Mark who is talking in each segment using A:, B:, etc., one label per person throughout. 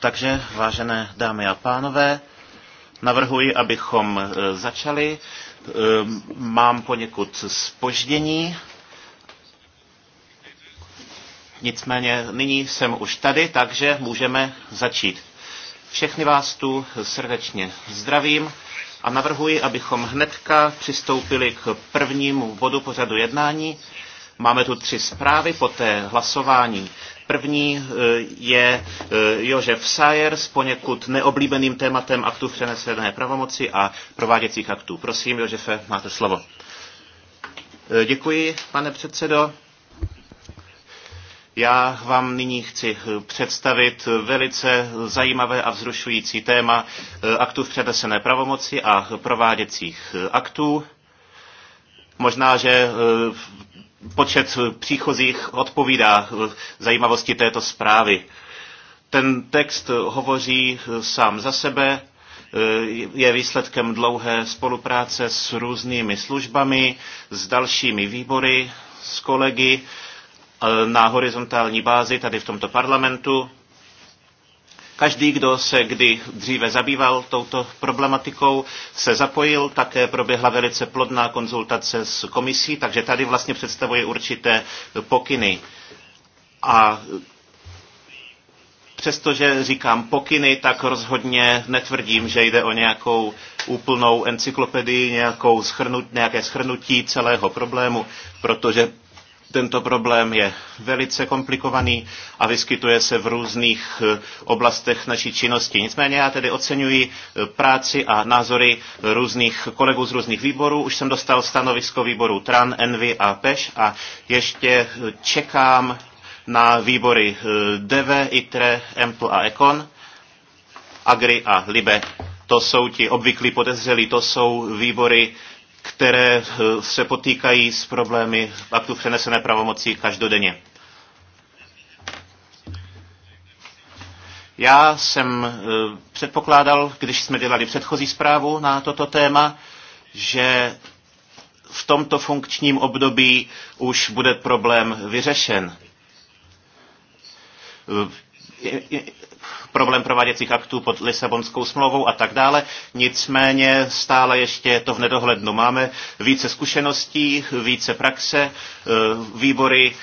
A: Takže, vážené dámy a pánové, navrhuji, abychom e, začali. E, mám poněkud spoždění. Nicméně nyní jsem už tady, takže můžeme začít. Všechny vás tu srdečně zdravím a navrhuji, abychom hnedka přistoupili k prvnímu bodu pořadu jednání, Máme tu tři zprávy, po té hlasování. První eh, je eh, Jožef Sajer s poněkud neoblíbeným tématem aktů přenesené pravomoci a prováděcích aktů. Prosím, Jožefe, máte slovo. Eh, děkuji, pane předsedo. Já vám nyní chci představit velice zajímavé a vzrušující téma aktů v přenesené pravomoci a prováděcích aktů. Možná, že počet příchozích odpovídá zajímavosti této zprávy. Ten text hovoří sám za sebe, je výsledkem dlouhé spolupráce s různými službami, s dalšími výbory, s kolegy na horizontální bázi tady v tomto parlamentu Každý, kdo se kdy dříve zabýval touto problematikou, se zapojil, také proběhla velice plodná konzultace s komisí, takže tady vlastně představuje určité pokyny. A přestože říkám pokyny, tak rozhodně netvrdím, že jde o nějakou úplnou encyklopedii, nějakou schrnut, nějaké schrnutí celého problému, protože tento problém je velice komplikovaný a vyskytuje se v různých eh, oblastech naší činnosti. Nicméně já tedy oceňuji eh, práci a názory různých kolegů z různých výborů. Už jsem dostal stanovisko výboru TRAN, ENVY a PEŠ a ještě eh, čekám na výbory DEVE, ITRE, EMPL a EKON, AGRI a LIBE. To jsou ti obvyklí podezřelí, to jsou výbory, které eh, se potýkají s problémy aktu přenesené pravomocí každodenně. Já jsem eh, předpokládal, když jsme dělali předchozí zprávu na toto téma, že v tomto funkčním období už bude problém vyřešen eh, problém prováděcích aktů pod Lisabonskou smlouvou a tak dále. Nicméně stále ještě to v nedohlednu. Máme více zkušeností, více praxe, e, výbory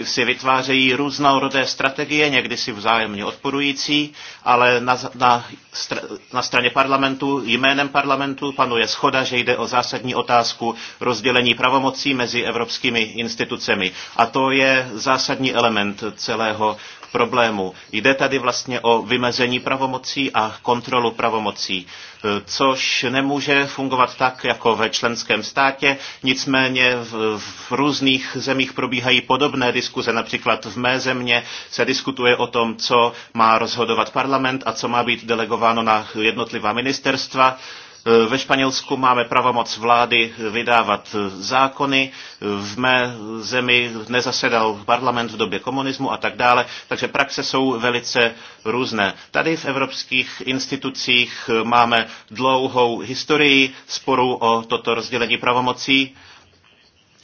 A: e, si vytvářejí různorodé strategie, někdy si vzájemně odporující, ale na, na, na straně parlamentu, jménem parlamentu panuje schoda, že jde o zásadní otázku rozdělení pravomocí mezi evropskými institucemi. A to je zásadní element celého problémů. Jde tady vlastně o vymezení pravomocí a kontrolu pravomocí, eh, což nemůže fungovat tak, jako ve členském státě. Nicméně v, v různých zemích probíhají podobné diskuze. Například v mé země se diskutuje o tom, co má rozhodovat parlament a co má být delegováno na jednotlivá ministerstva. Eh, ve Španělsku máme pravomoc vlády eh, vydávat eh, zákony, v mé zemi nezasedal parlament v době komunismu a tak dále, takže praxe jsou velice různé. Tady v evropských institucích máme dlouhou historii sporu o toto rozdělení pravomocí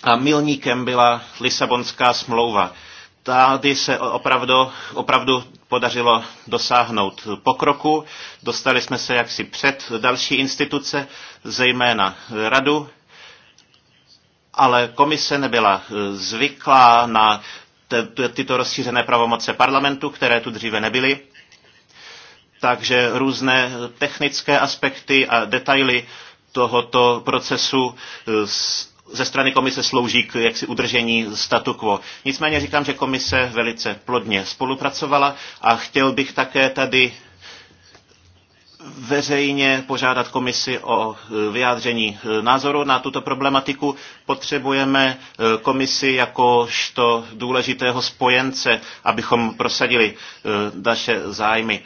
A: a milníkem byla Lisabonská smlouva Tady se opravdu, opravdu podařilo dosáhnout pokroku. Dostali jsme se jaksi před další instituce, zejména radu, ale komise nebyla eh, zvyklá na tyto rozšířené pravomoce parlamentu, které tu dříve nebyly. Takže různé technické aspekty a detaily tohoto procesu eh, ze strany komise slouží k jaksi udržení statu quo. Nicméně říkám, že komise velice plodně spolupracovala a chtěl bych také tady veřejně požádat komisi o eh, vyjádření eh, názoru na tuto problematiku. Potřebujeme eh, komisi jakožto důležitého spojence, abychom prosadili naše zájmy.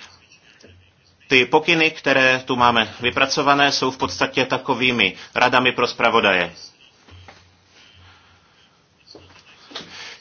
A: Ty pokyny, které tu máme vypracované, jsou v podstatě takovými radami pro zpravodaje.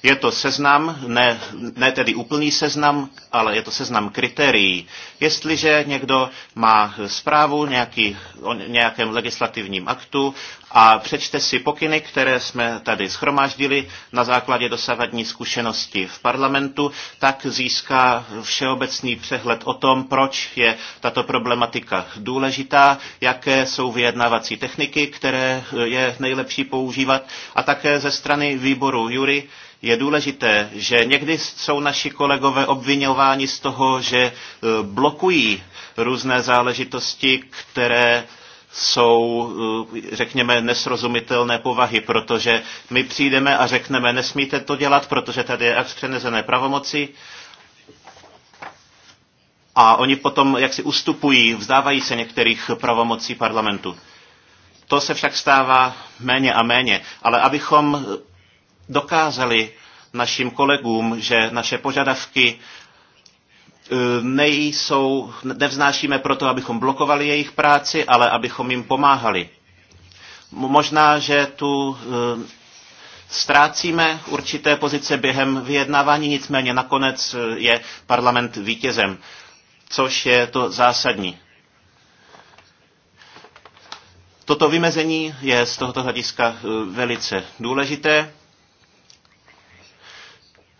A: Je to seznam, ne, ne tedy úplný seznam, ale je to seznam kritérií. Jestliže někdo má zprávu nějaký, o nějakém legislativním aktu a přečte si pokyny, které jsme tady schromáždili na základě dosavadní zkušenosti v parlamentu, tak získá všeobecný přehled o tom, proč je tato problematika důležitá, jaké jsou vyjednávací techniky, které je nejlepší používat a také ze strany výboru Jury je důležité, že někdy jsou naši kolegové obvinováni z toho, že eh, blokují různé záležitosti, které jsou, eh, řekněme, nesrozumitelné povahy, protože my přijdeme a řekneme, nesmíte to dělat, protože tady je akt přenezené pravomoci, a oni potom jaksi ustupují, vzdávají se některých pravomocí parlamentu. To se však stává méně a méně, ale abychom dokázali našim kolegům, že naše požadavky e, nejsou, nevznášíme proto, abychom blokovali jejich práci, ale abychom jim pomáhali. Možná, že tu e, ztrácíme určité pozice během vyjednávání, nicméně nakonec e, je parlament vítězem, což je to zásadní. Toto vymezení je z tohoto hlediska velice důležité.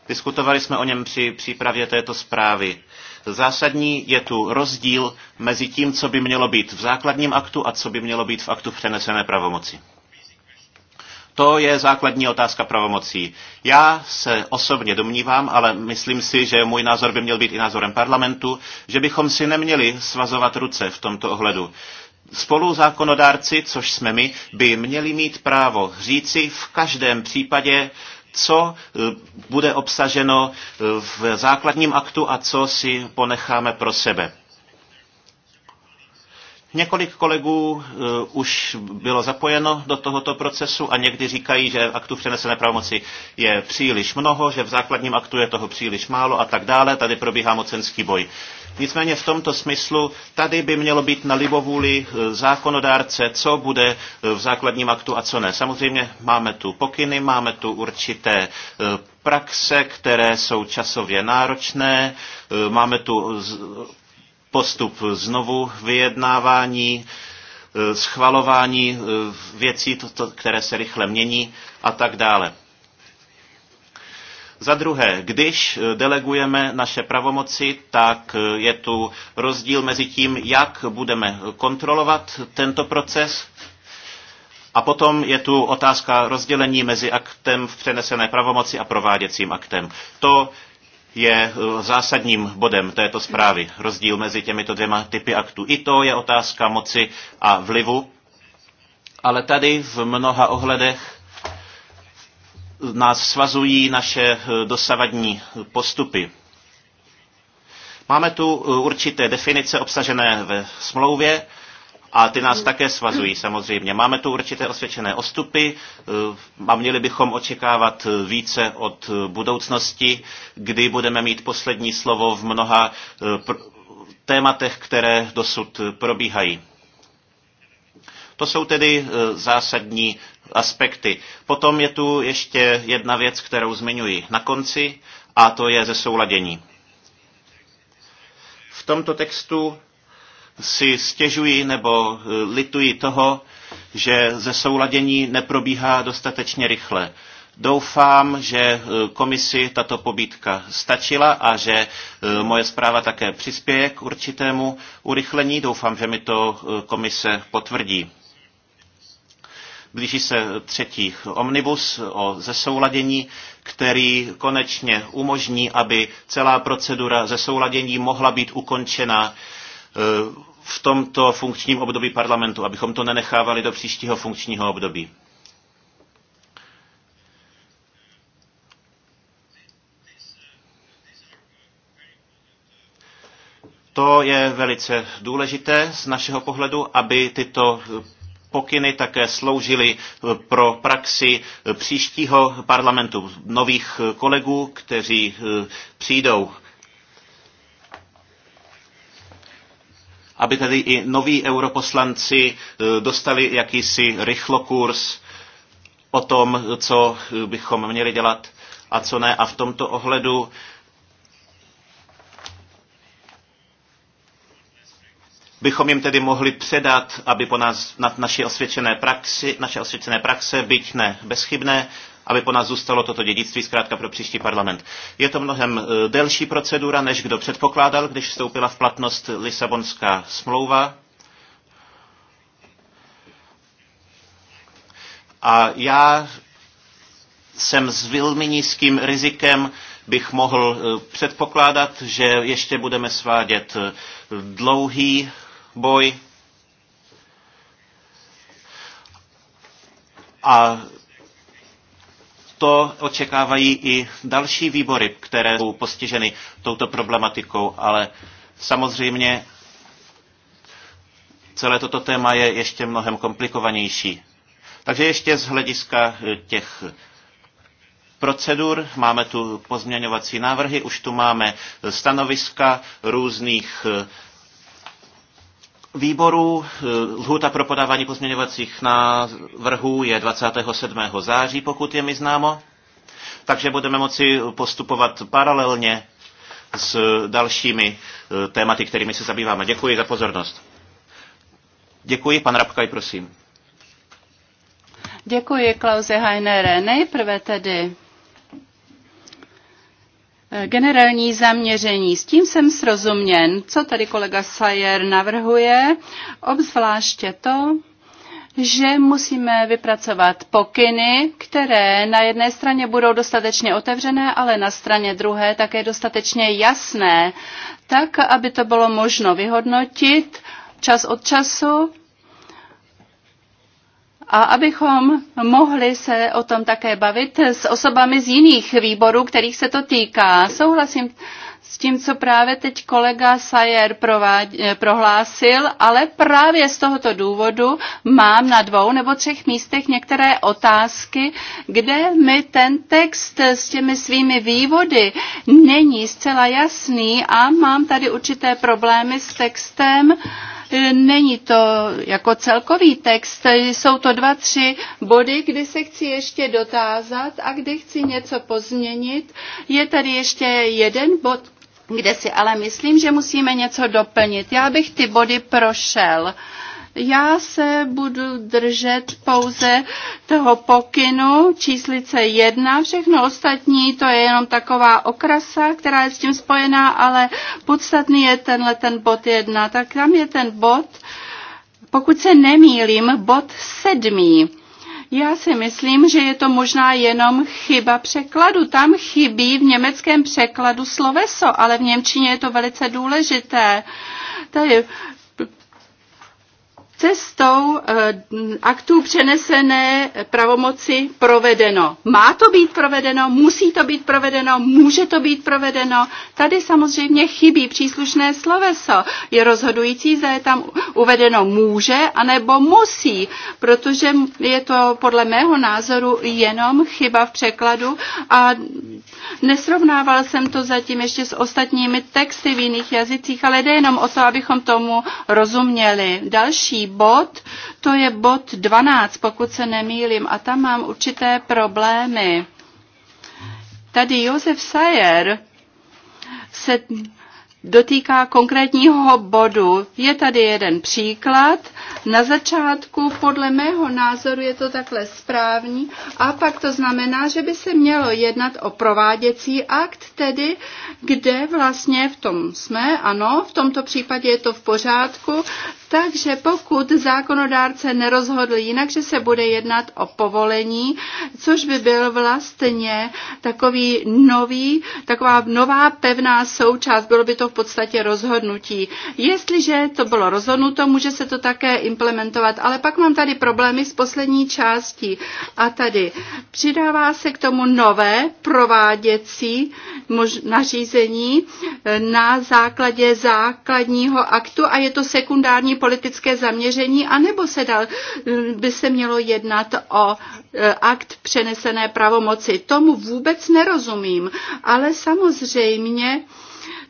A: Diskutovali jsme o něm při přípravě této zprávy. Zásadní je tu rozdíl mezi tím, co by mělo být v základním aktu a co by mělo být v aktu přenesené pravomoci. To je základní otázka pravomocí. Já se osobně domnívám, ale myslím si, že můj názor by měl být i názorem parlamentu, že bychom si neměli svazovat ruce v tomto ohledu. Spolu zákonodárci, což jsme my, by měli mít právo říci v každém případě, co eh, bude obsaženo eh, v základním aktu a co si ponecháme pro sebe. Několik kolegů eh, už bylo zapojeno do tohoto procesu a někdy říkají, že aktu přenesené pravomoci je příliš mnoho, že v základním aktu je toho příliš málo a tak dále. Tady probíhá mocenský boj. Nicméně v tomto smyslu tady by mělo být na libovůli eh, zákonodárce, co bude eh, v základním aktu a co ne. Samozřejmě máme tu pokyny, máme tu určité eh, praxe, které jsou časově náročné, máme tu postup znovu vyjednávání, schvalování věcí, které se rychle mění a tak dále. Za druhé, když eh, delegujeme naše pravomoci, tak eh, je tu rozdíl mezi tím, jak budeme kontrolovat tento proces. A potom je tu otázka rozdělení mezi aktem v přenesené pravomoci a prováděcím aktem. To je eh, zásadním bodem této zprávy, rozdíl mezi těmito dvěma typy aktů. I to je otázka moci a vlivu, ale tady v mnoha ohledech nás svazují naše eh, dosavadní postupy. Máme tu eh, určité definice obsažené ve smlouvě a ty nás mm. také svazují samozřejmě. Máme tu určité osvědčené ostupy eh, a měli bychom očekávat více od budoucnosti, kdy budeme mít poslední slovo v mnoha tématech, které dosud probíhají. To jsou tedy zásadní aspekty. Potom je tu ještě jedna věc, kterou zmiňuji na konci, a to je zesouladění. V tomto textu si stěžuji nebo eh, lituji toho, že zesouladění neprobíhá dostatečně rychle. Doufám, že eh, komisi tato pobídka stačila a že eh, moje zpráva také přispěje k určitému urychlení. Doufám, že mi to komise potvrdí. Blíží se třetí omnibus o zesouladění, který konečně umožní, aby celá procedura zesouladění mohla být ukončena e, v tomto funkčním období parlamentu, abychom to nenechávali do příštího funkčního období. To je velice důležité z našeho pohledu, aby tyto pokyny také sloužily eh, pro praxi eh, příštího parlamentu nových eh, kolegů, kteří přijdou aby tedy i noví europoslanci dostali jakýsi rychlokurs o tom, co bychom měli dělat a co ne. A v tomto ohledu bychom jim tedy mohli předat, aby po nás na naše osvědčené, praxi, naše osvědčené praxe, byť ne bezchybné, aby po nás zůstalo toto dědictví zkrátka pro příští parlament. Je to mnohem eh, delší procedura, než kdo předpokládal, když vstoupila v platnost Lisabonská smlouva. A já jsem s velmi nízkým rizikem bych mohl eh, předpokládat, že ještě budeme svádět eh, dlouhý boj a to očekávají i další výbory, které jsou postiženy touto problematikou, ale samozřejmě celé toto téma je ještě mnohem komplikovanější. Takže ještě z hlediska eh, těch procedur, máme tu pozměňovací návrhy, už tu máme stanoviska různých eh, výboru. Eh, lhůta pro podávání pozměňovacích návrhů je 27. září, pokud je mi známo. Takže budeme moci postupovat paralelně s dalšími eh, tématy, kterými se zabýváme. Děkuji za pozornost. Děkuji, pan Rabkaj, prosím.
B: Děkuji, Klause Heinere. Nejprve tedy Eh, generální zaměření. S tím jsem srozuměn, co tady kolega Sayer navrhuje, obzvláště to, že musíme vypracovat pokyny, které na jedné straně budou dostatečně otevřené, ale na straně druhé také dostatečně jasné, tak aby to bylo možno vyhodnotit čas od času a abychom mohli se o tom také bavit s osobami z jiných výborů, kterých se to týká. Souhlasím s tím, co právě teď kolega Sayer eh, prohlásil, ale právě z tohoto důvodu mám na dvou nebo třech místech některé otázky, kde mi ten text s těmi svými vývody není zcela jasný a mám tady určité problémy s textem. Uh, E, není to jako celkový text, e, jsou to dva, tři body, kdy se chci ještě dotázat a kdy chci něco pozměnit. Je tady ještě jeden bod, kde si ale myslím, že musíme něco doplnit. Já bych ty body prošel. Uh, já se budu držet pouze toho pokynu číslice jedna. Všechno ostatní to je jenom taková okrasa, která je s tím spojená, ale podstatný je tenhle ten bod jedna. Tak tam je ten bod, pokud se nemýlím, bod sedmý. Já si myslím, že je to možná jenom chyba překladu. Tam chybí v německém překladu sloveso, ale v Němčině je to velice důležité. Tady cestou eh, aktů přenesené pravomoci provedeno. Má to být provedeno, musí to být provedeno, může to být provedeno. Tady samozřejmě chybí příslušné sloveso. Je rozhodující, zda je tam uvedeno může anebo musí, protože je to podle mého názoru jenom chyba v překladu a Nesrovnával jsem to zatím ještě s ostatními texty v jiných jazycích, ale jde jenom o to, abychom tomu rozuměli. Další bod, to je bod 12, pokud se nemýlím, a tam mám určité problémy. Tady Josef Sayer se dotýká konkrétního bodu. Je tady jeden příklad. Na začátku podle mého názoru je to takhle správní a pak to znamená, že by se mělo jednat o prováděcí akt, tedy kde vlastně v tom jsme, ano, v tomto případě je to v pořádku, takže pokud zákonodárce nerozhodl jinak, že se bude jednat o povolení, což by byl vlastně takový nový, taková nová pevná součást, bylo by to v podstatě rozhodnutí. Jestliže to bylo rozhodnuto, může se to také implementovat, ale pak mám tady problémy s poslední částí. A tady přidává se k tomu nové prováděcí nařízení na základě základního aktu a je to sekundární politické zaměření, anebo se dal, by se mělo jednat o e, akt přenesené pravomoci. Tomu vůbec nerozumím, ale samozřejmě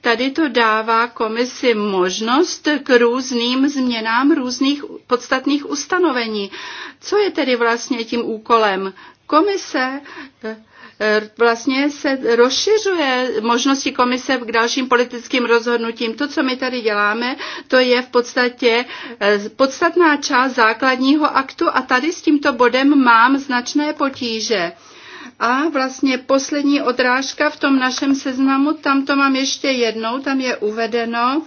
B: tady to dává komisi možnost k různým změnám různých podstatných ustanovení. Co je tedy vlastně tím úkolem? Komise e, E, vlastně se rozšiřuje možnosti komise k dalším politickým rozhodnutím. To, co my tady děláme, to je v podstatě e, podstatná část základního aktu a tady s tímto bodem mám značné potíže. A vlastně poslední odrážka v tom našem seznamu, tam to mám ještě jednou, tam je uvedeno,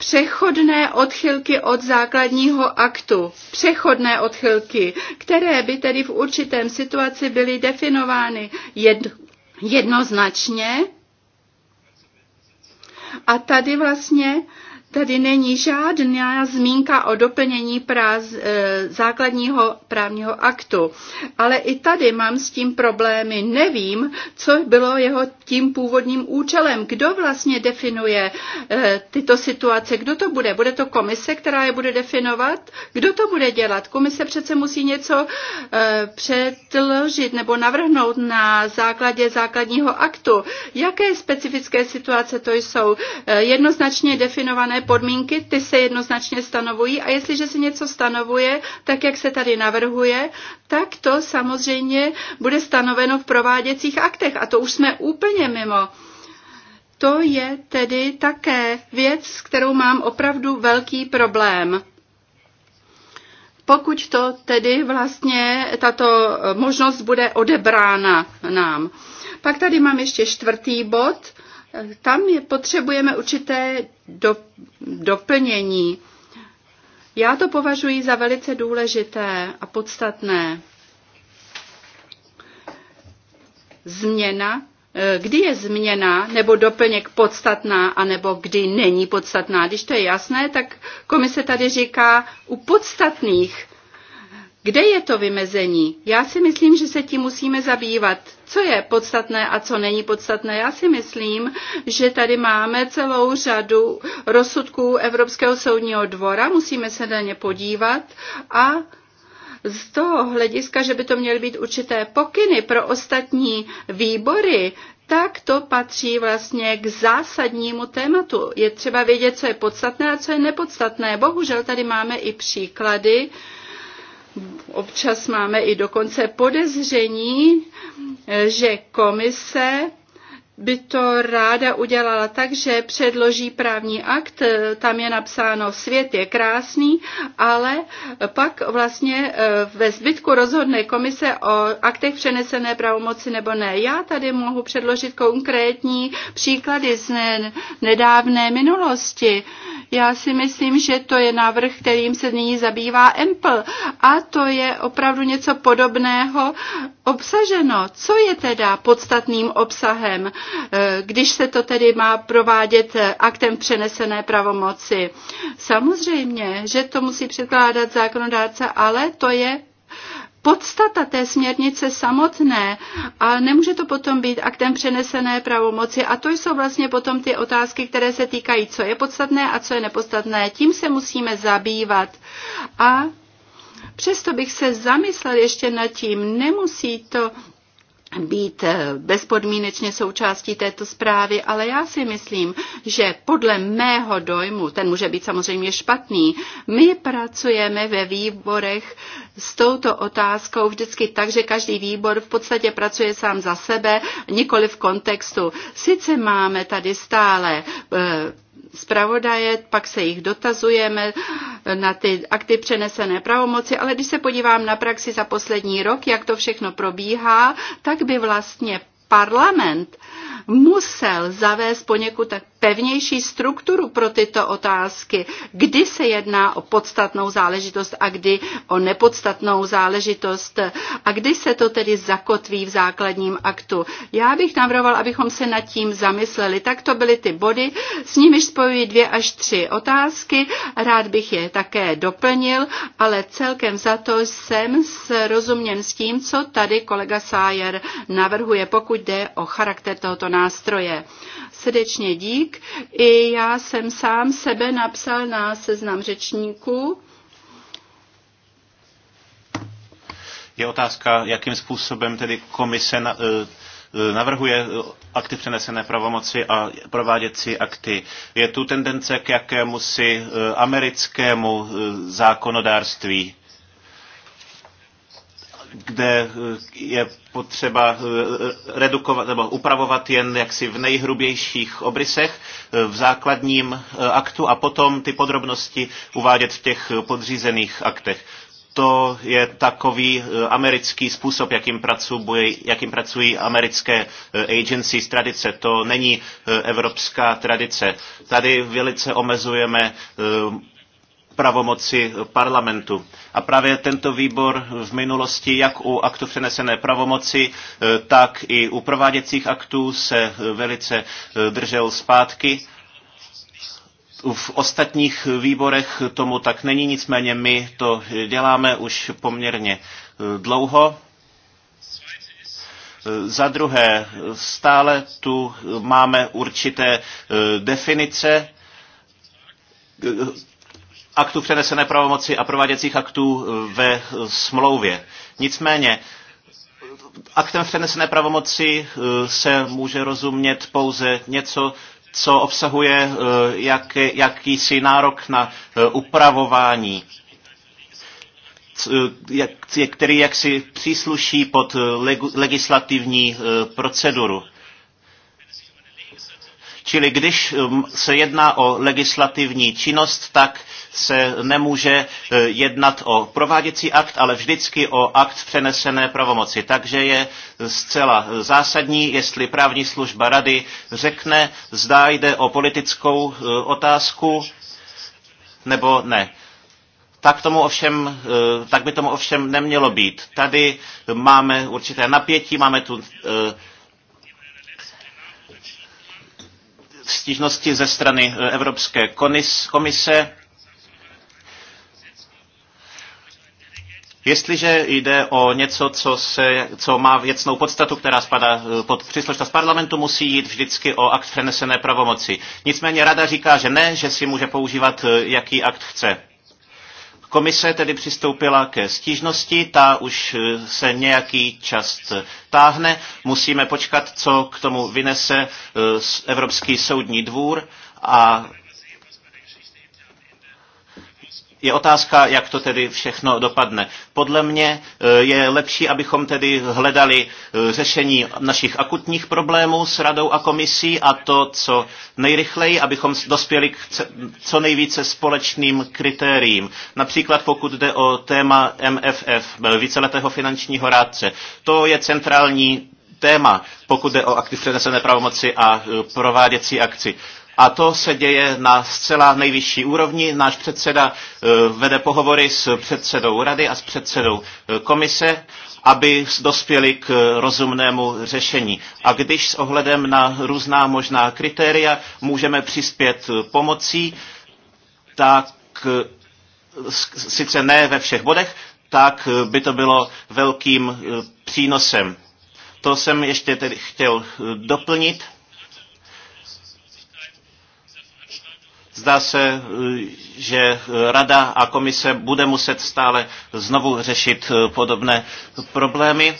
B: přechodné odchylky od základního aktu, přechodné odchylky, které by tedy v určitém situaci byly definovány jednoznačně. A tady vlastně Tady není žádná zmínka o doplnění práz, eh, základního právního aktu, ale i tady mám s tím problémy. Nevím, co bylo jeho tím původním účelem. Kdo vlastně definuje eh, tyto situace? Kdo to bude? Bude to komise, která je bude definovat? Kdo to bude dělat? Komise přece musí něco eh, předložit nebo navrhnout na základě základního aktu. Jaké specifické situace to jsou? Jednoznačně definované podmínky, ty se jednoznačně stanovují a jestliže se něco stanovuje, tak jak se tady navrhuje, tak to samozřejmě bude stanoveno v prováděcích aktech a to už jsme úplně mimo. To je tedy také věc, s kterou mám opravdu velký problém pokud to tedy vlastně tato možnost bude odebrána nám. Pak tady mám ještě čtvrtý bod, tam je, potřebujeme určité do, doplnění. Já to považuji za velice důležité a podstatné. Změna, eh, kdy je změna nebo doplněk podstatná, anebo kdy není podstatná. Když to je jasné, tak komise tady říká u podstatných kde je to vymezení? Já si myslím, že se tím musíme zabývat. Co je podstatné a co není podstatné? Já si myslím, že tady máme celou řadu rozsudků Evropského soudního dvora, musíme se na ně podívat a z toho hlediska, že by to měly být určité pokyny pro ostatní výbory, tak to patří vlastně k zásadnímu tématu. Je třeba vědět, co je podstatné a co je nepodstatné. Bohužel tady máme i příklady, občas máme i dokonce podezření, že komise by to ráda udělala tak, že předloží právní akt, e, tam je napsáno svět je krásný, ale pak vlastně e, ve zbytku rozhodne komise o aktech přenesené pravomoci nebo ne. Já tady mohu předložit konkrétní příklady z nedávné minulosti. Já si myslím, že to je návrh, kterým se nyní zabývá EMPL a to je opravdu něco podobného obsaženo. Co je teda podstatným obsahem? Eh, když se to tedy má provádět eh, aktem přenesené pravomoci. Samozřejmě, že to musí předkládat zákonodárce, ale to je podstata té směrnice samotné a nemůže to potom být aktem přenesené pravomoci a to jsou vlastně potom ty otázky, které se týkají, co je podstatné a co je nepodstatné. Tím se musíme zabývat a Přesto bych se zamyslel ještě nad tím, nemusí to být eh, bezpodmínečně součástí této zprávy, ale já si myslím, že podle mého dojmu, ten může být samozřejmě špatný, my pracujeme ve výborech s touto otázkou vždycky tak, že každý výbor v podstatě pracuje sám za sebe, nikoli v kontextu. Sice máme tady stále eh, zpravodaje, pak se jich dotazujeme na ty akty přenesené pravomoci, ale když se podívám na praxi za poslední rok, jak to všechno probíhá, tak by vlastně parlament musel zavést poněkud tak pevnější strukturu pro tyto otázky, kdy se jedná o podstatnou záležitost a kdy o nepodstatnou záležitost a kdy se to tedy zakotví v základním aktu. Já bych navrhoval, abychom se nad tím zamysleli. Tak to byly ty body, s nimiž spojuji dvě až tři otázky. Rád bych je také doplnil, ale celkem za to jsem srozuměn s tím, co tady kolega Sájer navrhuje, pokud jde o charakter tohoto nástroje. Srdečně dík řečník. I já jsem sám sebe napsal na seznam řečníků.
A: Je otázka, jakým způsobem tedy komise na, eh, eh, navrhuje eh, akty přenesené pravomoci a prováděcí akty. Je tu tendence k jakému si americkému zákonodárství kde eh, je potřeba eh, redukovat nebo upravovat jen jaksi v nejhrubějších obrysech eh, v základním aktu a potom ty podrobnosti uvádět v těch podřízených aktech. To je takový americký způsob, jakým pracují, jakým pracují americké agencies tradice. To není evropská tradice. Tady velice omezujeme pravomoci parlamentu. A právě tento výbor v minulosti, jak u aktu přenesené pravomoci, eh, tak i u prováděcích aktů se eh, velice eh, držel zpátky. V ostatních výborech tomu tak není, nicméně my to děláme už poměrně dlouho. Za druhé, stále tu máme určité definice, aktu přenesené pravomoci a prováděcích aktů eh, ve eh, smlouvě. Nicméně, aktem přenesené pravomoci eh, se může rozumět pouze něco, co obsahuje jak, jakýsi nárok na upravování, který jaksi přísluší pod legislativní proceduru. Čili když um, se jedná o legislativní činnost, tak se nemůže uh, jednat o prováděcí akt, ale vždycky o akt přenesené pravomoci. Takže je zcela zásadní, jestli právní služba rady řekne, zda jde o politickou uh, otázku nebo ne. Tak, tomu ovšem, uh, tak by tomu ovšem nemělo být. Tady máme určité napětí, máme tu stížnosti ze strany eh, Evropské komise. Jestliže jde o něco, co, se, co má věcnou podstatu, která spadá eh, pod příslušnost parlamentu, musí jít vždycky o akt přenesené pravomoci. Nicméně rada říká, že ne, že si může používat, eh, jaký akt chce. Komise tedy přistoupila ke stížnosti, ta už eh, se nějaký čas táhne. Musíme počkat, co k tomu vynese eh, Evropský soudní dvůr a je otázka, jak to tedy všechno dopadne. Podle mě eh, je lepší, abychom tedy hledali eh, řešení našich akutních problémů s radou a komisí a to, co nejrychleji, abychom dospěli k co nejvíce společným kritériím. Například pokud jde o téma MFF, víceletého finančního rádce. To je centrální téma, pokud jde o aktiv přenesené pravomoci a eh, prováděcí akci a to se děje na zcela nejvyšší úrovni. Náš předseda eh, vede pohovory s předsedou rady a s předsedou eh, komise aby dospěli k eh, rozumnému řešení. A když s ohledem na různá možná kritéria můžeme přispět pomocí, tak sice ne ve všech bodech, tak by to bylo velkým přínosem. To jsem ještě tedy chtěl doplnit. Zdá se, eh, že Rada a komise bude muset stále znovu řešit eh, podobné problémy.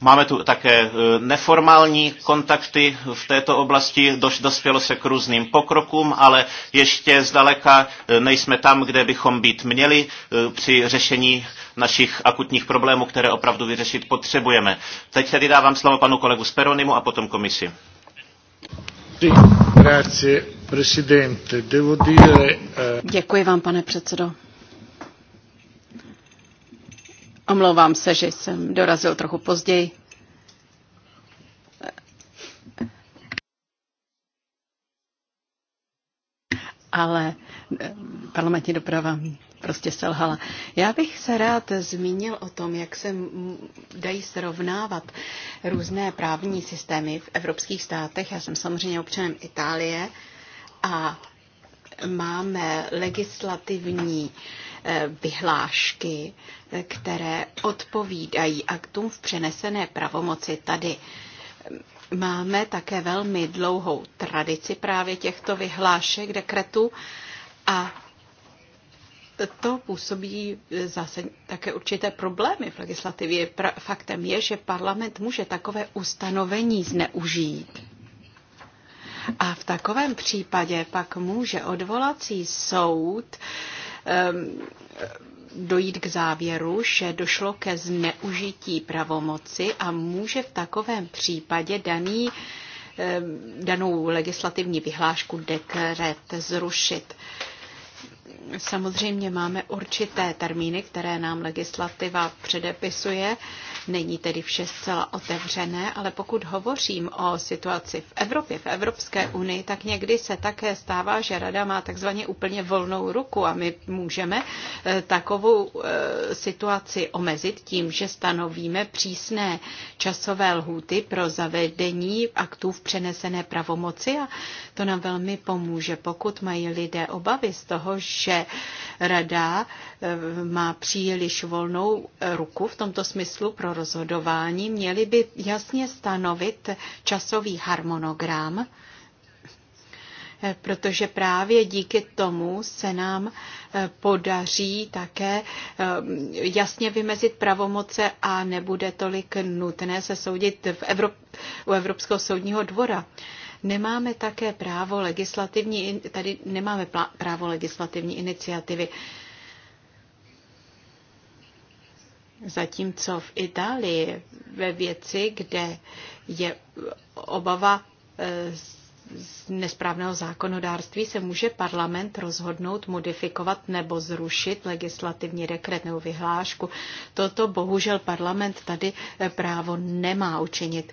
A: Máme tu také eh, neformální kontakty v této oblasti, dospělo se k různým pokrokům, ale ještě zdaleka nejsme tam, kde bychom být měli při řešení našich akutních problémů, které opravdu vyřešit potřebujeme. Teď tedy dávám slovo panu kolegu Speronimu a potom komisi. Eh,
C: Děkuji vám, pane předsedo. Omlouvám se, že jsem dorazil trochu později. Ale eh, parlamentní doprava prostě selhala. Já bych se rád zmínil o tom, jak se dají srovnávat různé právní systémy v evropských státech. Já jsem samozřejmě občanem Itálie a máme legislativní eh, vyhlášky, eh, které odpovídají aktům v přenesené pravomoci tady. Eh, máme také velmi dlouhou tradici právě těchto vyhlášek dekretů a to působí eh, zase také určité problémy v legislativě. Faktem je, že parlament může takové ustanovení zneužít. A v takovém případě pak může odvolací soud um, dojít k závěru, že došlo ke zneužití pravomoci a může v takovém případě daný, um, danou legislativní vyhlášku dekret zrušit. Samozřejmě máme určité termíny, které nám legislativa předepisuje. Není tedy vše zcela otevřené, ale pokud hovořím o situaci v Evropě, v Evropské unii, tak někdy se také stává, že Rada má takzvaně úplně volnou ruku a my můžeme eh, takovou eh, situaci omezit tím, že stanovíme přísné časové lhůty pro zavedení aktů v přenesené pravomoci a to nám velmi pomůže, pokud mají lidé obavy z toho, že že rada eh, má příliš volnou eh, ruku v tomto smyslu pro rozhodování. Měli by jasně stanovit časový harmonogram, eh, protože právě díky tomu se nám podaří také jasně vymezit pravomoce a nebude tolik nutné se soudit v Evrop- u Evropského soudního dvora. Nemáme také právo legislativní, tady nemáme právo legislativní iniciativy. Zatímco v Itálii ve věci, kde je obava e, z nesprávného zákonodárství se může parlament rozhodnout modifikovat nebo zrušit legislativní dekret nebo vyhlášku. Toto bohužel parlament tady e, právo nemá učinit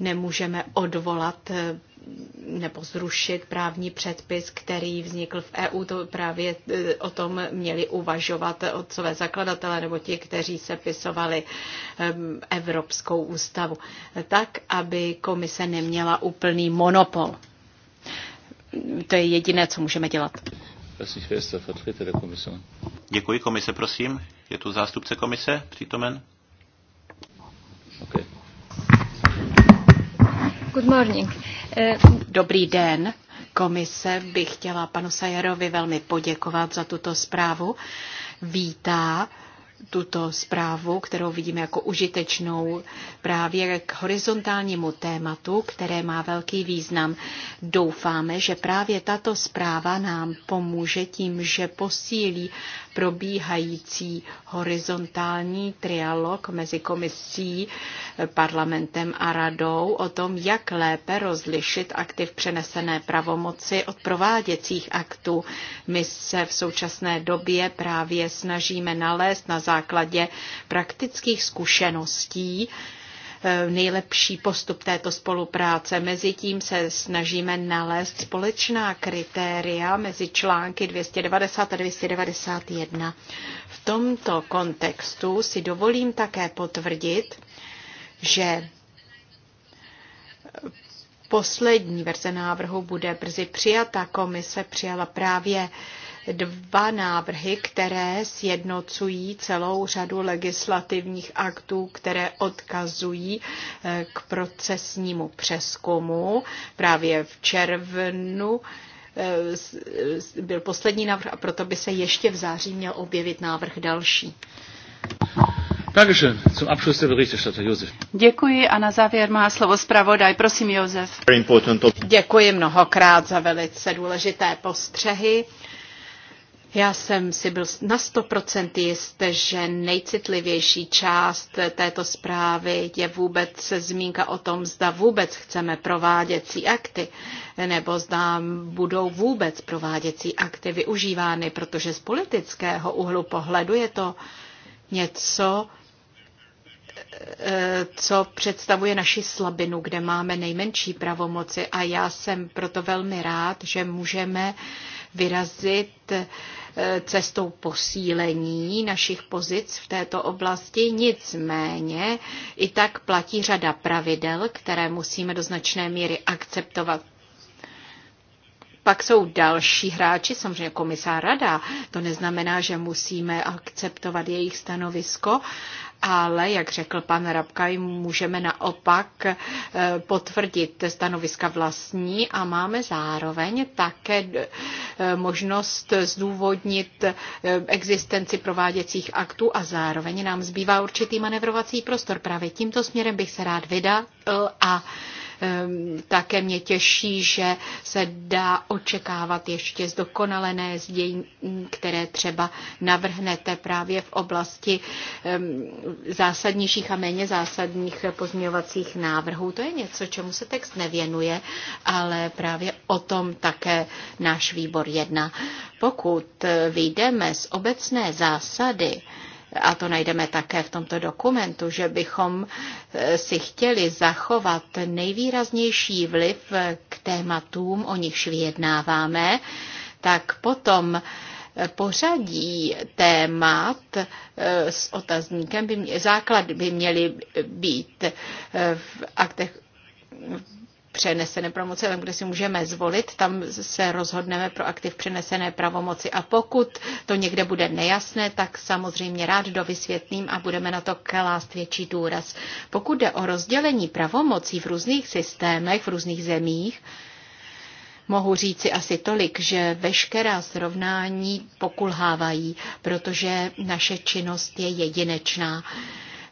C: nemůžeme odvolat eh, nebo zrušit právní předpis, který vznikl v EU. To právě eh, o tom měli uvažovat otcové zakladatele nebo ti, kteří se pisovali ehm, Evropskou ústavu, tak, aby komise neměla úplný monopol. To je jediné, co můžeme dělat.
A: Děkuji komise, prosím. Je tu zástupce komise přítomen? Okay.
C: Good morning. Eh, Dobrý den. Komise bych chtěla panu Sajerovi velmi poděkovat za tuto zprávu. Vítá tuto zprávu, kterou vidíme jako užitečnou právě k horizontálnímu tématu, které má velký význam. Doufáme, že právě tato zpráva nám pomůže tím, že posílí probíhající horizontální trialog mezi komisí, parlamentem a radou o tom, jak lépe rozlišit aktiv přenesené pravomoci od prováděcích aktů. My se v současné době právě snažíme nalézt na základě praktických zkušeností e, nejlepší postup této spolupráce. Mezitím se snažíme nalézt společná kritéria mezi články 290 a 291. V tomto kontextu si dovolím také potvrdit, že poslední verze návrhu bude brzy přijata. Komise přijala právě dva návrhy, které sjednocují celou řadu legislativních aktů, které odkazují eh, k procesnímu přeskumu. Právě v červnu eh, byl poslední návrh a proto by se ještě v září měl objevit návrh další.
B: Děkuji a na závěr
C: má slovo zpravodaj. Prosím, Josef. Děkuji mnohokrát za velice důležité postřehy. Já jsem si byl na 100% jist, že nejcitlivější část této zprávy je vůbec zmínka o tom, zda vůbec chceme prováděcí akty, nebo zda budou vůbec prováděcí akty využívány, protože z politického úhlu pohledu je to něco, eh, co představuje naši slabinu, kde máme nejmenší pravomoci. A já jsem proto velmi rád, že můžeme vyrazit eh, cestou posílení našich pozic v této oblasti. Nicméně i tak platí řada pravidel, které musíme do značné míry akceptovat. Pak jsou další hráči, samozřejmě komisár rada. To neznamená, že musíme akceptovat jejich stanovisko, ale, jak řekl pan Rabkaj, můžeme naopak eh, potvrdit stanoviska vlastní a máme zároveň také eh, možnost zdůvodnit eh, existenci prováděcích aktů a zároveň nám zbývá určitý manevrovací prostor. Právě tímto směrem bych se rád vydal a Ehm, také mě těší, že se dá očekávat ještě zdokonalené zdění, které třeba navrhnete právě v oblasti ehm, zásadnějších a méně zásadních pozměňovacích návrhů. To je něco, čemu se text nevěnuje, ale právě o tom také náš výbor jedná. Pokud eh, vyjdeme z obecné zásady, a to najdeme také v tomto dokumentu, že bychom eh, si chtěli zachovat nejvýraznější vliv eh, k tématům, o nichž vyjednáváme, tak potom eh, pořadí témat s otazníkem, by, základ by měly být v aktech přenesené pravomoci, tam, kde si můžeme zvolit, tam se rozhodneme pro aktiv přenesené pravomoci. A pokud to někde bude nejasné, tak samozřejmě rád dovysvětlím a budeme na to klást větší důraz. Pokud jde o rozdělení pravomocí v různých systémech, v různých zemích, mohu říci asi tolik, že veškerá srovnání pokulhávají, protože naše činnost je jedinečná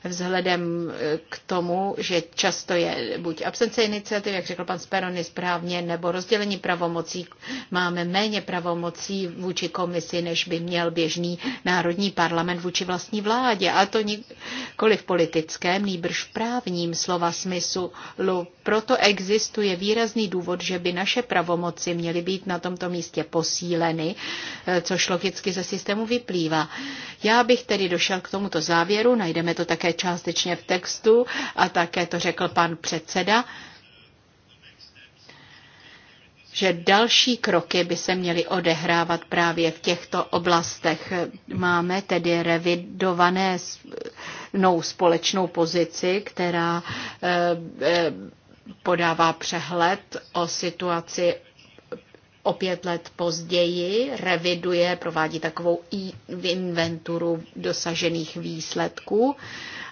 C: vzhledem eh, k tomu, že často je buď absence iniciativy, jak řekl pan Sperony správně, nebo rozdělení pravomocí. Máme méně pravomocí vůči komisi, než by měl běžný národní parlament vůči vlastní vládě. A to nikoli v politickém, nýbrž v právním slova smyslu proto existuje výrazný důvod, že by naše pravomoci měly být na tomto místě posíleny, eh, což logicky ze systému vyplývá. Já bych tedy došel k tomuto závěru, najdeme to také částečně v textu a také to řekl pan předseda že další kroky by se měly odehrávat právě v těchto oblastech. Máme tedy revidované společnou pozici, která eh, eh, podává přehled o situaci o pět let později, reviduje, provádí takovou inventuru dosažených výsledků.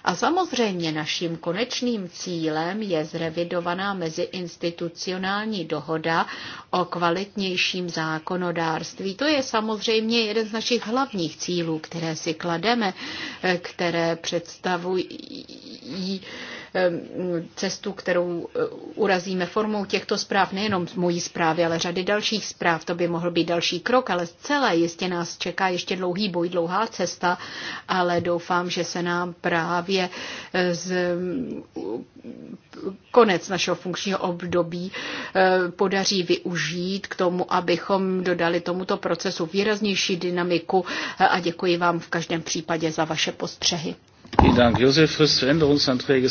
C: A samozřejmě naším konečným cílem je zrevidovaná meziinstitucionální dohoda o kvalitnějším zákonodárství. To je samozřejmě jeden z našich hlavních cílů, které si klademe, eh, které představují Ehm, cestu, kterou eh, urazíme formou těchto zpráv, nejenom mojí zprávy, ale řady dalších zpráv. To by mohl být další krok, ale zcela jistě nás čeká ještě dlouhý boj, dlouhá cesta, ale doufám, že se nám právě eh, z konec našeho funkčního období eh, podaří využít k tomu, abychom dodali tomuto procesu výraznější dynamiku a děkuji vám v každém případě za vaše postřehy.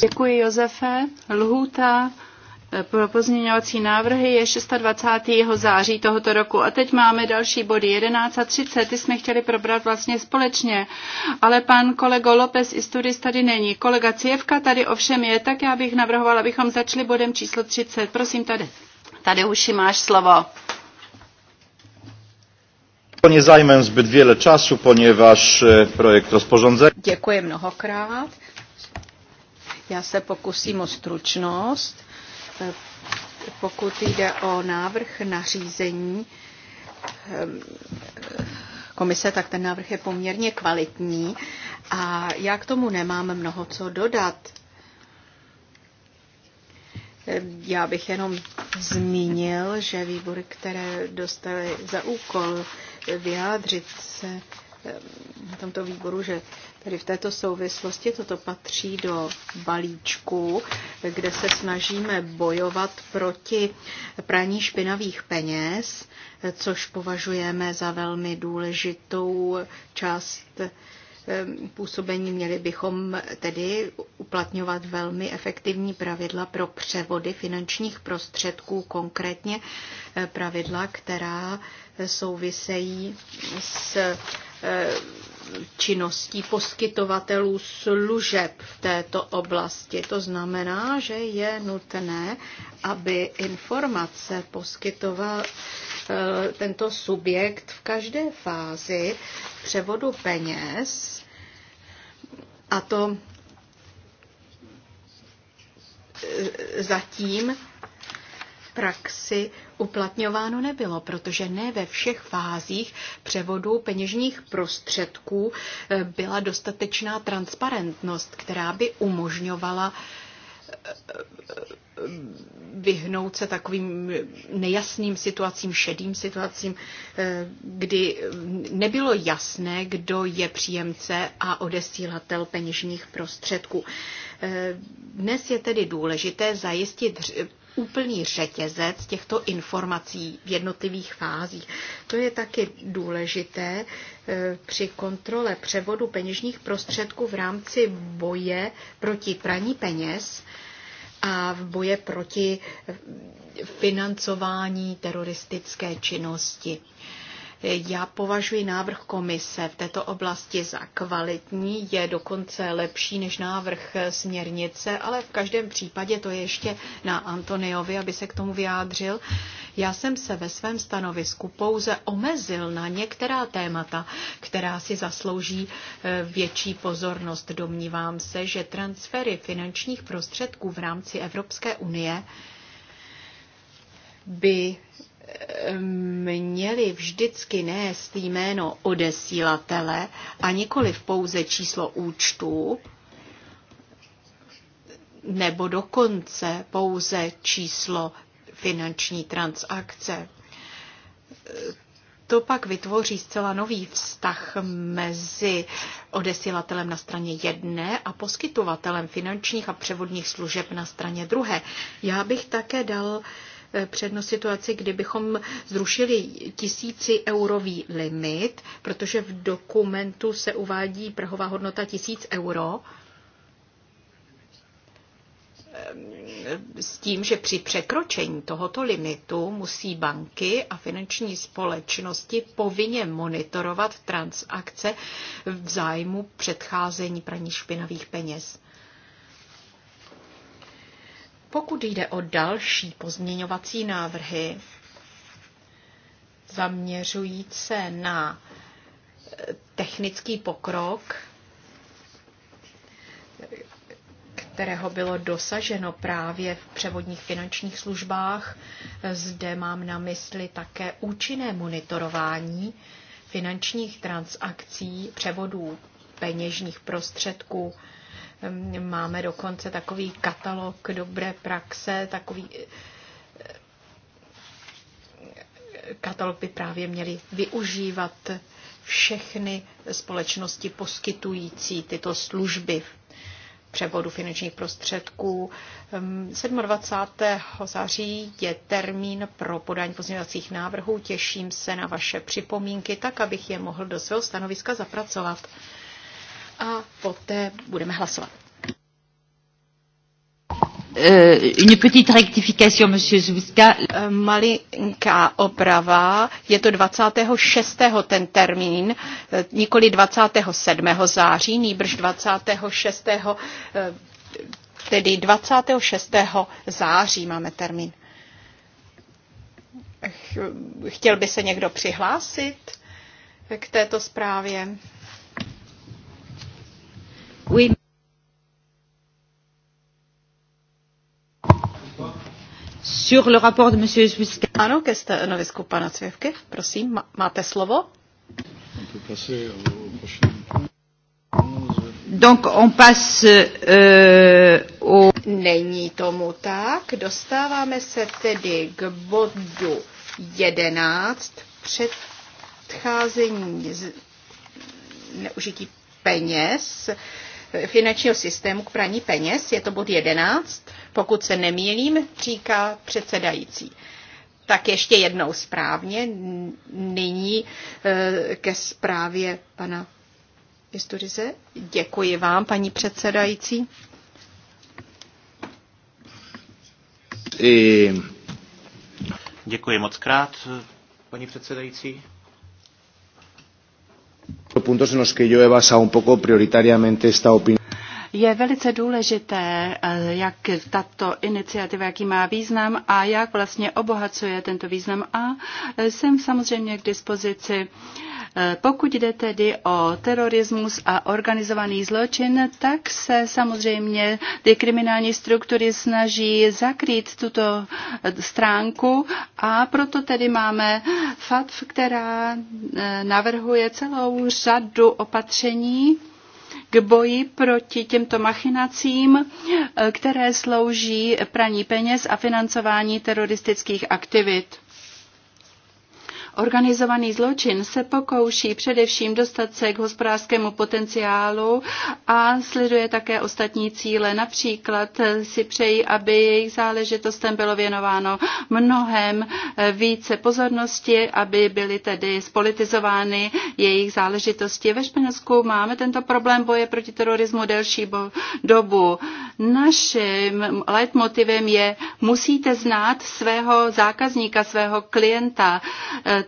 C: Děkuji, Josefe.
B: Lhůta eh, pro pozměňovací návrhy je 26. září tohoto roku. A teď máme další body 11 a 30, ty jsme chtěli probrat vlastně společně. Ale pan kolego López Isturis tady není. Kolega Cievka tady ovšem je, tak já bych navrhovala, abychom začali bodem číslo 30. Prosím, tady. Tady už máš slovo.
A: To nie zajmę zbyt wiele czasu, ponieważ e, projekt rozporządzenia...
C: Děkuji mnohokrát. Já se pokusím o stručnost. E, pokud jde o návrh nařízení e, komise, tak ten návrh je poměrně kvalitní a já k tomu nemám mnoho co dodat. Já bych jenom zmínil, že výbory, které dostaly za úkol vyjádřit se eh, na tomto výboru, že tady v této souvislosti toto patří do balíčku, kde se snažíme bojovat proti praní špinavých peněz, což považujeme za velmi důležitou část Ehm, působení. Měli bychom tedy uplatňovat velmi efektivní pravidla pro převody finančních prostředků, konkrétně eh, pravidla, která eh, souvisejí s eh, činností poskytovatelů služeb v této oblasti. To znamená, že je nutné, aby informace poskytoval eh, tento subjekt v každé fázi převodu peněz a to eh, zatím praxi uplatňováno nebylo, protože ne ve všech fázích převodu peněžních prostředků eh, byla dostatečná transparentnost, která by umožňovala eh, eh, vyhnout se takovým nejasným situacím, šedým situacím, kdy nebylo jasné, kdo je příjemce a odesílatel peněžních prostředků. Dnes je tedy důležité zajistit úplný řetězec těchto informací v jednotlivých fázích. To je taky důležité eh, při kontrole převodu peněžních prostředků v rámci boje proti praní peněz a v boje proti eh, financování teroristické činnosti. Já považuji návrh komise v této oblasti za kvalitní, je dokonce lepší než návrh směrnice, ale v každém případě to je ještě na Antoniovi, aby se k tomu vyjádřil. Já jsem se ve svém stanovisku pouze omezil na některá témata, která si zaslouží e, větší pozornost. Domnívám se, že transfery finančních prostředků v rámci Evropské unie by měli vždycky nést jméno odesílatele a nikoli pouze číslo účtu, nebo dokonce pouze číslo finanční transakce. To pak vytvoří zcela nový vztah mezi odesílatelem na straně jedné a poskytovatelem finančních a převodních služeb na straně druhé. Já bych také dal uh, přednost situaci, kdybychom zrušili tisíci eurový limit, protože v dokumentu se uvádí prahová hodnota tisíc euro s tím, že při překročení tohoto limitu musí banky a finanční společnosti povinně monitorovat transakce v zájmu předcházení praní špinavých peněz. Pokud jde o další pozměňovací návrhy, zaměřují se na eh, technický pokrok, kterého bylo dosaženo právě v převodních finančních službách. Eh, zde mám na mysli také účinné monitorování finančních transakcí, převodů peněžních prostředků Máme dokonce takový katalog dobré praxe, takový eh, katalog by právě měli využívat všechny společnosti poskytující tyto služby převodu finančních prostředků. 27. září je termín pro podání pozměňovacích návrhů. Těším se na vaše připomínky, tak abych je mohl do svého stanoviska zapracovat a poté budeme hlasovat. Euh, une petite rectification, monsieur Zouska. Eh, malinká oprava, je to 26. ten termín, eh, nikoli 27. září, nýbrž 26. Eh, tedy 26. září máme termín. Chtěl by se někdo přihlásit k této zprávě? Oui. Sur le rapport de monsieur Zwiska. Ano, ke stanovisku pana Cvěvky, prosím, máte slovo. Donc on passe euh, au... Není tomu tak. Dostáváme se tedy k bodu 11. Předcházení z... neužití peněz. Euh, finančního systému k praní peněz. Je to bod 11, pokud se nemýlím, říká předsedající. Tak ještě jednou správně, nyní e, ke zprávě pana Isturize. Děkuji vám, paní předsedající.
A: Děkuji moc krát, paní předsedající puntos en los que yo he basado un poco prioritariamente esta opinión
B: je velice důležité, eh, jak tato iniciativa, jaký má význam a jak vlastně obohacuje tento význam. A eh, jsem samozřejmě k dispozici pokud jde tedy o terorismus a organizovaný zločin, tak se samozřejmě ty kriminální struktury snaží zakrýt tuto stránku a proto tedy máme FATF, která eh, navrhuje celou řadu opatření, k boji proti těmto machinacím, eh, které slouží praní peněz a financování teroristických aktivit. Organizovaný zločin se pokouší především dostat se k hospodářskému potenciálu a sleduje také ostatní cíle. Například si přejí, aby jejich záležitostem bylo věnováno mnohem více pozornosti, aby byly tedy spolitizovány jejich záležitosti. Ve Španělsku máme tento problém boje proti terorismu delší dobu. Naším leitmotivem je musíte znát svého zákazníka, svého klienta.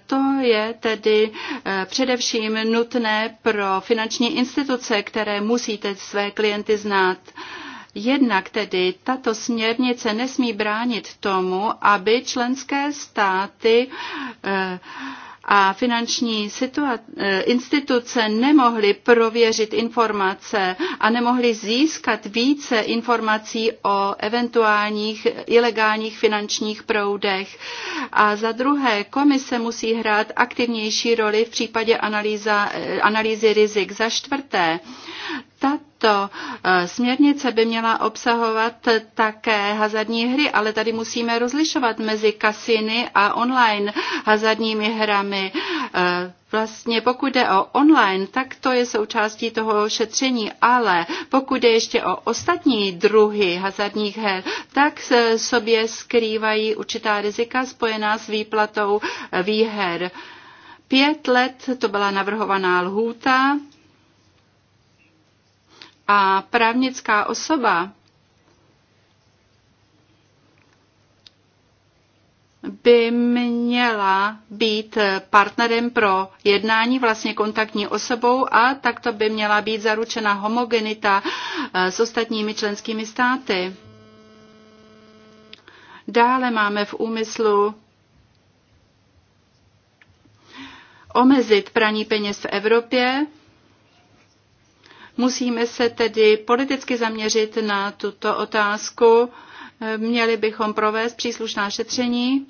B: To je tedy eh, především nutné pro finanční instituce, které musíte své klienty znát. Jednak tedy tato směrnice nesmí bránit tomu, aby členské státy eh, a finanční eh, instituce nemohly prověřit informace a nemohly získat více informací o eventuálních ilegálních finančních proudech. A za druhé, komise musí hrát aktivnější roli v případě analýza, eh, analýzy rizik. Za čtvrté, tato eh, směrnice by měla obsahovat také hazardní hry, ale tady musíme rozlišovat mezi kasiny a online hazardními hrami. Eh, vlastně pokud jde o online, tak to je součástí toho šetření, ale pokud jde ještě o ostatní druhy hazardních her, tak se sobě skrývají určitá rizika spojená s výplatou eh, výher. Pět let to byla navrhovaná lhůta a právnická osoba by měla být partnerem pro jednání, vlastně kontaktní osobou a takto by měla být zaručena homogenita eh, s ostatními členskými státy. Dále máme v úmyslu omezit praní peněz v Evropě Musíme se tedy politicky zaměřit na tuto otázku. Měli bychom provést příslušná šetření.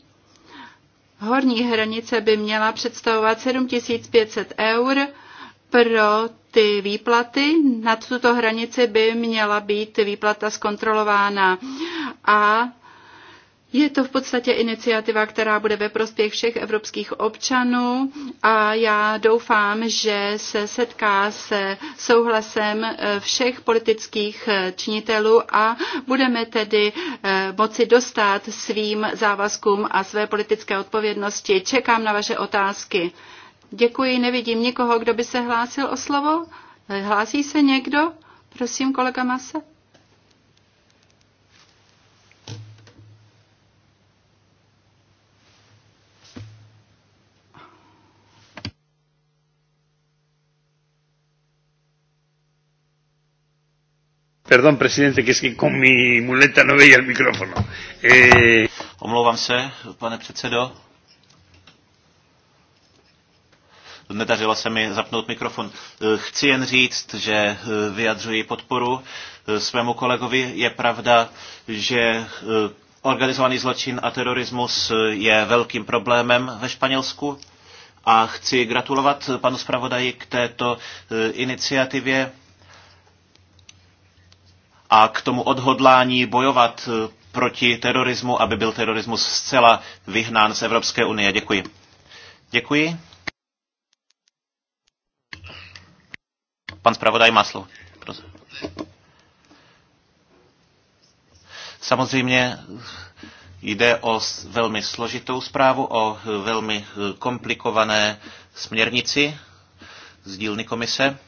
B: Horní hranice by měla představovat 7500 eur pro ty výplaty. Nad tuto hranici by měla být výplata zkontrolována. A je to v podstatě iniciativa, která bude ve prospěch všech evropských občanů a já doufám, že se setká se souhlasem eh, všech politických eh, činitelů a budeme tedy eh, moci dostat svým závazkům a své politické odpovědnosti. Čekám na vaše otázky. Děkuji, nevidím nikoho, kdo by se hlásil o slovo. Hlásí se někdo? Prosím, kolega Mase.
D: Perdón, presidente, que es que con mi muleta no veía el micrófono.
A: Eh... Omlouvám se, pane předsedo. Nedařilo se mi zapnout mikrofon. Eh, chci jen říct, že eh, vyjadřuji podporu eh, svému kolegovi. Je pravda, že organizovaný zločin a terorismus je velkým problémem ve Španělsku a chci gratulovat panu zpravodaji k této iniciativě a k tomu odhodlání bojovat eh, proti terorismu, aby byl terorismus zcela vyhnán z Evropské unie. Děkuji. Děkuji. Pan zpravodaj Maslo. Prosím. Samozřejmě eh, jde o velmi složitou zprávu, o eh, velmi komplikované směrnici z dílny komise.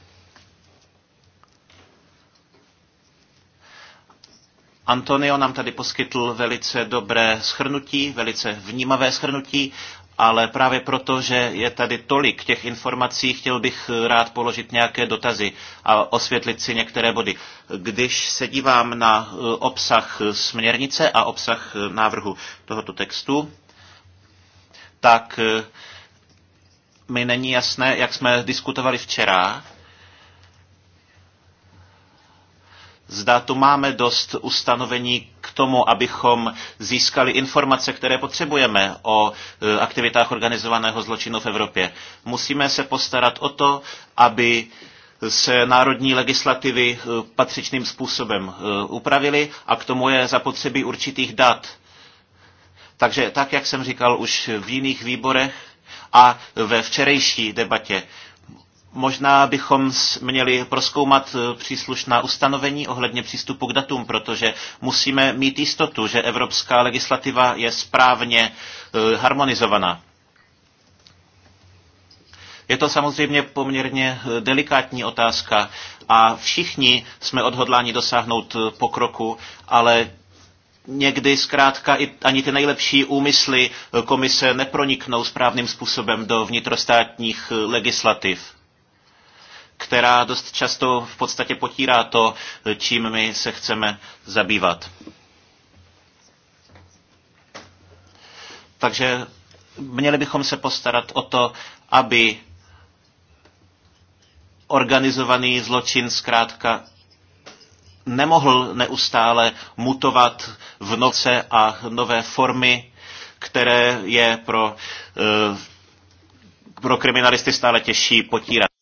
A: Antonio nám tady poskytl velice dobré schrnutí, velice vnímavé schrnutí, ale právě proto, že je tady tolik těch informací, chtěl bych rád položit nějaké dotazy a osvětlit si některé body. Když se dívám na eh, obsah směrnice a obsah eh, návrhu tohoto textu, tak eh, mi není jasné, jak jsme diskutovali včera, Zda tu máme dost ustanovení k tomu, abychom získali informace, které potřebujeme o e, aktivitách organizovaného zločinu v Evropě. Musíme se postarat o to, aby se národní legislativy e, patřičným způsobem e, upravily a k tomu je zapotřebí určitých dat. Takže tak, jak jsem říkal už v jiných výborech a ve včerejší debatě, Možná bychom měli proskoumat eh, příslušná ustanovení ohledně přístupu k datům, protože musíme mít jistotu, že evropská legislativa je správně eh, harmonizovaná. Je to samozřejmě poměrně eh, delikátní otázka a všichni jsme odhodláni dosáhnout pokroku, ale někdy zkrátka i ani ty nejlepší úmysly komise neproniknou správným způsobem do vnitrostátních legislativ která dost často v podstatě potírá to, čím my se chceme zabývat. Takže měli bychom se postarat o to, aby organizovaný zločin zkrátka nemohl neustále mutovat v noce a nové formy, které je pro, eh, pro kriminalisty stále těžší potírat.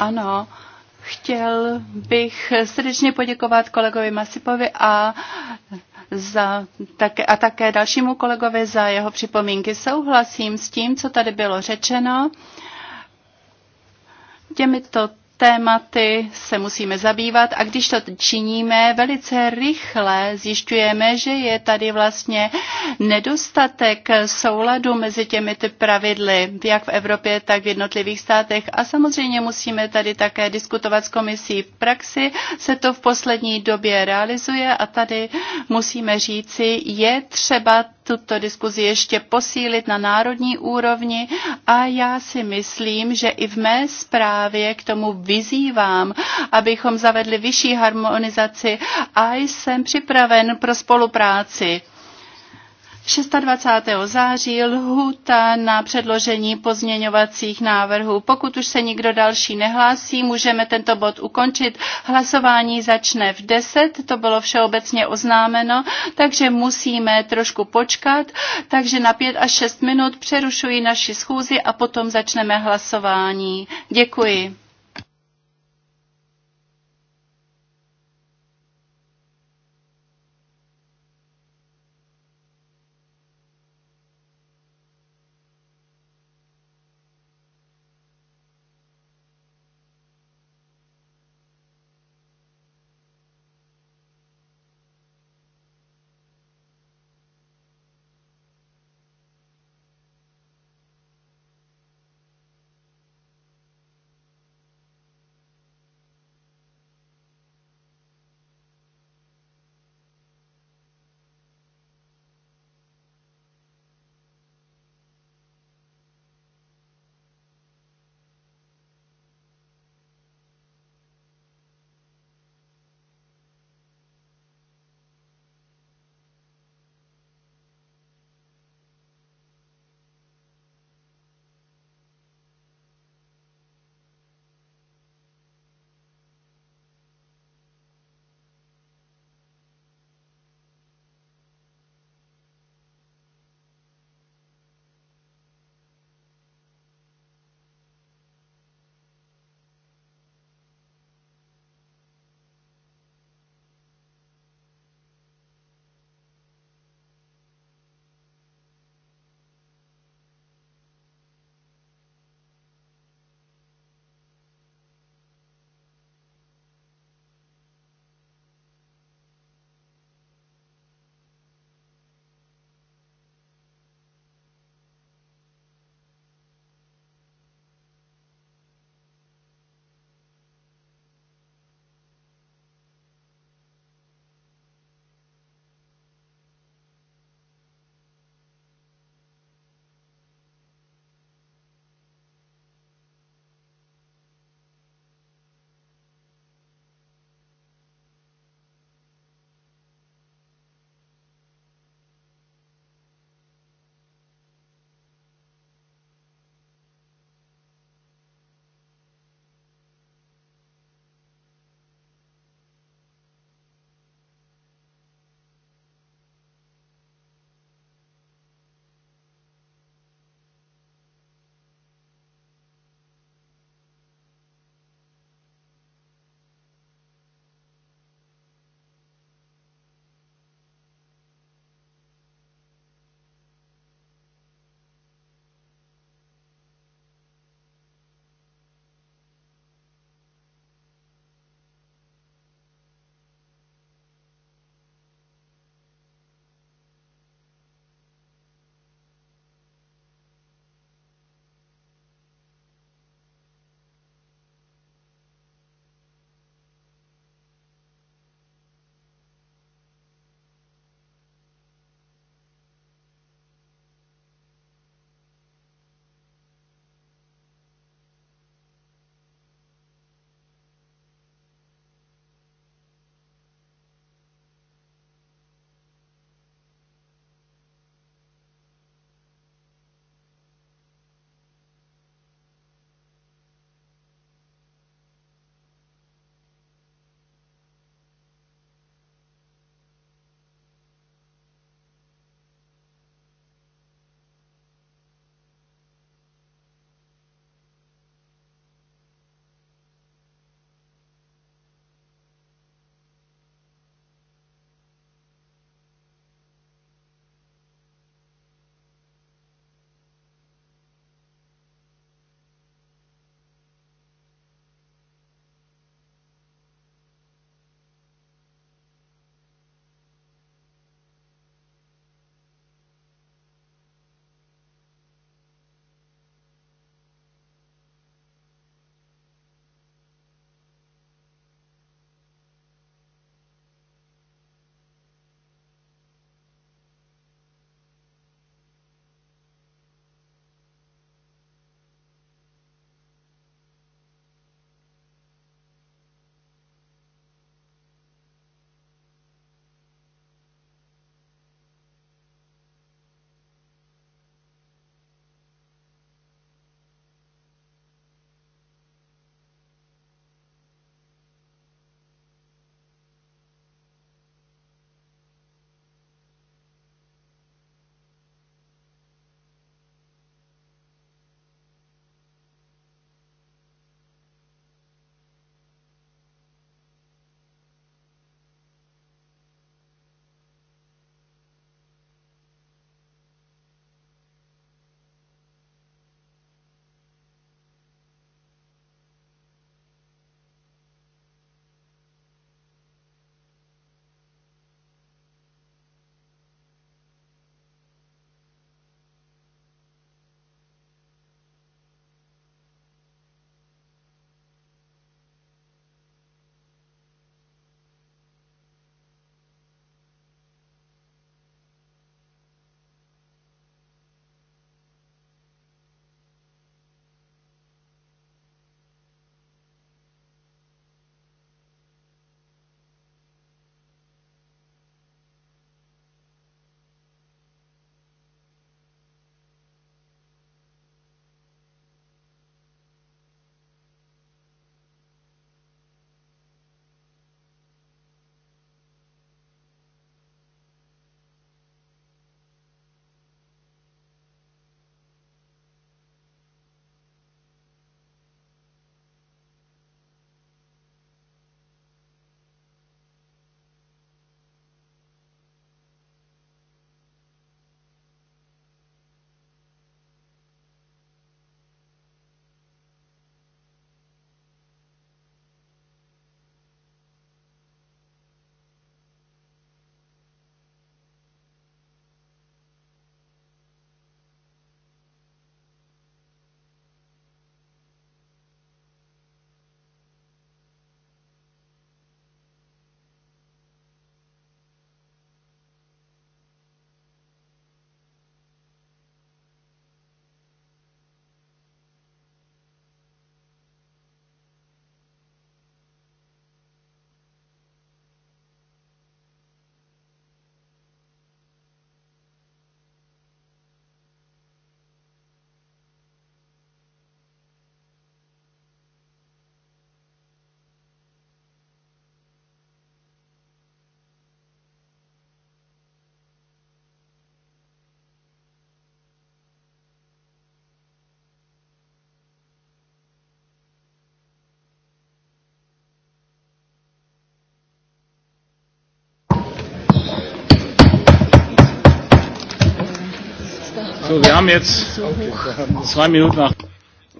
B: Ano, chtěl bych srdečně poděkovat kolegovi Masipovi a za, také, a také dalšímu kolegovi za jeho připomínky. Souhlasím s tím, co tady bylo řečeno. Těmito tématy se musíme zabývat a když to činíme velice rychle, zjišťujeme, že je tady vlastně nedostatek souladu mezi těmi ty pravidly, jak v Evropě, tak v jednotlivých státech. A samozřejmě musíme tady také diskutovat s komisí. V praxi se to v poslední době realizuje a tady musíme říci, je třeba tuto diskuzi ještě posílit na národní úrovni a já si myslím, že i v mé zprávě k tomu vyzývám, abychom zavedli vyšší harmonizaci a jsem připraven pro spolupráci. 26. září lhuta na předložení pozměňovacích návrhů. Pokud už se nikdo další nehlásí, můžeme tento bod ukončit. Hlasování začne v 10, to bylo všeobecně oznámeno, takže musíme trošku počkat. Takže na 5 až 6 minut přerušuji naši schůzi a potom začneme hlasování. Děkuji.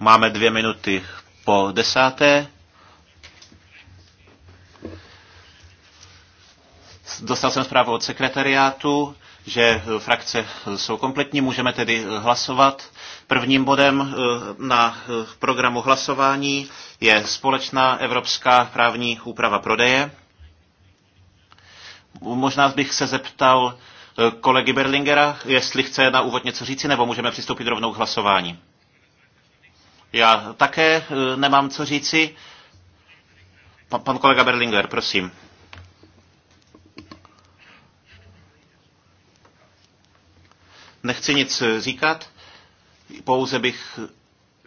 A: Máme dvě minuty po desáté. Dostal jsem zprávu od sekretariátu, že frakce jsou kompletní, můžeme tedy hlasovat. Prvním bodem eh, na eh, programu hlasování je společná evropská právní úprava prodeje. Možná bych se zeptal, Eh, kolegy Berlingera, jestli chce na úvod něco říci, nebo můžeme přistoupit rovnou k hlasování. Já také eh, nemám co říci. Pan, pan kolega Berlinger, prosím. Nechci nic eh, říkat, pouze bych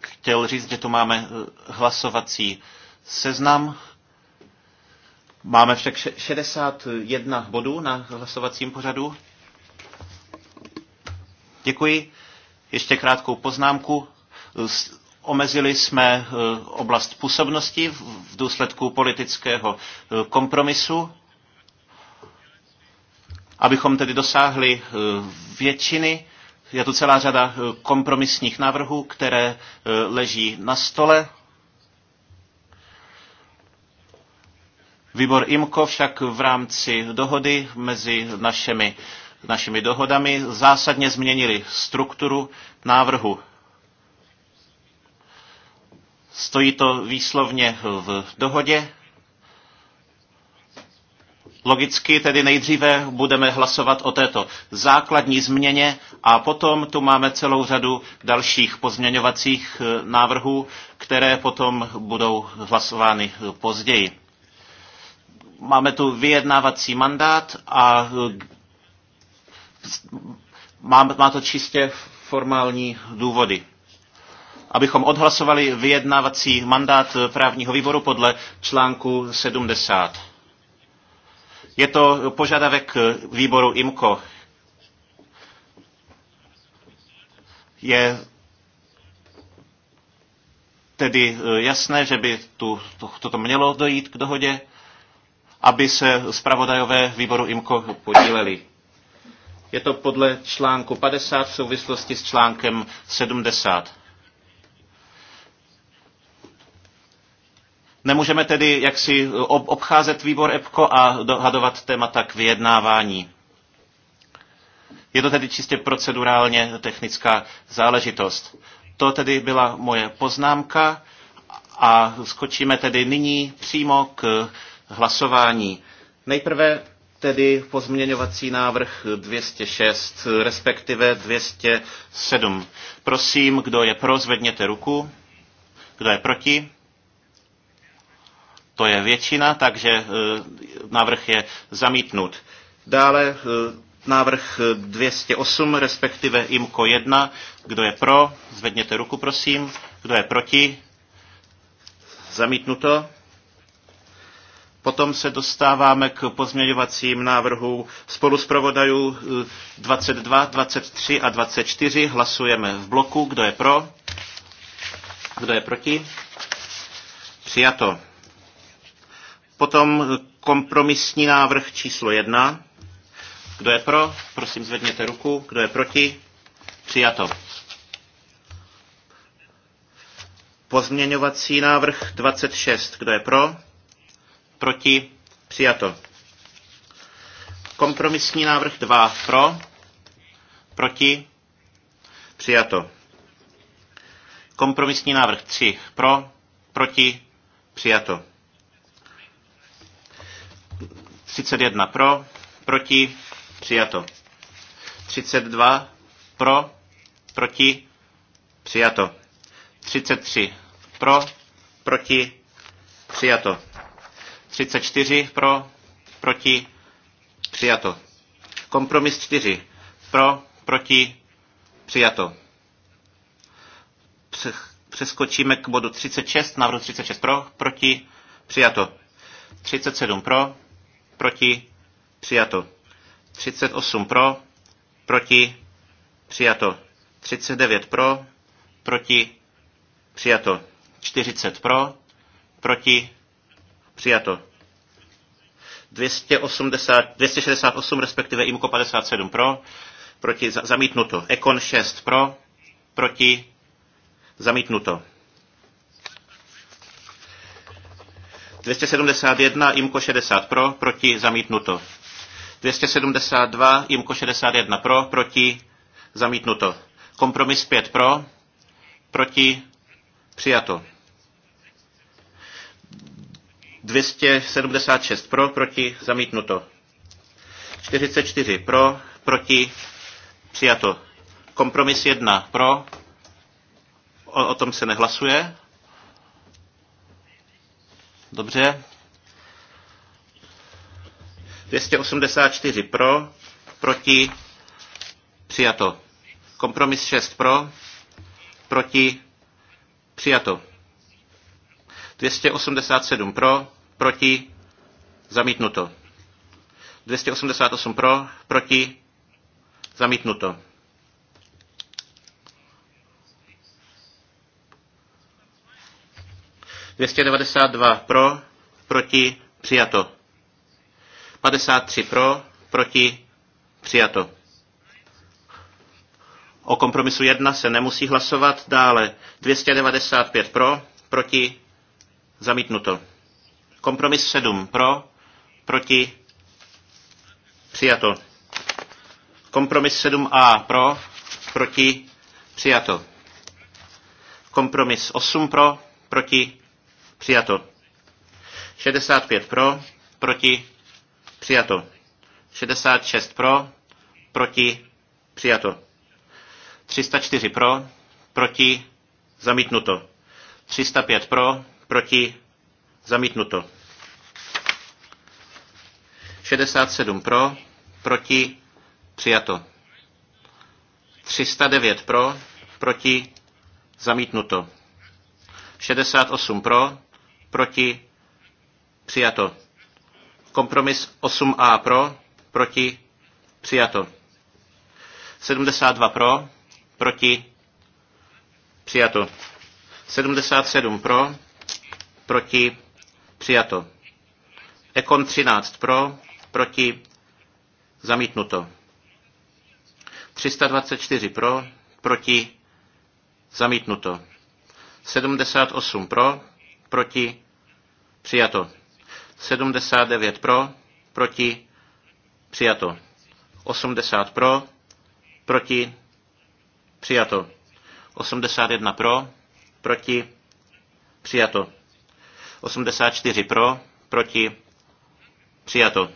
A: chtěl říct, že tu máme hlasovací seznam. Máme však 61 bodů na hlasovacím pořadu. Děkuji. Ještě krátkou poznámku. Omezili jsme e, oblast působnosti v důsledku politického e, kompromisu, abychom tedy dosáhli e, většiny. Je tu celá řada kompromisních návrhů, které leží na stole. Výbor IMKO však v rámci dohody mezi našimi našimi dohodami zásadně změnili strukturu návrhu. Stojí to výslovně v dohodě. Logicky tedy nejdříve budeme hlasovat o této základní změně a potom tu máme celou řadu dalších pozměňovacích eh, návrhů, které potom budou hlasovány eh, později. Máme tu vyjednávací mandát a eh, má, má to čistě formální důvody. Abychom odhlasovali vyjednávací mandát právního výboru podle článku 70. Je to požadavek výboru IMCO. Je tedy jasné, že by tu, to, toto mělo dojít k dohodě, aby se zpravodajové výboru IMCO podíleli. Je to podle článku 50 v souvislosti s článkem 70. Nemůžeme tedy jaksi obcházet výbor EPCO a dohadovat témata k vyjednávání. Je to tedy čistě procedurálně technická záležitost. To tedy byla moje poznámka a skočíme tedy nyní přímo k hlasování. Nejprve tedy pozměňovací návrh 206, respektive 207. Prosím, kdo je pro, zvedněte ruku. Kdo je proti? To je většina, takže eh, návrh je zamítnut. Dále eh, návrh 208, respektive IMKO 1. Kdo je pro? Zvedněte ruku, prosím. Kdo je proti? Zamítnuto. Potom se dostáváme k pozměňovacím návrhu spolu s 22, 23 eh, a 24. Hlasujeme v bloku. Kdo je pro? Kdo je proti? Přijato. Potom eh, kompromisní návrh číslo 1. Kdo je pro? Prosím, zvedněte ruku. Kdo je proti? Přijato. Pozměňovací návrh 26. Kdo je pro? proti, přijato. Kompromisní návrh 2 pro, proti, přijato. Kompromisní návrh 3 pro, proti, přijato. 31 pro, proti, přijato. 32 pro, proti, přijato. 33 pro, proti, přijato. 34 pro, proti, přijato. Kompromis 4 pro, proti, přijato. Přeskočíme k bodu 36, návrh 36 pro, proti, přijato. 37 pro, proti, přijato. 38 pro, proti, přijato. 39 pro, proti, přijato. 40 pro, proti, Přijato. 280, 268, respektive IMCO 57 pro, proti zamítnuto. Ekon 6 pro, proti zamítnuto. 271, IMCO 60 pro, proti zamítnuto. 272, IMCO 61 pro, proti zamítnuto. Kompromis 5 pro, proti přijato. 276 pro, proti, zamítnuto. 44 pro, proti, přijato. Kompromis 1 pro, o, o tom se nehlasuje. Dobře. 284 pro, proti, přijato. Kompromis 6 pro, proti, přijato. 287 pro, proti, zamítnuto. 288 pro, proti, zamítnuto. Dvěstě devadesát dva pro, proti, přijato. 53 pro, proti, přijato. O kompromisu jedna se nemusí hlasovat. Dále 295 pro, proti, zamítnuto. Kompromis 7 pro, proti, přijato. Kompromis 7a pro, proti, přijato. Kompromis 8 pro, proti, přijato. 65 pro, proti, přijato. 66 pro, proti, přijato. 304 pro, proti, zamítnuto. 305 pro, proti, zamítnuto. 67 pro, proti, přijato. 309 pro, proti, zamítnuto. 68 pro, proti, přijato. Kompromis 8a pro, proti, přijato. 72 pro, proti, přijato. 77 pro, proti, přijato. Ekon 13 pro, proti, zamítnuto. 324 pro, proti, zamítnuto. 78 pro, proti, přijato. 79 pro, proti, přijato. 80 pro, proti, přijato. 81 pro, proti, přijato. 84 pro, proti, přijato.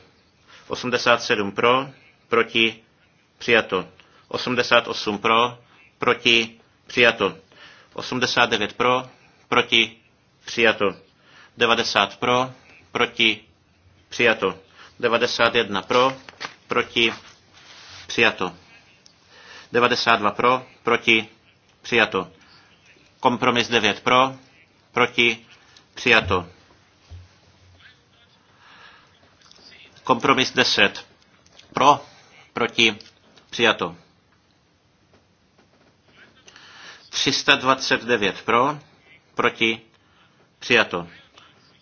A: 87 pro, proti, přijato. 88 pro, proti, přijato. 89 pro, proti, přijato. 90 pro, proti, přijato. 91 pro, proti, přijato. 92 pro, proti, přijato. Kompromis 9 pro, proti, přijato. Kompromis 10. Pro, proti, přijato. 329 pro, proti, přijato.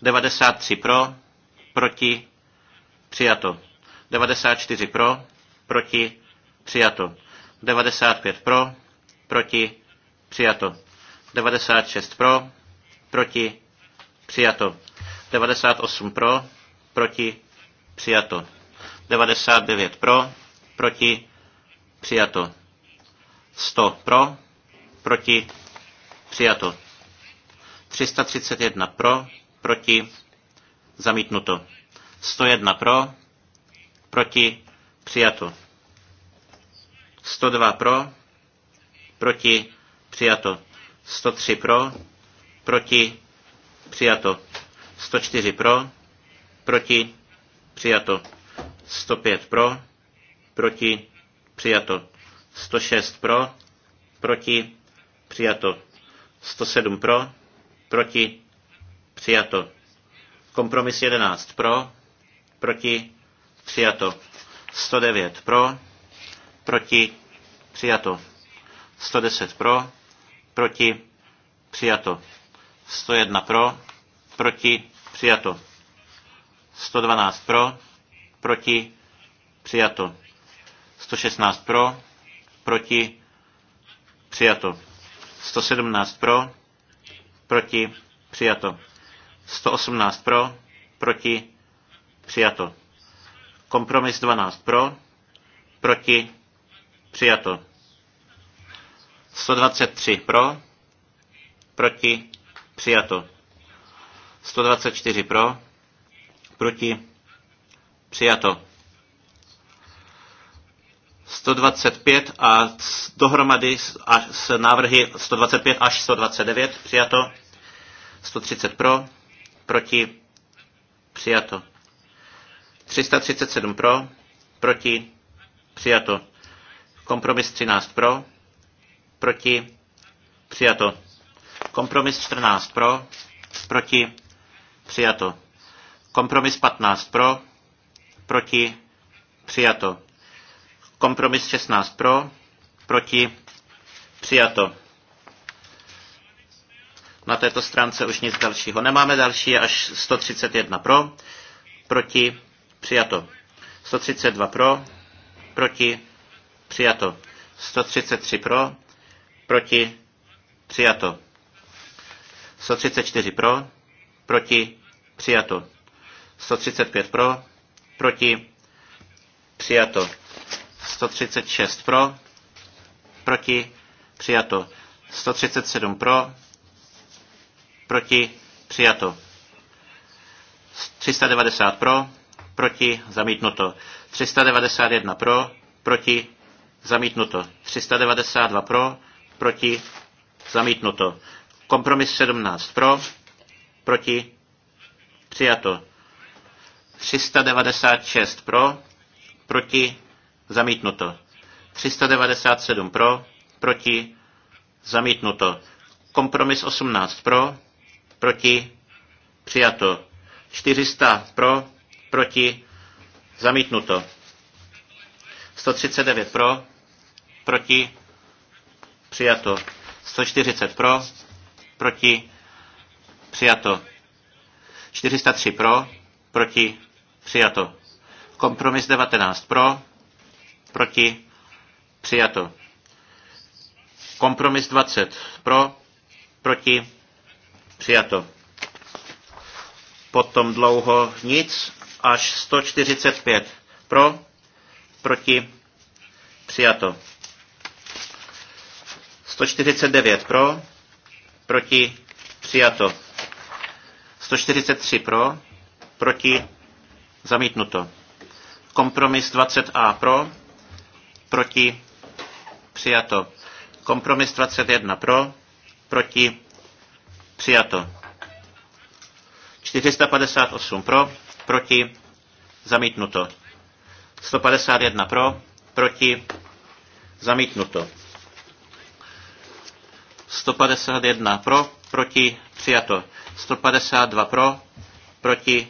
A: 93 pro, proti, přijato. 94 pro, proti, přijato. 95 pro, proti, přijato. 96 pro, proti, přijato. 98 pro, proti, Přijato. 99 pro, proti, přijato. 100 pro, proti, přijato. 331 pro, proti, zamítnuto. 101 pro, proti, přijato. 102 pro, proti, přijato. 103 pro, proti, přijato. 104 pro, proti, Přijato. 105 pro, proti, přijato. 106 pro, proti, přijato. 107 pro, proti, přijato. Kompromis 11 pro, proti, přijato. 109 pro, proti, přijato. 110 pro, proti, přijato. 101 pro, proti, přijato. 112 pro, proti, přijato. 116 pro, proti, přijato. 117 pro, proti, přijato. 118 pro, proti, přijato. Kompromis 12 pro, proti, přijato. 123 pro, proti, přijato. 124 pro, proti, přijato. 125 a dohromady až s návrhy 125 až 129 přijato, 130 pro, proti, přijato. 337 pro, proti, přijato. Kompromis 13 pro, proti, přijato. Kompromis 14 pro, proti, přijato. Kompromis 15 pro, proti, přijato. Kompromis 16 pro, proti, přijato. Na této stránce už nic dalšího nemáme. Další je až 131 pro, proti, přijato. 132 pro, proti, přijato. 133 pro, proti, přijato. 134 pro, proti, přijato. 135 pro, proti, přijato. 136 pro, proti, přijato. 137 pro, proti, přijato. 390 pro, proti, zamítnuto. 391 pro, proti, zamítnuto. 392 pro, proti, zamítnuto. Kompromis 17 pro, proti, přijato. 396 pro, proti, zamítnuto. 397 pro, proti, zamítnuto. Kompromis 18 pro, proti, přijato. 400 pro, proti, zamítnuto. 139 pro, proti, přijato. 140 pro, proti, přijato. 403 pro, proti, Přijato. Kompromis 19 pro, proti, přijato. Kompromis 20 pro, proti, přijato. Potom dlouho nic až 145 pro, proti, přijato. 149 pro, proti, přijato. 143 pro, proti, Zamítnuto. Kompromis 20a pro, proti, přijato. Kompromis 21 pro, proti, přijato. 458 pro, proti, zamítnuto. 151 pro, proti, zamítnuto. 151 pro, proti, přijato. 152 pro, proti,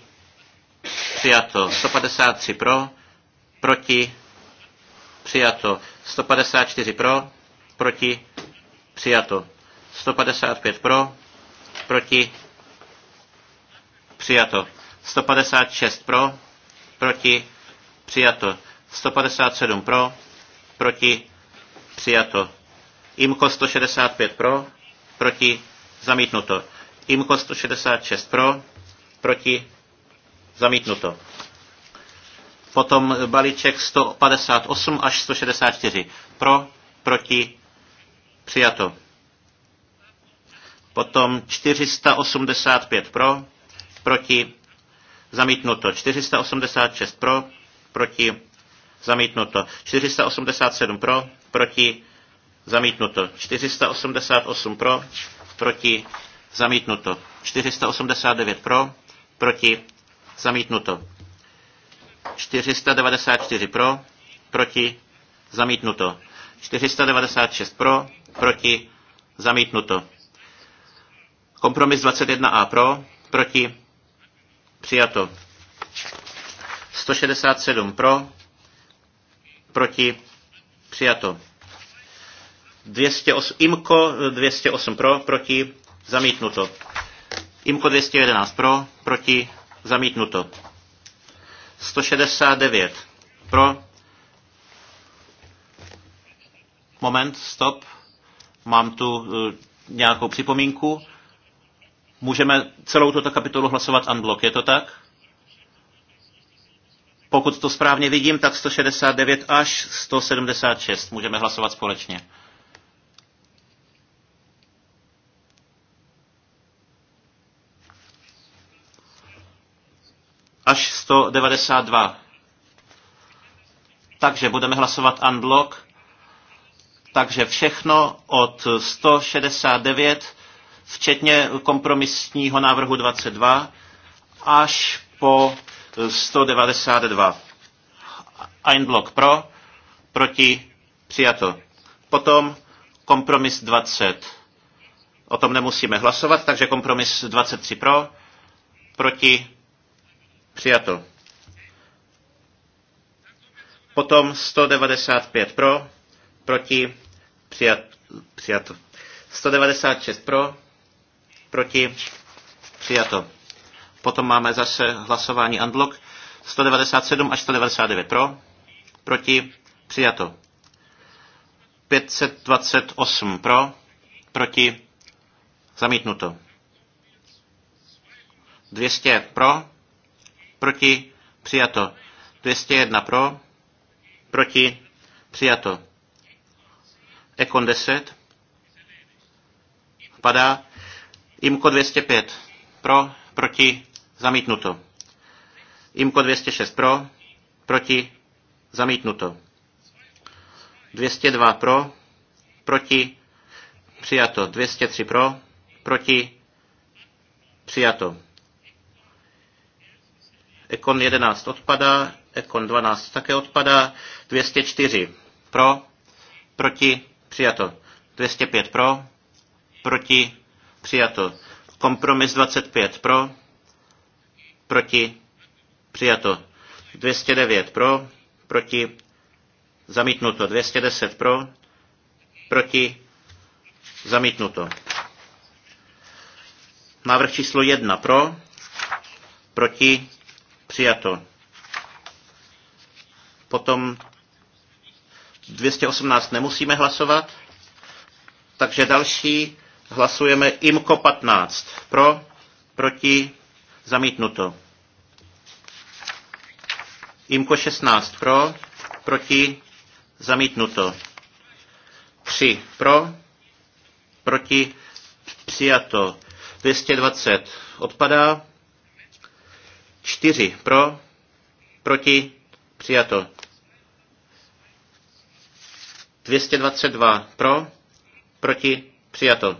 A: Přijato. 153 pro. Proti. Přijato. 154 pro. Proti. Přijato. 155 pro. Proti. Přijato. 156 pro. Proti. Přijato. 157 pro. Proti. Přijato. IMKO 165 pro. Proti. Zamítnuto. IMKO 166 pro. Proti. Zamítnuto. Potom balíček 158 až 164. Pro, proti, přijato. Potom 485 pro, proti, zamítnuto. 486 pro, proti, zamítnuto. 487 pro, proti, zamítnuto. 488 pro, proti, zamítnuto. 489 pro, proti, Zamítnuto. 494 pro, proti, zamítnuto. 496 pro, proti, zamítnuto. Kompromis 21a pro, proti, přijato. 167 pro, proti, přijato. 208, IMKO 208 pro, proti, zamítnuto. IMKO 211 pro, proti, Zamítnuto. 169. Pro. Moment, stop. Mám tu eh, nějakou připomínku. Můžeme celou tuto kapitolu hlasovat unblock, je to tak? Pokud to správně vidím, tak 169 až 176 můžeme hlasovat společně. až 192. Takže budeme hlasovat unblock. Takže všechno od 169, včetně kompromisního návrhu 22, až po 192. Einblock pro, proti, přijato. Potom kompromis 20. O tom nemusíme hlasovat, takže kompromis 23 pro, proti, Přijato. Potom 195 pro, proti, přijat, přijato. 196 pro, proti, přijato. Potom máme zase hlasování unblock 197 až 199 pro, proti, přijato. 528 pro, proti, zamítnuto. 200 pro, proti, přijato. 201 pro, proti, přijato. Ekon 10, padá. Imko 205, pro, proti, zamítnuto. Imko 206 pro, proti, zamítnuto. 202 pro, proti, přijato. 203 pro, proti, přijato. Ekon 11 odpadá, Ekon 12 také odpadá, 204 pro, proti, přijato. 205 pro, proti, přijato. Kompromis 25 pro, proti, přijato. 209 pro, proti, zamítnuto. 210 pro, proti, zamítnuto. Návrh číslo 1 pro, proti, Přijato. Potom 218 nemusíme hlasovat. Takže další hlasujeme IMKO 15. Pro, proti, zamítnuto. IMKO 16 pro, proti, zamítnuto. 3 pro, proti, přijato. 220 odpadá. 4 pro, proti, přijato. 222 pro, proti, přijato.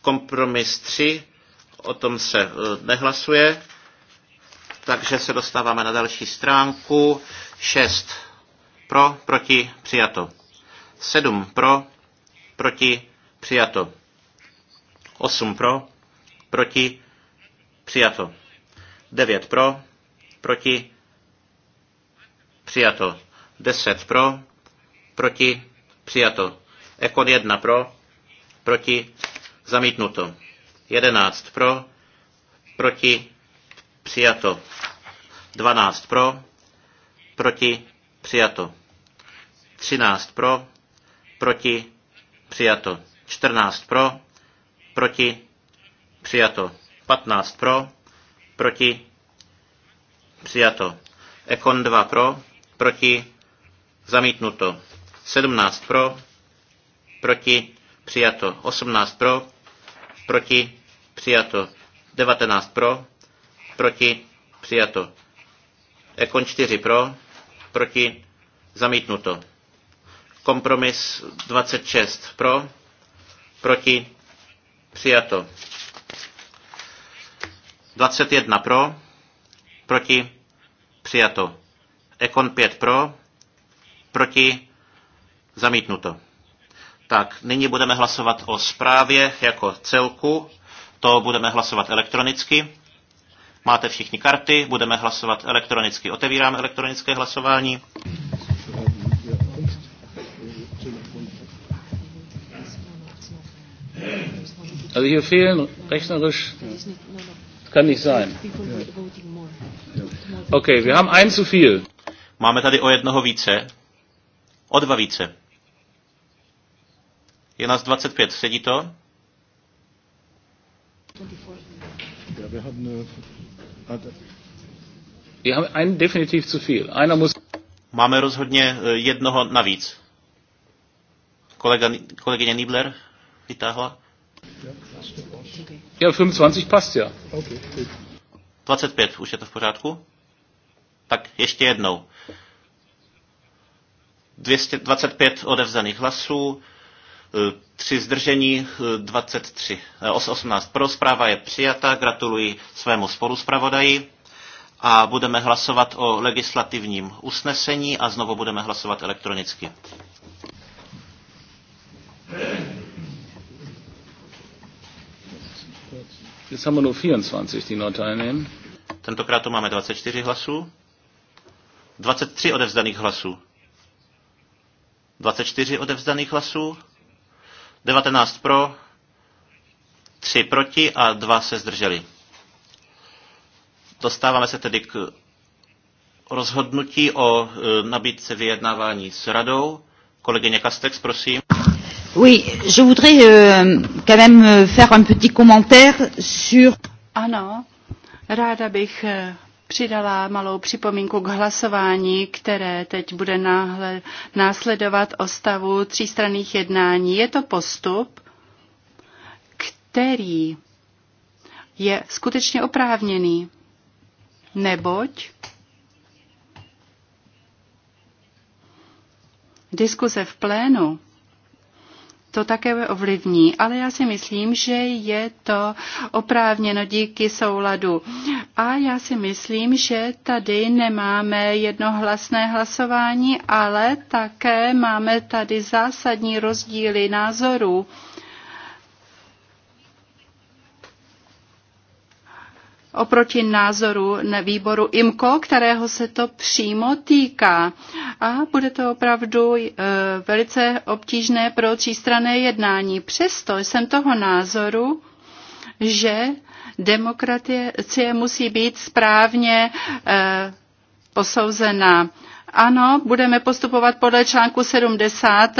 A: Kompromis 3, o tom se eh, nehlasuje, takže se dostáváme na další stránku. 6 pro, proti, přijato. 7 pro, proti, přijato. 8 pro, proti, přijato. 9 pro, proti, přijato. 10 pro, proti, přijato. Ekon 1 pro, proti, zamítnuto. 11 pro, proti, přijato. 12 pro, proti, přijato. 13 pro, proti, přijato. 14 pro, proti, přijato. 15 pro, proti, přijato. Ekon 2 pro, proti, zamítnuto. 17 pro, proti, přijato. 18 pro, proti, přijato. 19 pro, proti, přijato. Ekon 4 pro, proti, zamítnuto. Kompromis 26 pro, proti, přijato. 21 pro, proti, přijato. Ekon 5 pro, proti, zamítnuto. Tak, nyní budeme hlasovat o zprávě jako celku. To budeme hlasovat elektronicky. Máte všichni karty, budeme hlasovat elektronicky. Otevírám elektronické hlasování.
D: Also hier fehlen rechnerisch
A: Kann nicht sein. Okay, wir haben einen zu viel. Máme tady o jednoho více. O dva více. Je nás 25, sedí to? Máme rozhodně eh, jednoho navíc. Kolega, kolegyně Nibler vytáhla.
D: Ja, 25 passt ja.
A: 25, už je to v pořádku? Tak ještě jednou. 225 odevzdaných hlasů, 3 eh, zdržení, 23, eh, 18 eh, pro. Zpráva je přijata, gratuluji svému spoluspravodaji a budeme hlasovat o legislativním usnesení a znovu budeme hlasovat elektronicky. Jetzt haben wir nur 24, die noch teilnehmen. Tentokrát to máme 24 hlasů. 23 odevzdaných hlasů. 24 odevzdaných hlasů. 19 pro, 3 proti a 2 se zdrželi. Dostáváme se tedy k rozhodnutí o e, nabídce vyjednávání s radou. Kolegyně Kastex, prosím.
C: Oui, je voudrais euh, quand même euh, faire un petit commentaire sur...
B: Ano, ráda bych eh, přidala malou připomínku k hlasování, které teď bude náhle, následovat o stavu třístranných jednání. Je to postup, který je skutečně oprávněný, neboť diskuze v plénu to také ovlivní, ale já si myslím, že je to oprávněno díky souladu. A já si myslím, že tady nemáme jednohlasné hlasování, ale také máme tady zásadní rozdíly názorů oproti názoru na výboru IMCO, kterého se to přímo týká. A bude to opravdu e, velice obtížné pro třístrané jednání. Přesto jsem toho názoru, že demokracie musí být správně e, posouzena. Ano, budeme postupovat podle článku 70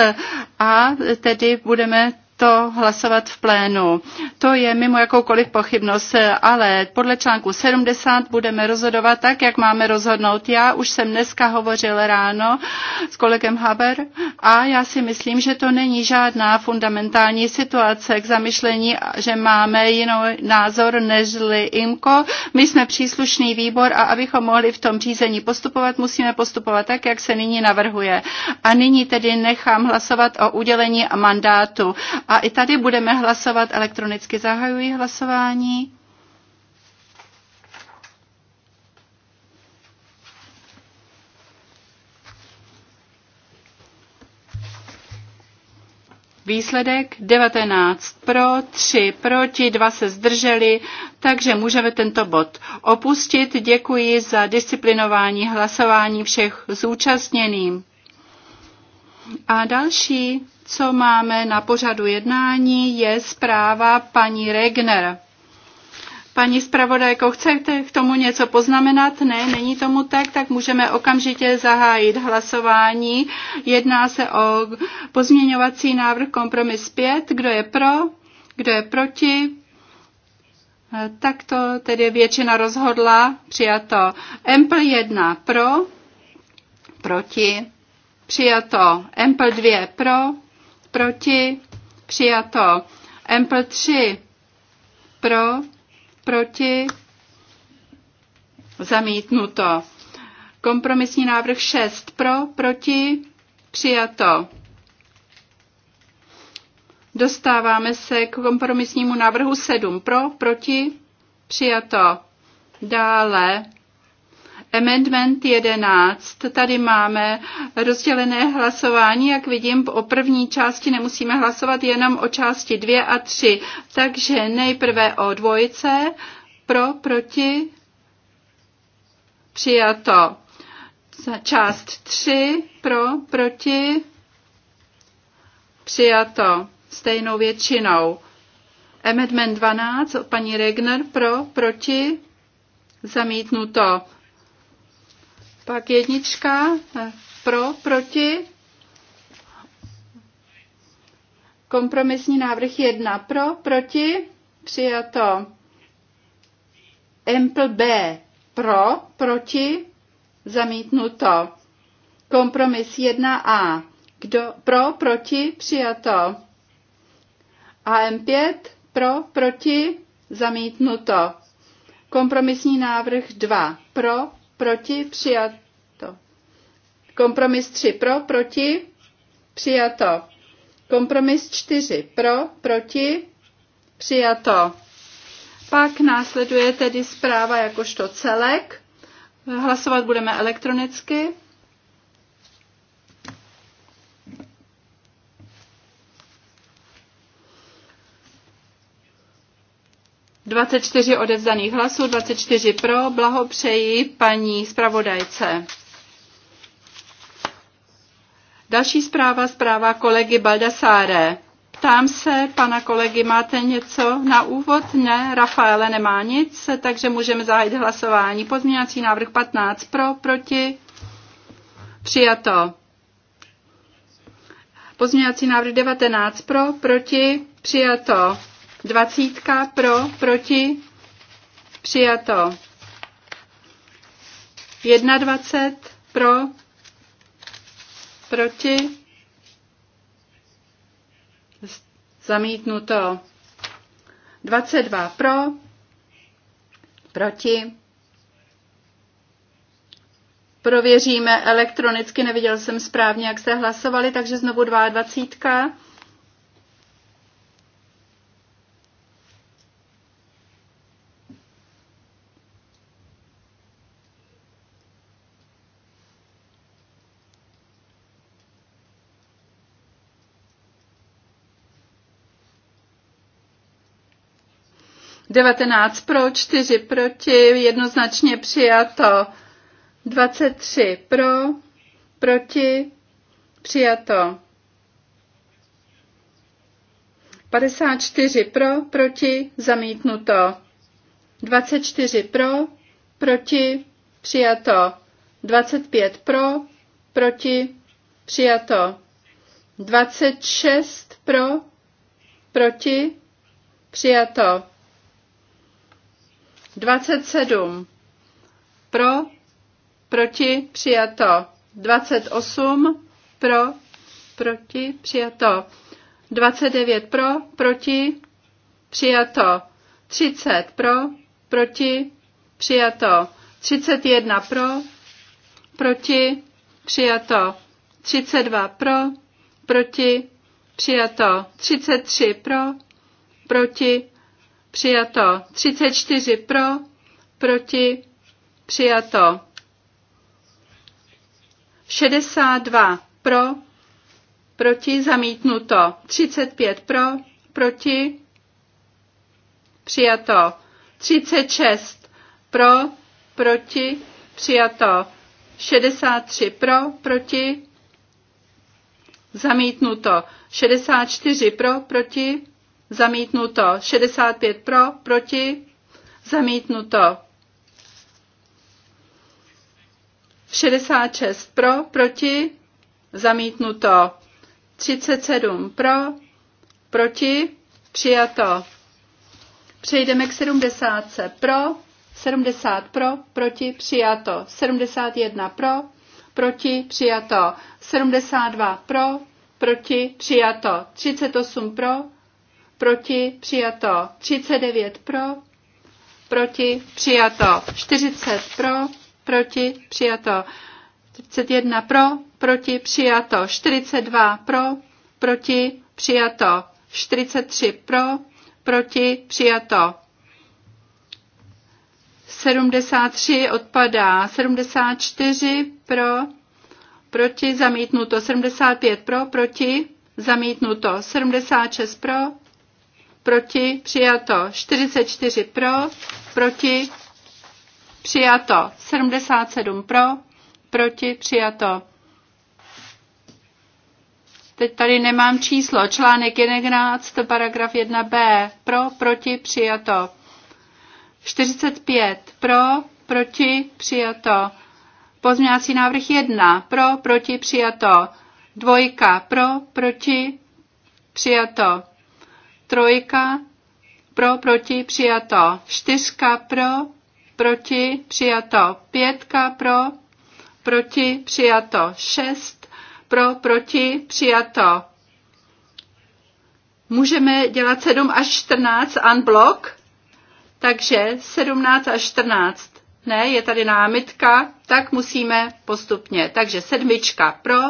B: a tedy budeme to hlasovat v plénu. To je mimo jakoukoliv pochybnost, ale podle článku 70 budeme rozhodovat tak, jak máme rozhodnout. Já už jsem dneska hovořil ráno s kolegem Haber a já si myslím, že to není žádná fundamentální situace k zamyšlení, že máme jinou názor nežli IMKO. My jsme příslušný výbor a abychom mohli v tom řízení postupovat, musíme postupovat tak, jak se nyní navrhuje. A nyní tedy nechám hlasovat o udělení mandátu a i tady budeme hlasovat elektronicky. Zahajuji hlasování. Výsledek 19 pro, 3 proti, 2 se zdrželi, takže můžeme tento bod opustit. Děkuji za disciplinování hlasování všech zúčastněným. A další, co máme na pořadu jednání, je zpráva paní Regner. Paní zpravodajko, chcete k tomu něco poznamenat? Ne, není tomu tak, tak můžeme okamžitě zahájit hlasování. Jedná se o pozměňovací návrh kompromis 5. Kdo je pro? Kdo je proti? E, tak to tedy většina rozhodla, přijato. Empl 1 pro, proti, přijato Ample 2 pro, proti, přijato Ample 3 pro, proti, zamítnuto. Kompromisní návrh 6 pro, proti, přijato. Dostáváme se k kompromisnímu návrhu 7 pro, proti, přijato. Dále Amendment 11. Tady máme rozdělené hlasování. Jak vidím, o první části nemusíme hlasovat, jenom o části 2 a 3. Takže nejprve o dvojce. Pro, proti. Přijato. Část 3. Pro, proti. Přijato. Stejnou většinou. Amendment 12 od paní Regner pro, proti, zamítnuto. Pak jednička eh, pro, proti. Kompromisní návrh jedna pro, proti. Přijato. Empl B pro, proti. Zamítnuto. Kompromis 1A. Kdo pro, proti, přijato. AM5 pro, proti, zamítnuto. Kompromisní návrh 2. Pro, proti, přijato. Kompromis 3 pro, proti, přijato. Kompromis 4 pro, proti, přijato. Pak následuje tedy zpráva jakožto celek. Hlasovat budeme elektronicky. 24 odevzdaných hlasů, 24 pro. Blahopřeji paní zpravodajce. Další zpráva, zpráva kolegy Baldasáre. Ptám se, pana kolegy, máte něco na úvod? Ne, Rafaele nemá nic, takže můžeme zahájit hlasování. Pozměňovací návrh 15 pro, proti. Přijato. Pozměňovací návrh 19 pro, proti. Přijato. Dvacítka pro, proti, přijato. 21 pro, proti, zamítnuto. 22 pro, proti. Prověříme elektronicky, neviděl jsem správně, jak jste hlasovali, takže znovu 22. 19 pro, 4 proti, jednoznačně přijato. 23 pro, proti, přijato. 54 pro, proti, zamítnuto. 24 pro, proti, přijato. 25 pro, proti, přijato. 26 pro, proti, přijato. 27. Pro, proti, přijato. 28. Pro, proti, přijato. 29 pro, proti, přijato. 30 pro, proti, přijato. 31 pro, proti, přijato. 32 pro, proti, přijato. 33 pro, proti, přijato 34 pro, proti, přijato 62 pro, proti, zamítnuto 35 pro, proti, přijato 36 pro, proti, přijato 63 pro, proti, zamítnuto 64 pro, proti, zamítnuto 65 pro, proti, zamítnuto 66 pro, proti, zamítnuto 37 pro, proti, přijato. Přejdeme k 70 pro, 70 pro, proti, přijato. 71 pro, proti, přijato. 72 pro, proti, přijato. 38 pro, proti, přijato 39 pro, proti, přijato 40 pro, proti, přijato 31 pro, proti, přijato 42 pro, proti, přijato 43 pro, proti, přijato 73 odpadá, 74 pro, proti, zamítnuto, 75 pro, proti, zamítnuto, 76 pro, proti, přijato 44 pro, proti, přijato 77 pro, proti, přijato. Teď tady nemám číslo. Článek 11, paragraf 1b. Pro, proti, přijato. 45. Pro, proti, přijato. Pozměňovací návrh 1. Pro, proti, přijato. Dvojka. Pro, proti, přijato. Trojka pro, proti, přijato. Čtyřka pro, proti, přijato. Pětka pro, proti, přijato. Šest pro, proti, přijato. Můžeme dělat 7 až 14 unblock, takže 17 až 14. Ne, je tady námitka, tak musíme postupně. Takže sedmička pro,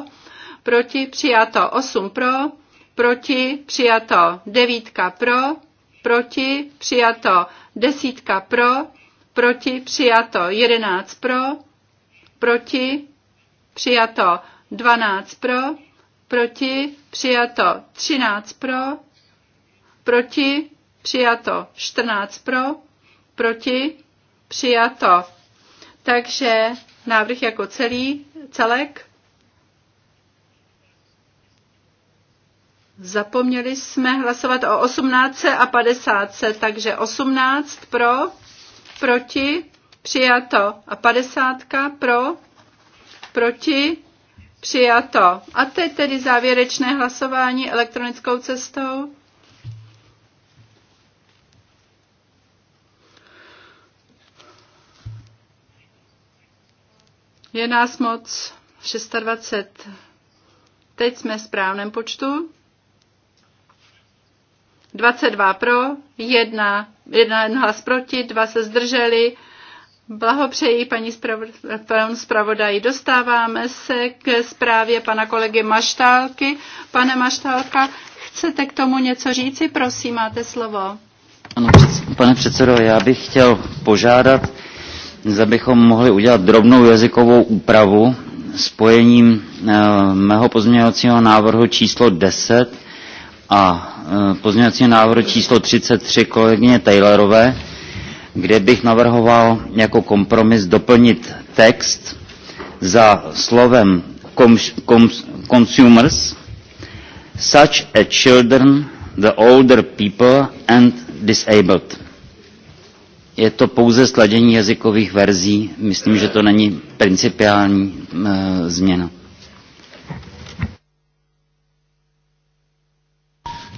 B: proti, přijato 8 pro, proti, přijato. Devítka pro, proti, přijato. Desítka pro, proti, přijato. Jedenáct pro, proti, přijato. Dvanáct pro, proti, přijato. Třináct pro, proti, přijato. Čtrnáct pro, proti, přijato. Takže návrh jako celý, celek, Zapomněli jsme hlasovat o 18 a 50, takže 18 pro, proti, přijato a 50 pro, proti, přijato. A teď tedy závěrečné hlasování elektronickou cestou. Je nás moc 26. Teď jsme v správném počtu. 22 pro, 1, 1 hlas proti, 2 se zdrželi. Blahopřeji paní zpravodaji. Dostáváme se k zprávě pana kolegy Maštálky. Pane Maštálka, chcete k tomu něco říci? Prosím, máte slovo. Ano, pane předsedo, já bych chtěl požádat, zda bychom mohli udělat drobnou jazykovou úpravu spojením eh, mého pozměňovacího návrhu číslo 10 a e, pozměňovací návrh číslo 33 kolegyně Taylorové, kde bych navrhoval jako kompromis doplnit text za slovem consumers, such as children, the older people and disabled. Je to pouze sladění jazykových verzí, myslím, že to není principiální e,
D: změna.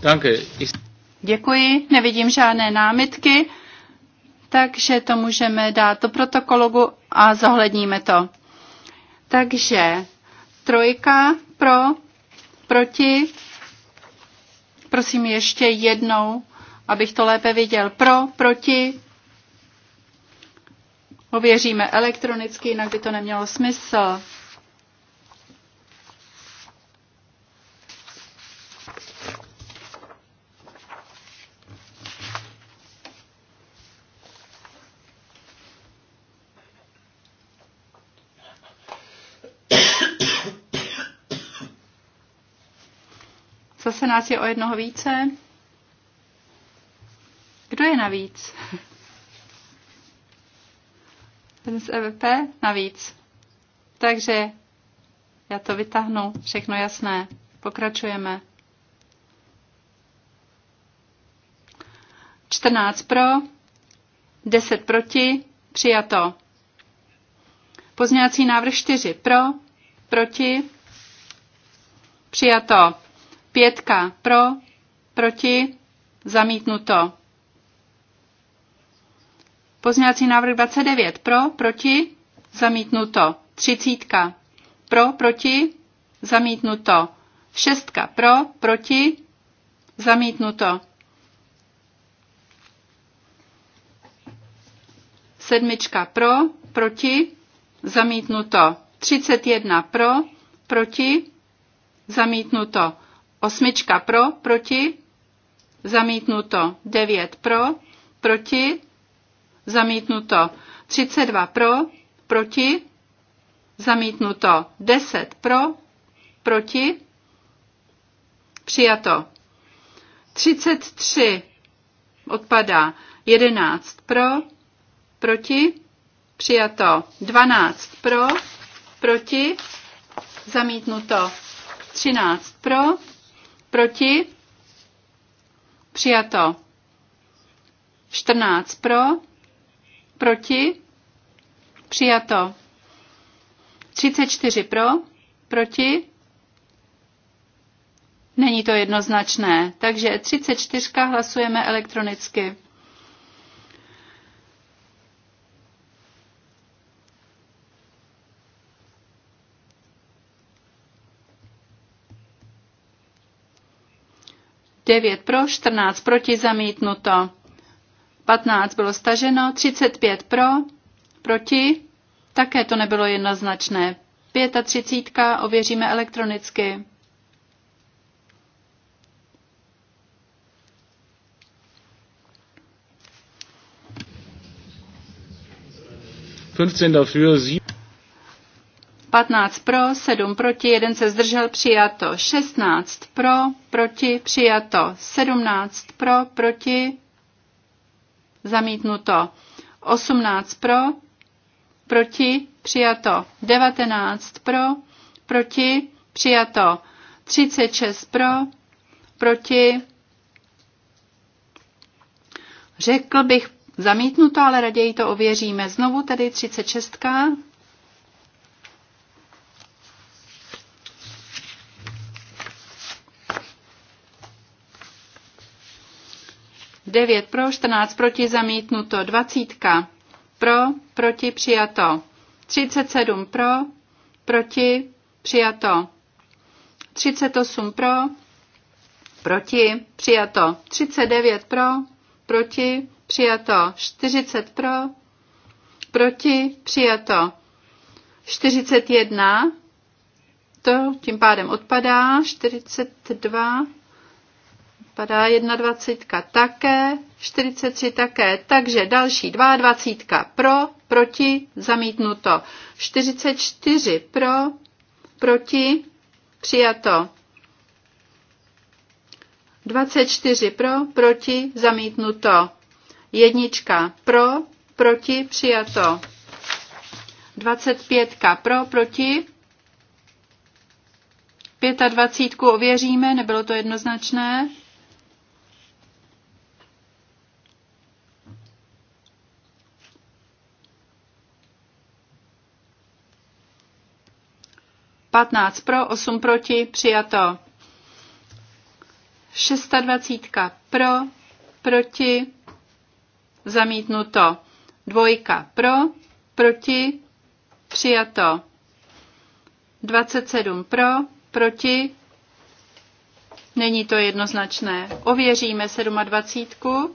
D: Danke.
B: Děkuji, nevidím žádné námitky, takže to můžeme dát do protokolu a zohledníme to. Takže trojka pro, proti, prosím ještě jednou, abych to lépe viděl, pro, proti, ověříme elektronicky, jinak by to nemělo smysl. Zase nás je o jednoho více. Kdo je navíc? Ten z EVP navíc. Takže já to vytáhnu, všechno jasné. Pokračujeme. 14 pro, 10 proti, přijato. Pozňácí návrh 4 pro, proti, přijato. Pětka pro, proti, zamítnuto. Pozměňovací návrh 29 pro, proti, zamítnuto. Třicítka pro, proti, zamítnuto. Šestka pro, proti, zamítnuto. Sedmička pro, proti, zamítnuto. jedna pro, proti, zamítnuto. Osmička pro, proti, zamítnuto. Devět pro, proti, zamítnuto. Třicet dva pro, proti, zamítnuto. Deset pro, proti, přijato. Třicet tři odpadá. 11 pro, proti, přijato. Dvanáct pro, proti, zamítnuto. 13 pro, Proti? Přijato. 14 pro. Proti? Přijato. 34 pro. Proti? Není to jednoznačné, takže 34 hlasujeme elektronicky. 9 pro, 14 proti, zamítnuto. 15 bylo staženo, 35 pro, proti, také to nebylo jednoznačné. 35 ověříme elektronicky. Dafür, 15 pro, 7 proti, 1 se zdržel, přijato. 16 pro, proti, přijato. 17 pro, proti, zamítnuto. 18 pro, proti, přijato. 19 pro, proti, přijato. 36 pro, proti, řekl bych zamítnuto, ale raději to ověříme. Znovu tedy 36 9 pro, 14 proti, zamítnuto. 20 pro, proti, přijato. 37 pro, proti, přijato. 38 pro, proti, přijato. 39 pro, proti, přijato. 40 pro, proti, přijato. 41, to tím pádem odpadá. 42, Padá 21 také, 43 také, takže další 22 pro, proti, zamítnuto. 44 pro, proti, přijato. 24 pro, proti, zamítnuto. Jednička pro, proti, přijato. 25 pro, proti. 25 ověříme, nebylo to jednoznačné. 15 pro, 8 proti, přijato. 26 pro, proti, zamítnuto. Dvojka pro, proti, přijato. 27 pro, proti, není to jednoznačné. Ověříme 27.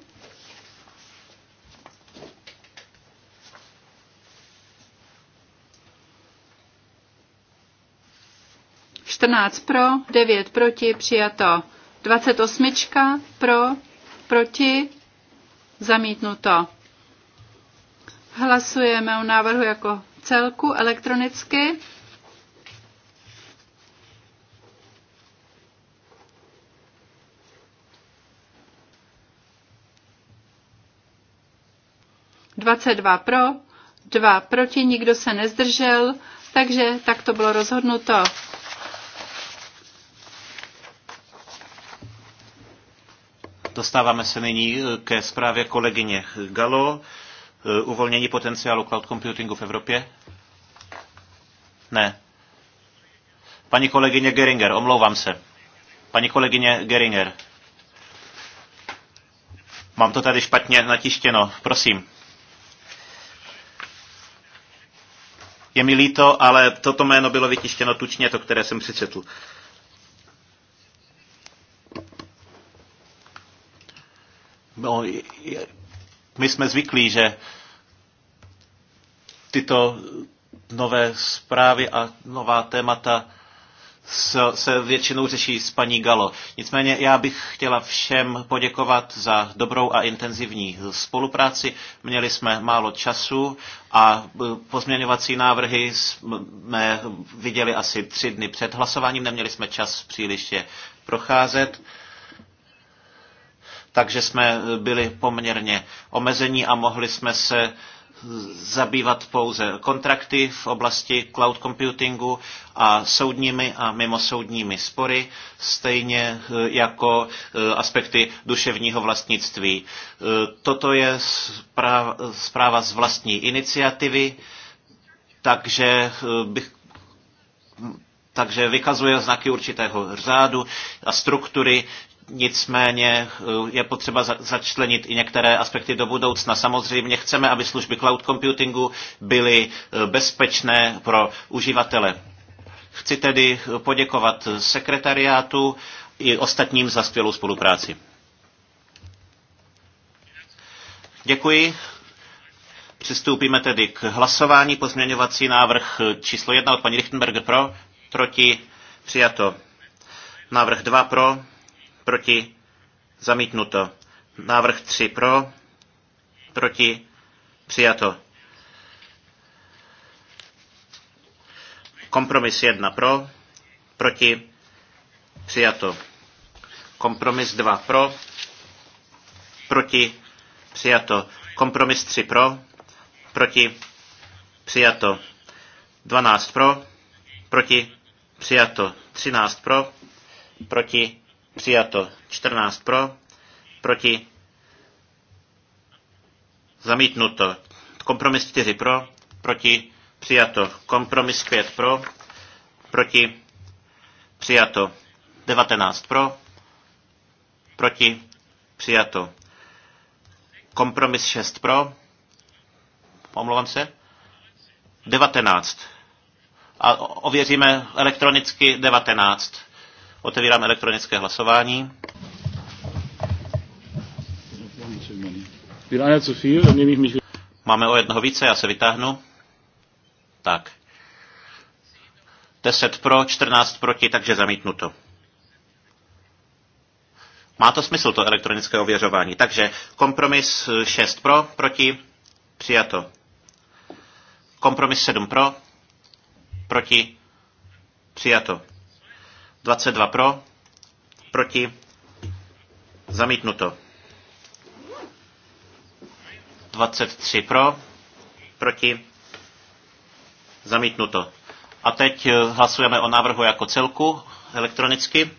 B: 14 pro, 9 proti, přijato. 28 pro, proti, zamítnuto. Hlasujeme o návrhu jako celku elektronicky. Dvacet dva pro, dva proti, nikdo se nezdržel, takže tak to bylo rozhodnuto.
A: Dostáváme se nyní eh, ke zprávě kolegyně Galo. Eh, uvolnění potenciálu cloud computingu v Evropě? Ne. Paní kolegyně Geringer, omlouvám se. Paní kolegyně Geringer. Mám to tady špatně natištěno, prosím. Je mi líto, ale toto jméno bylo vytištěno tučně, to, které jsem přečetl. Uh, no, my jsme zvyklí, že tyto nové zprávy a nová témata se většinou řeší s paní Galo. Nicméně já bych chtěla všem poděkovat za dobrou a intenzivní spolupráci. Měli jsme málo času a pozměňovací návrhy jsme viděli asi tři dny před hlasováním. Neměli jsme čas příliš je procházet takže jsme byli poměrně omezení a mohli jsme se zabývat pouze kontrakty v oblasti cloud computingu a soudními a mimosoudními spory, stejně eh, jako eh, aspekty duševního vlastnictví. Eh, toto je zpráva z vlastní iniciativy, takže bych takže vykazuje znaky určitého řádu a struktury, Nicméně eh, je potřeba začlenit i některé aspekty do budoucna. Samozřejmě chceme, aby služby cloud computingu byly eh, bezpečné pro uživatele. Chci tedy eh, poděkovat sekretariátu i ostatním za skvělou spolupráci. Děkuji. Přistoupíme tedy k hlasování. Pozměňovací návrh číslo 1 od paní Lichtenberger pro, proti, přijato. Návrh 2 pro, proti, zamítnuto. Návrh 3 pro, proti, přijato. Kompromis 1 pro, proti, přijato. Kompromis 2 pro, proti, přijato. Kompromis 3 pro, proti, přijato. 12 pro, proti, přijato. 13 pro, proti, Přijato 14 pro, proti, zamítnuto. Kompromis 4 pro, proti, přijato. Kompromis 5 pro, proti, přijato. 19 pro, proti, přijato. Kompromis 6 pro, omlouvám se, 19. A ověříme elektronicky 19. Otevírám elektronické hlasování. Máme o jednoho více, já se vytáhnu. Tak. 10 pro, 14 proti, takže zamítnuto. Má to smysl, to elektronické ověřování. Takže kompromis 6 pro, proti, přijato. Kompromis 7 pro, proti, přijato. 22 pro, proti, zamítnuto. 23 pro, proti, zamítnuto. A teď eh, hlasujeme o návrhu jako celku elektronicky.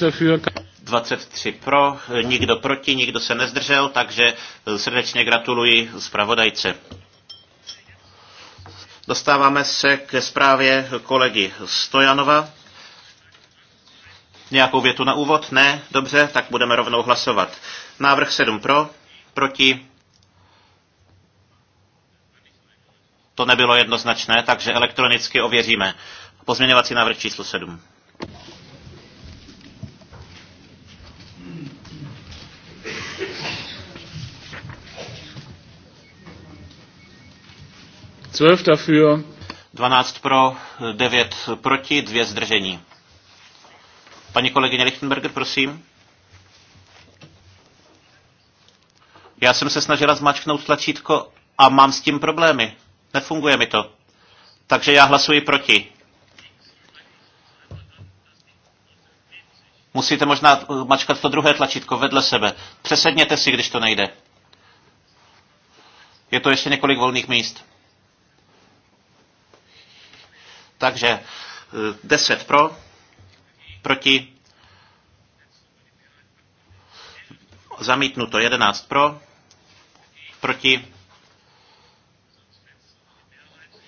D: dafür.
A: 23 pro, nikdo proti, nikdo se nezdržel, takže eh, srdečně gratuluji zpravodajce. Dostáváme se ke zprávě kolegy Stojanova. Nějakou větu na úvod? Ne? Dobře, tak budeme rovnou hlasovat. Návrh 7 pro, proti. To nebylo jednoznačné, takže elektronicky ověříme. Pozměňovací návrh číslo 7.
D: 12 dafür.
A: 12 pro, 9 proti, 2 zdržení. Paní kolegyně Lichtenberger, prosím. Já jsem se snažila zmačknout tlačítko a mám s tím problémy. Nefunguje mi to. Takže já hlasuji proti. Musíte možná eh, mačkat to druhé tlačítko vedle sebe. Přesedněte si, když to nejde. Je to ještě několik volných míst. Takže 10 eh, pro, proti, zamítnuto 11 pro, proti,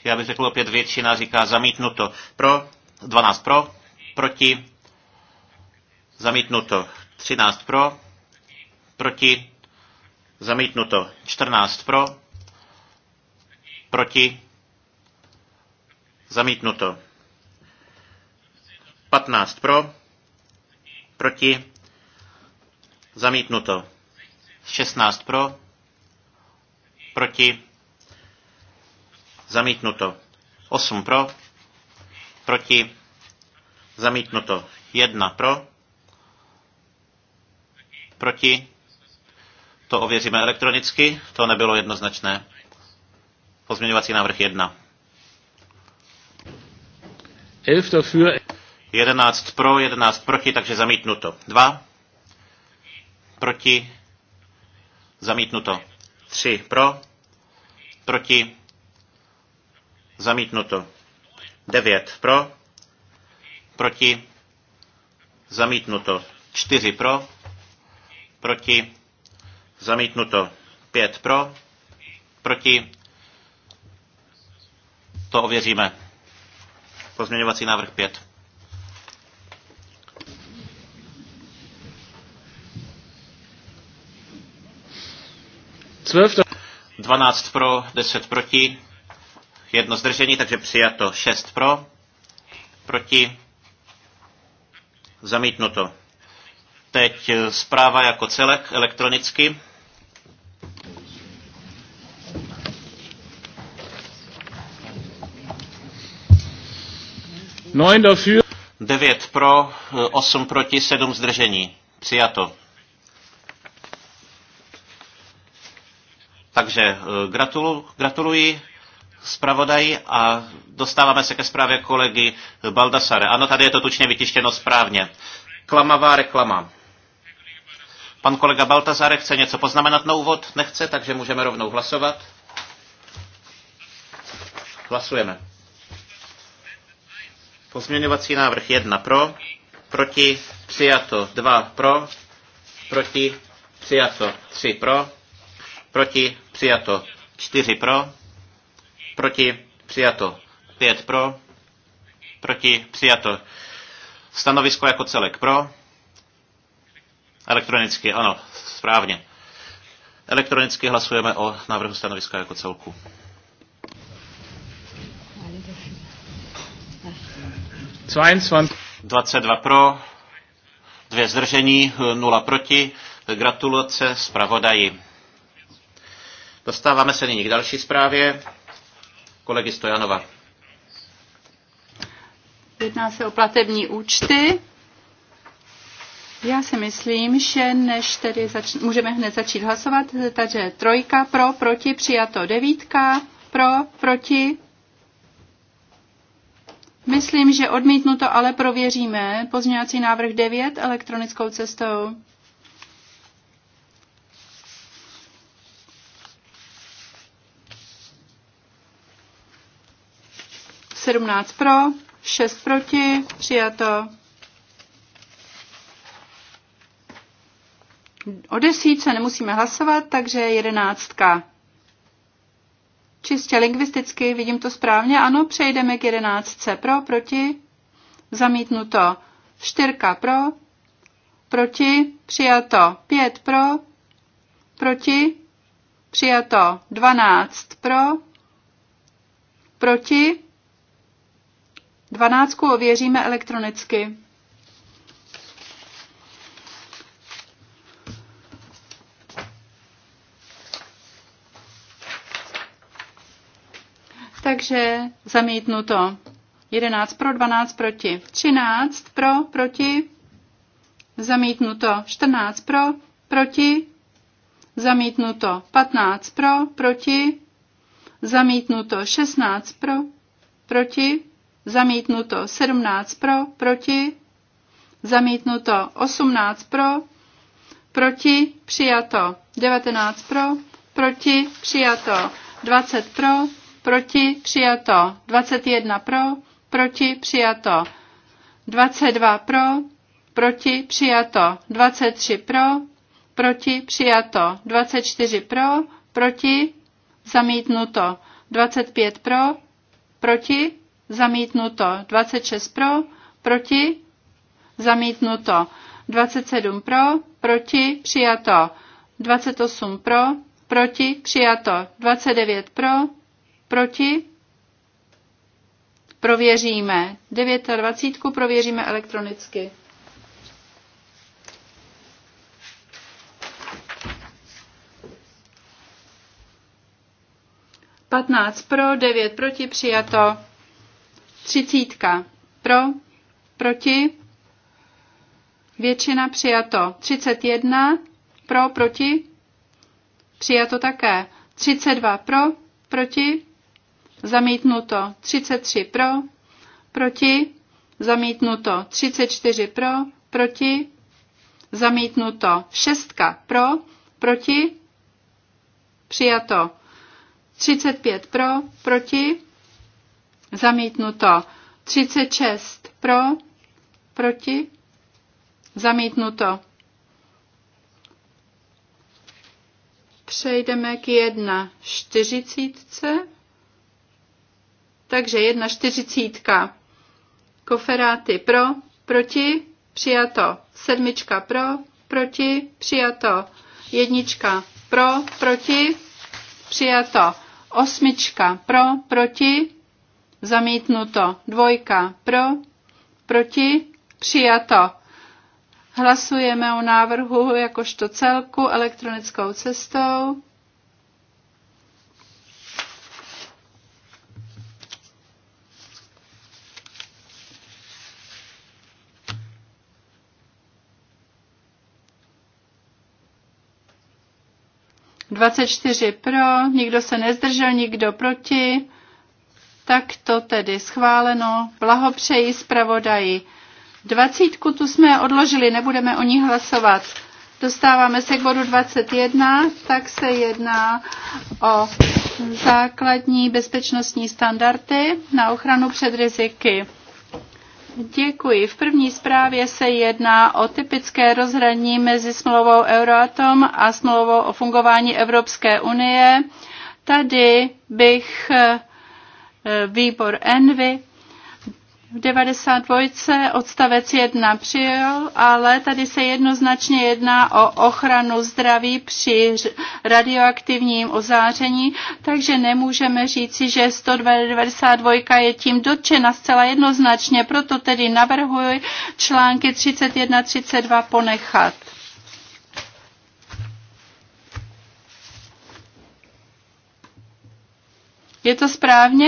A: já bych řekl opět většina říká zamítnuto pro, 12 pro, proti, zamítnuto 13 pro, proti, zamítnuto 14 pro, proti, Zamítnuto. 15 pro, proti, zamítnuto. 16 pro, proti, zamítnuto. 8 pro, proti, zamítnuto. 1 pro, proti, to ověříme elektronicky, to nebylo jednoznačné. Pozměňovací návrh 1. 11 dafür. 11 pro, 11 proti, takže zamítnuto. 2 proti, zamítnuto. 3 pro, proti, zamítnuto. 9 pro, proti, zamítnuto. 4 pro, proti, zamítnuto. 5 pro, proti, to ověříme. Pozměňovací návrh 5. Cvrvto. 12 pro, 10 proti, jedno zdržení, takže přijato 6 pro, proti, zamítnuto. Teď eh, zpráva jako celek elektronicky. 9 pro, 8 proti, 7 zdržení. Přijato. Takže eh, gratulu, gratuluji zpravodaji a dostáváme se ke zprávě kolegy Baldasare. Ano, tady je to tučně vytištěno správně. Klamavá reklama. Pan kolega Baltazare chce něco poznamenat na úvod? Nechce, takže můžeme rovnou hlasovat. Hlasujeme. Pozměňovací návrh 1 pro, proti přijato 2 pro, proti přijato 3 pro, proti přijato 4 pro, proti přijato 5 pro, proti přijato stanovisko jako celek pro, elektronicky, ano, správně. Elektronicky hlasujeme o návrhu stanoviska jako celku. 22. pro, dvě zdržení, nula proti. Gratulace zpravodaji. Dostáváme se nyní k další zprávě kolegy Stojanova.
B: Jedná se o platební účty. Já si myslím, že než tedy zač- můžeme hned začít hlasovat, takže trojka pro, proti, přijato devítka, pro, proti, Myslím, že odmítnuto, ale prověříme. Pozměňovací návrh 9 elektronickou cestou. Sedmnáct pro, šest proti, přijato. O desíce nemusíme hlasovat, takže jedenáctka. Čistě lingvisticky, vidím to správně, ano, přejdeme k jedenáctce. Pro, proti, zamítnuto. Čtyřka pro, proti, přijato. Pět pro, proti, přijato. Dvanáct pro, proti. Dvanáctku ověříme elektronicky. Takže zamítnuto. 11 pro, 12 proti. 13 pro, proti. Zamítnuto. 14 pro, proti. Zamítnuto. 15 pro, proti. Zamítnuto. 16 pro, proti. Zamítnuto. 17 pro, proti. Zamítnuto. 18 pro, proti. Přijato. 19 pro, proti. Přijato. 20 pro, proti, přijato. 21 pro, proti, přijato. 22 pro, proti, přijato. 23 pro, proti, přijato. 24 pro, proti, zamítnuto. 25 pro, proti, zamítnuto. 26 pro, proti, zamítnuto. 27 pro, proti, přijato. 28 pro, proti, přijato. 29 pro, Proti? Prověříme. 29 prověříme elektronicky. Patnáct pro, devět proti, přijato. Třicítka pro, proti. Většina přijato. Třicet jedna pro, proti. Přijato také. Třicet dva pro, proti zamítnuto 33 pro, proti, zamítnuto 34 pro, proti, zamítnuto 6 pro, proti, přijato 35 pro, proti, zamítnuto 36 pro, proti, zamítnuto. Přejdeme k jedna čtyřicítce. Takže jedna čtyřicítka. Koferáty pro, proti, přijato. Sedmička pro, proti, přijato. Jednička pro, proti, přijato. Osmička pro, proti, zamítnuto. Dvojka pro, proti, přijato. Hlasujeme o návrhu jakožto celku elektronickou cestou. 24 pro, nikdo se nezdržel, nikdo proti. Tak to tedy schváleno. Blahopřeji zpravodaji. Dvacítku tu jsme odložili, nebudeme o ní hlasovat. Dostáváme se k bodu 21, tak se jedná o základní bezpečnostní standardy na ochranu před riziky. Děkuji. V první zprávě se jedná o typické rozhraní mezi smlouvou Euroatom a smlouvou o fungování Evropské unie. Tady bych eh, výbor Envy 92 odstavec 1 přijel, ale tady se jednoznačně jedná o ochranu zdraví při radioaktivním ozáření, takže nemůžeme říci, že 192 je tím dotčena zcela jednoznačně, proto tedy navrhuji články 31 32 ponechat. Je to správně?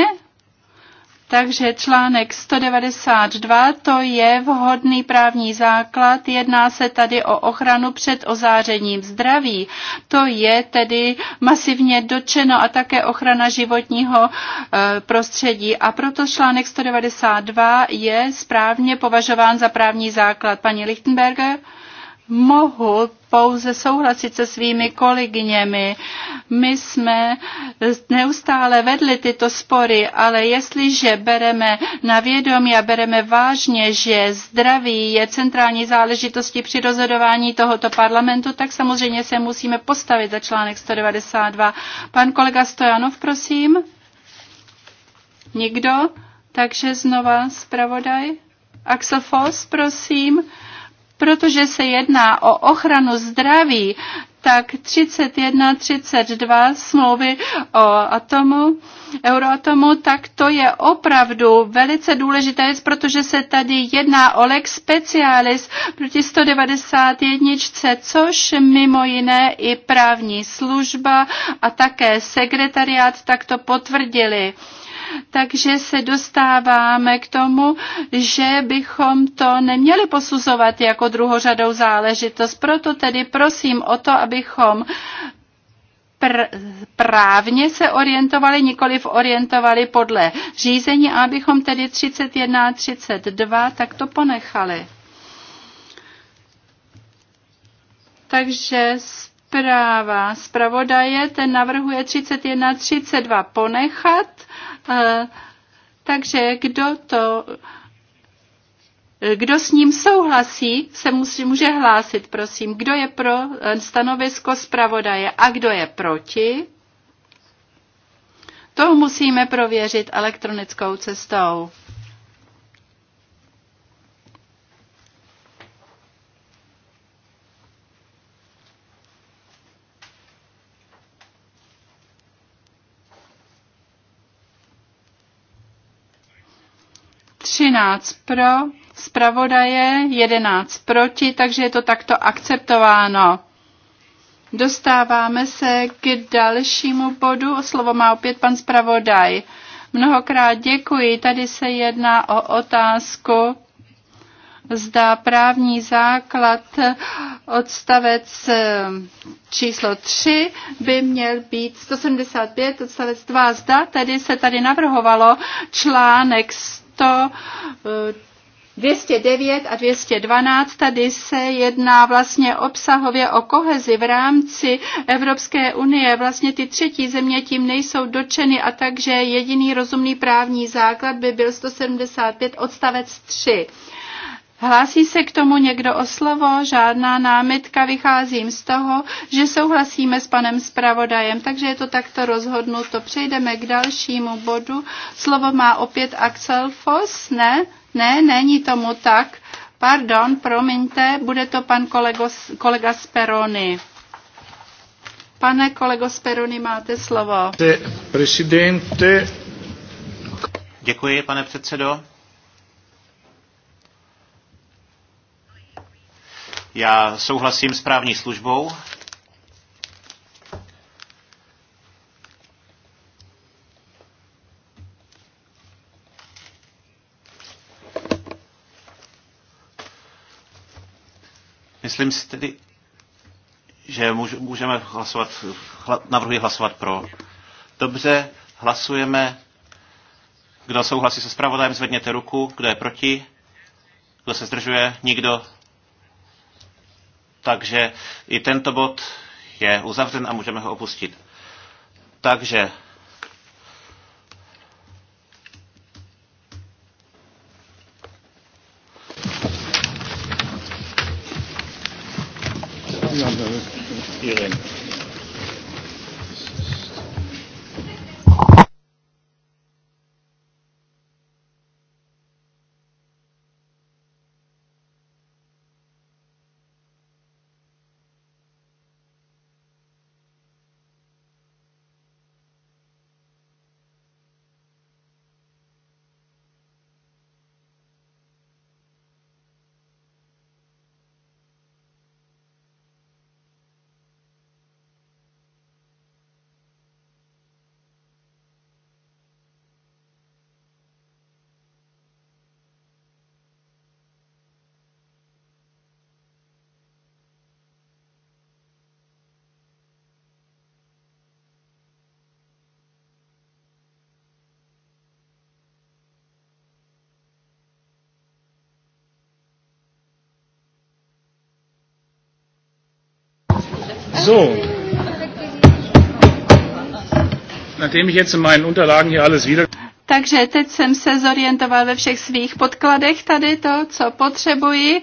B: Takže článek 192 to je vhodný právní základ. Jedná se tady o ochranu před ozářením zdraví. To je tedy masivně dočeno a také ochrana životního eh, prostředí. A proto článek 192 je správně považován za právní základ. Paní Lichtenberger? mohu pouze souhlasit se svými kolegyněmi. My jsme neustále vedli tyto spory, ale jestliže bereme na vědomí a bereme vážně, že zdraví je centrální záležitosti při rozhodování tohoto parlamentu, tak samozřejmě se musíme postavit za článek 192. Pan kolega Stojanov, prosím. Nikdo? Takže znova zpravodaj. Axel Foss, prosím. Protože se jedná o ochranu zdraví, tak 31, 32 smlouvy o atomu, euroatomu, tak to je opravdu velice důležité, protože se tady jedná o lex specialis proti 191, což mimo jiné i právní služba a také sekretariát takto potvrdili takže se dostáváme k tomu, že bychom to neměli posuzovat jako druhořadou záležitost. Proto tedy prosím o to, abychom pr- právně se orientovali, v orientovali podle řízení, a abychom tedy 31 a 32 takto ponechali. Takže zpráva zpravodaje, ten navrhuje 31 32 ponechat takže kdo to kdo s ním souhlasí, se musí, může hlásit, prosím. Kdo je pro eh, stanovisko zpravodaje a kdo je proti? To musíme prověřit elektronickou cestou. 13 pro, zpravodaje 11 proti, takže je to takto akceptováno. Dostáváme se k dalšímu bodu. Slovo má opět pan zpravodaj. Mnohokrát děkuji. Tady se jedná o otázku, zda právní základ odstavec eh, číslo 3 by měl být 175 odstavec 2. Zda tedy se tady navrhovalo článek 100, 209 eh, a 212, tady se jedná vlastně obsahově o kohezi v rámci Evropské unie. Vlastně ty třetí země tím nejsou dočeny a takže jediný rozumný právní základ by byl 175 odstavec 3. Hlásí se k tomu někdo o slovo? Žádná námitka. Vycházím z toho, že souhlasíme s panem zpravodajem, takže je to takto rozhodnuto. Přejdeme k dalšímu bodu. Slovo má opět Axel Foss. Ne, ne, není tomu tak. Pardon, promiňte, bude to pan kolego, kolega Speroni. Pane kolego Speroni, máte slovo.
A: Presidente. Děkuji, pane předsedo. Já souhlasím s právní službou. Myslím si tedy, že můžeme hlasovat, navrhuji hlasovat pro. Dobře, hlasujeme. Kdo souhlasí se zpravodajem, zvedněte ruku. Kdo je proti? Kdo se zdržuje? Nikdo. Takže i tento bod je uzavřen a můžeme ho opustit. Takže
D: So. Nachdem ich jetzt in meinen Unterlagen hier alles wieder
B: takže teď jsem se zorientoval ve všech svých podkladech tady to, co potřebuji.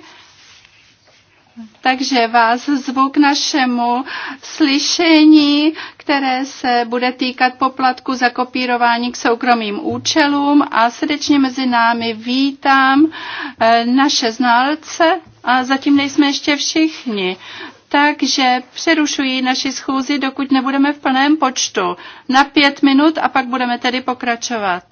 B: Takže vás zvu k našemu slyšení, které se bude týkat poplatku za kopírování k soukromým účelům a srdečně mezi námi vítám eh, naše znalce a zatím nejsme ještě všichni takže přerušuji naši schůzi, dokud nebudeme v plném počtu. Na pět minut a pak budeme tedy pokračovat.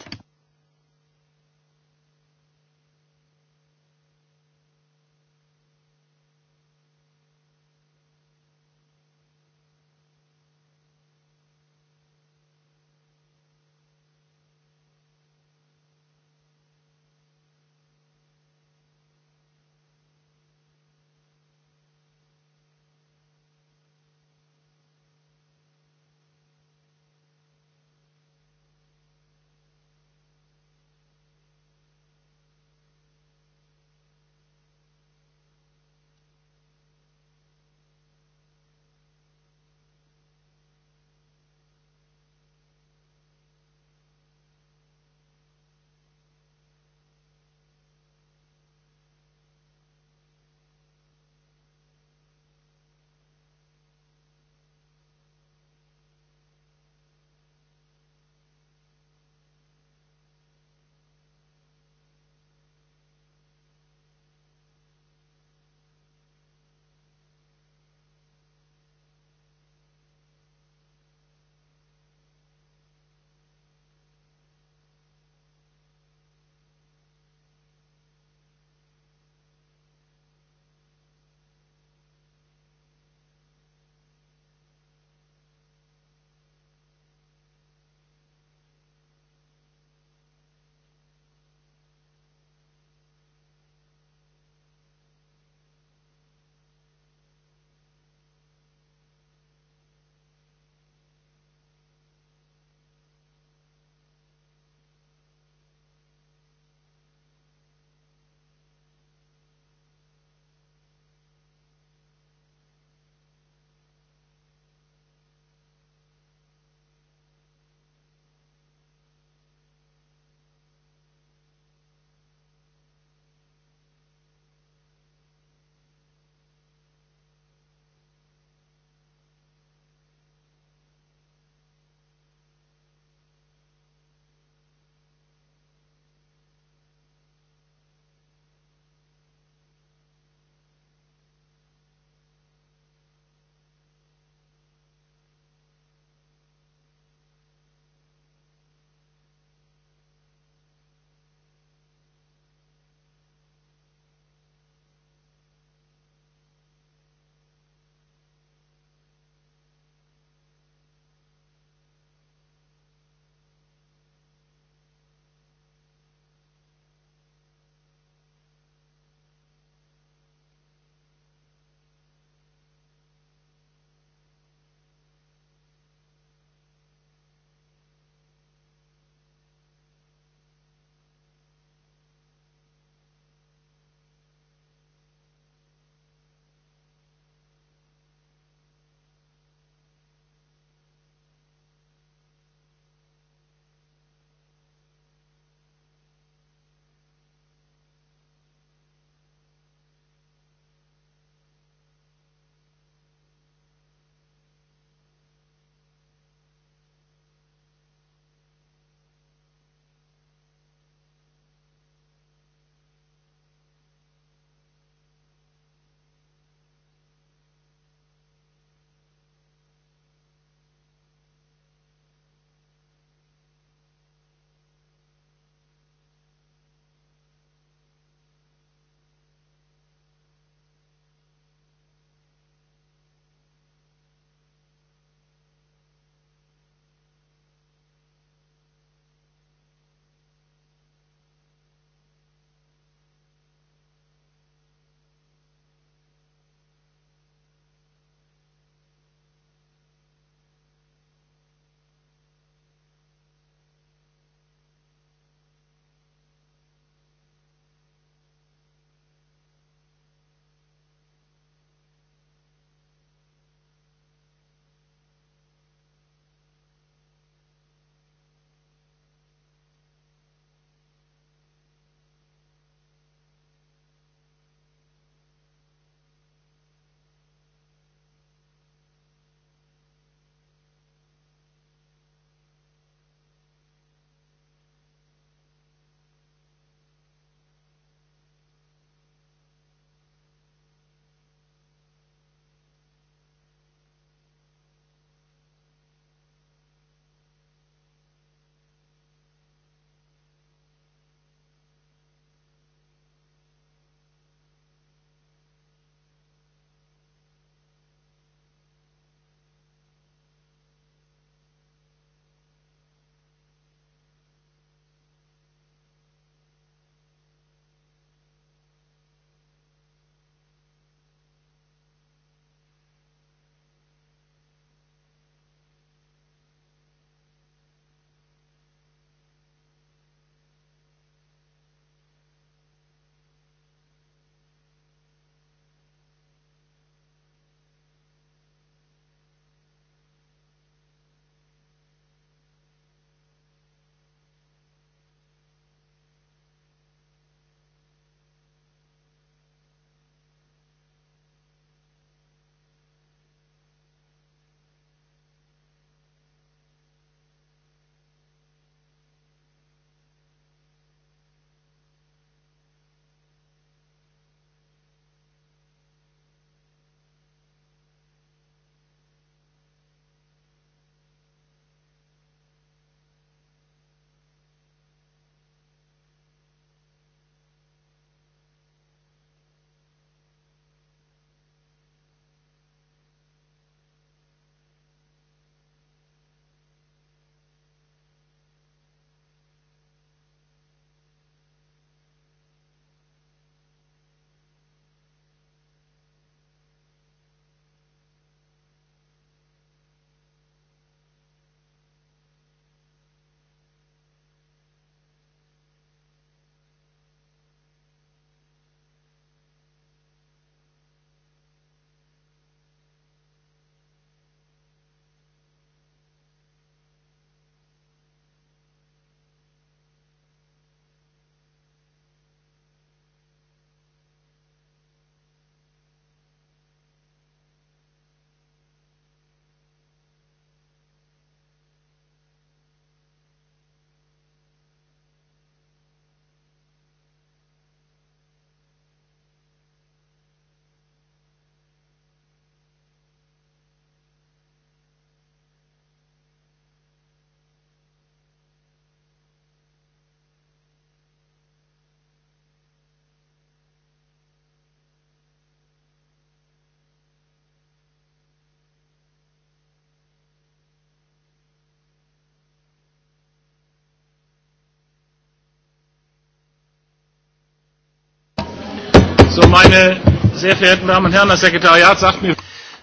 A: So, meine sehr verehrten Damen und Herren, das Sekretariat sagt mir...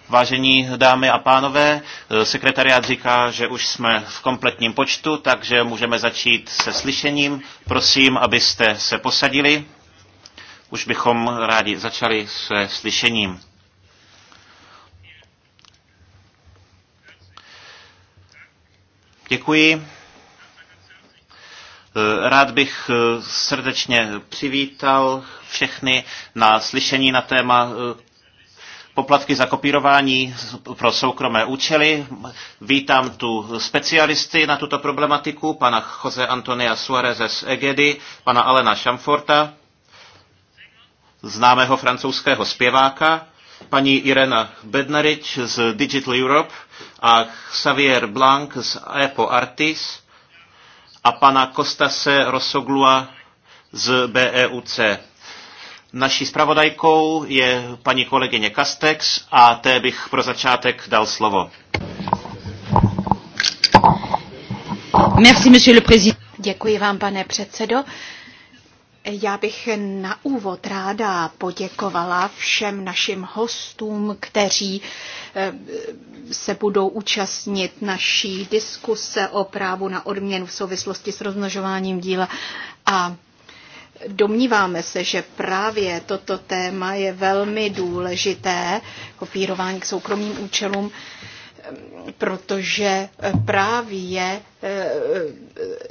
A: Vážení dámy a pánové, eh, sekretariat říká, že už jsme v kompletním počtu, takže můžeme začít se slyšením. Prosím, abyste se posadili. Už bychom rádi začali se slyšením. Děkuji. Eh, rád bych eh, srdečně přivítal všechny na slyšení na téma eh, poplatky za kopírování pro soukromé účely. Vítám tu specialisty na tuto problematiku, pana Jose Antonia Suarez z Egedy, pana Alena Šamforta, známého francouzského zpěváka, paní Irena Bednarič z Digital Europe a Xavier Blanc z EPO Artis, a pana Kostase Rosoglua z BEUC. Naší zpravodajkou je paní kolegyně Kastex a té bych pro začátek dal slovo.
C: Merci, monsieur le président. Děkuji vám, pane předsedo. Já bych na úvod ráda poděkovala všem našim hostům, kteří eh, se budou účastnit naší diskuse o právu na odměnu v souvislosti s rozmnožováním díla a Domníváme se, že právě toto téma je velmi důležité, kopírování k soukromým účelům, protože právě eh, eh,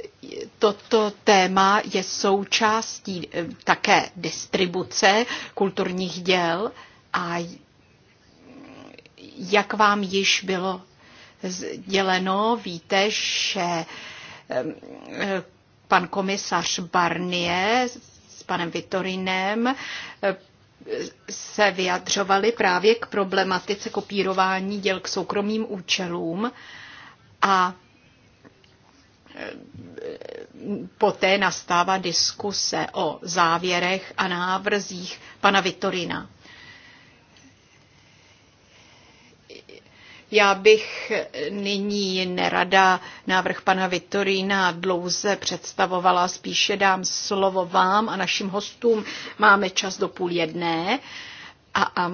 C: toto téma je součástí eh, také distribuce kulturních děl a jak vám již bylo sděleno, víte, že pan komisař Barnier s panem Vitorinem se vyjadřovali právě k problematice kopírování děl k soukromým účelům a e, poté nastává diskuse o závěrech a návrzích pana Vitorina. Já bych nyní nerada návrh pana Vitorína dlouze představovala, spíše dám slovo vám a našim hostům. Máme čas do půl jedné a, a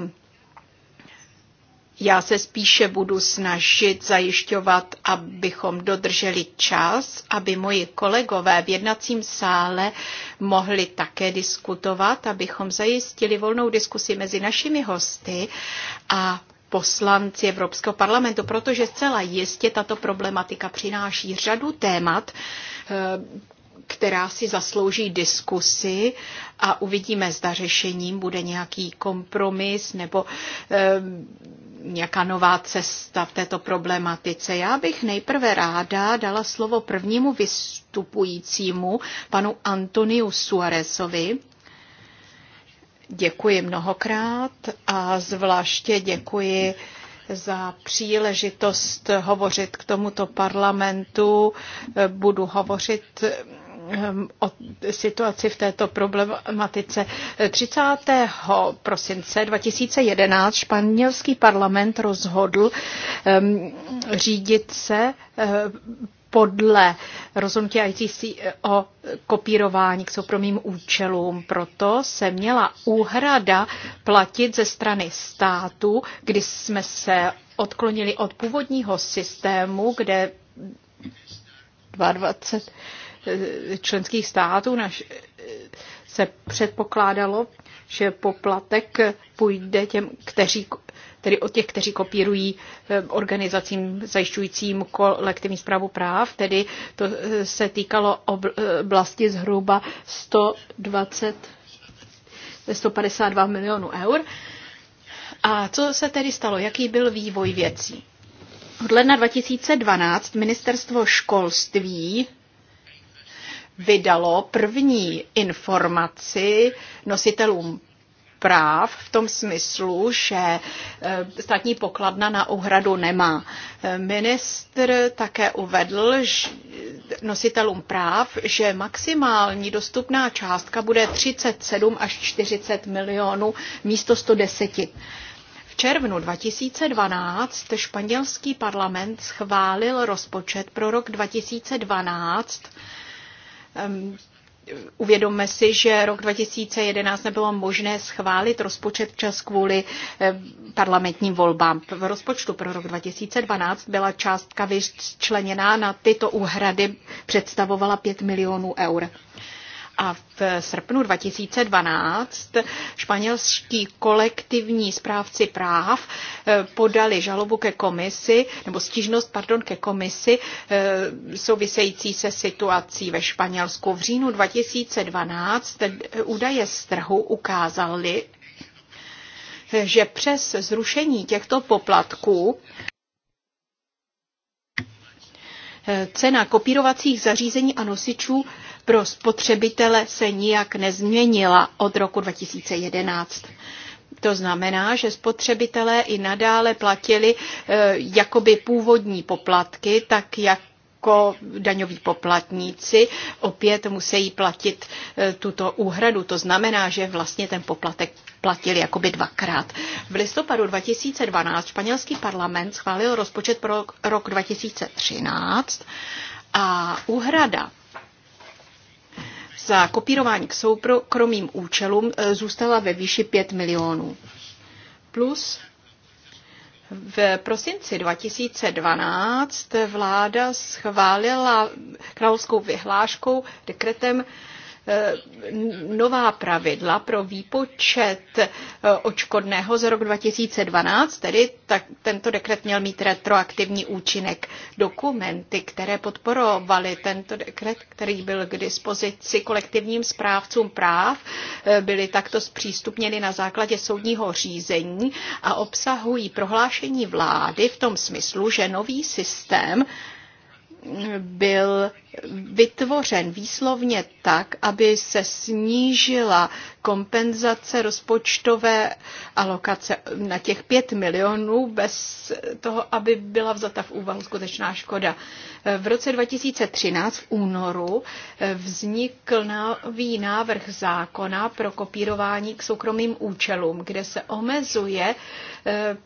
C: já se spíše budu snažit zajišťovat, abychom dodrželi čas, aby moji kolegové v jednacím sále mohli také diskutovat, abychom zajistili volnou diskusi mezi našimi hosty a poslanci Evropského parlamentu, protože zcela jistě tato problematika přináší řadu témat, eh, která si zaslouží diskusy a uvidíme, zda řešením bude nějaký kompromis nebo eh, nějaká nová cesta v této problematice. Já bych nejprve ráda dala slovo prvnímu vystupujícímu, panu Antoniu Suarezovi, Děkuji mnohokrát a zvláště děkuji za příležitost hovořit k tomuto parlamentu. Budu hovořit ehm, o situaci v této problematice. 30. prosince 2011 španělský parlament rozhodl ehm, řídit se ehm, podle rozhodnutí ITC o kopírování k soukromým účelům. Proto se měla úhrada platit ze strany státu, kdy jsme se odklonili od původního systému, kde 22 členských států naš, se předpokládalo, že poplatek půjde těm, kteří, tedy od těch, kteří kopírují eh, organizacím zajišťujícím kolektivní zprávu práv, tedy to eh, se týkalo eh, oblasti zhruba 120, 152 milionů eur. A co se tedy stalo? Jaký byl vývoj věcí? Od ledna 2012 ministerstvo školství vydalo první informaci nositelům práv v tom smyslu, že eh, státní pokladna na úhradu nemá. Eh, ministr také uvedl nositelům práv, že maximální dostupná částka bude 37 až 40 milionů místo 110 V červnu 2012 španělský parlament schválil rozpočet pro rok 2012 Ehm, uvědomme si, že rok 2011 nebylo možné schválit rozpočet čas kvůli ehm, parlamentním volbám. V rozpočtu pro rok 2012 byla částka vyčleněná na tyto úhrady, představovala 5 milionů eur a v srpnu 2012 španělští kolektivní správci práv eh, podali žalobu ke komisi, nebo stížnost, pardon, ke komisi eh, související se situací ve Španělsku. V říjnu 2012 údaje z trhu ukázaly, že přes zrušení těchto poplatků eh, cena kopírovacích zařízení a nosičů pro spotřebitele se nijak nezměnila od roku 2011. To znamená, že spotřebitelé i nadále platili e, jakoby původní poplatky, tak jako daňoví poplatníci opět musí platit e, tuto úhradu. To znamená, že vlastně ten poplatek platili jakoby dvakrát. V listopadu 2012 španělský parlament schválil rozpočet pro rok 2013 a úhrada za kopírování k soukromým účelům e, zůstala ve výši 5 milionů. Plus v prosinci 2012 vláda schválila královskou vyhláškou dekretem Eh, nová pravidla pro výpočet očkodného z roku 2012, tedy tak, tento dekret měl mít retroaktivní účinek. Dokumenty, které podporovaly tento dekret, který byl k dispozici kolektivním správcům práv, eh, byly takto zpřístupněny na základě soudního řízení a obsahují prohlášení vlády v tom smyslu, že nový systém byl vytvořen výslovně tak, aby se snížila kompenzace rozpočtové alokace na těch 5 milionů bez toho, aby byla vzata v úvahu skutečná škoda. V roce 2013 v únoru vznikl nový návrh zákona pro kopírování k soukromým účelům, kde se omezuje eh,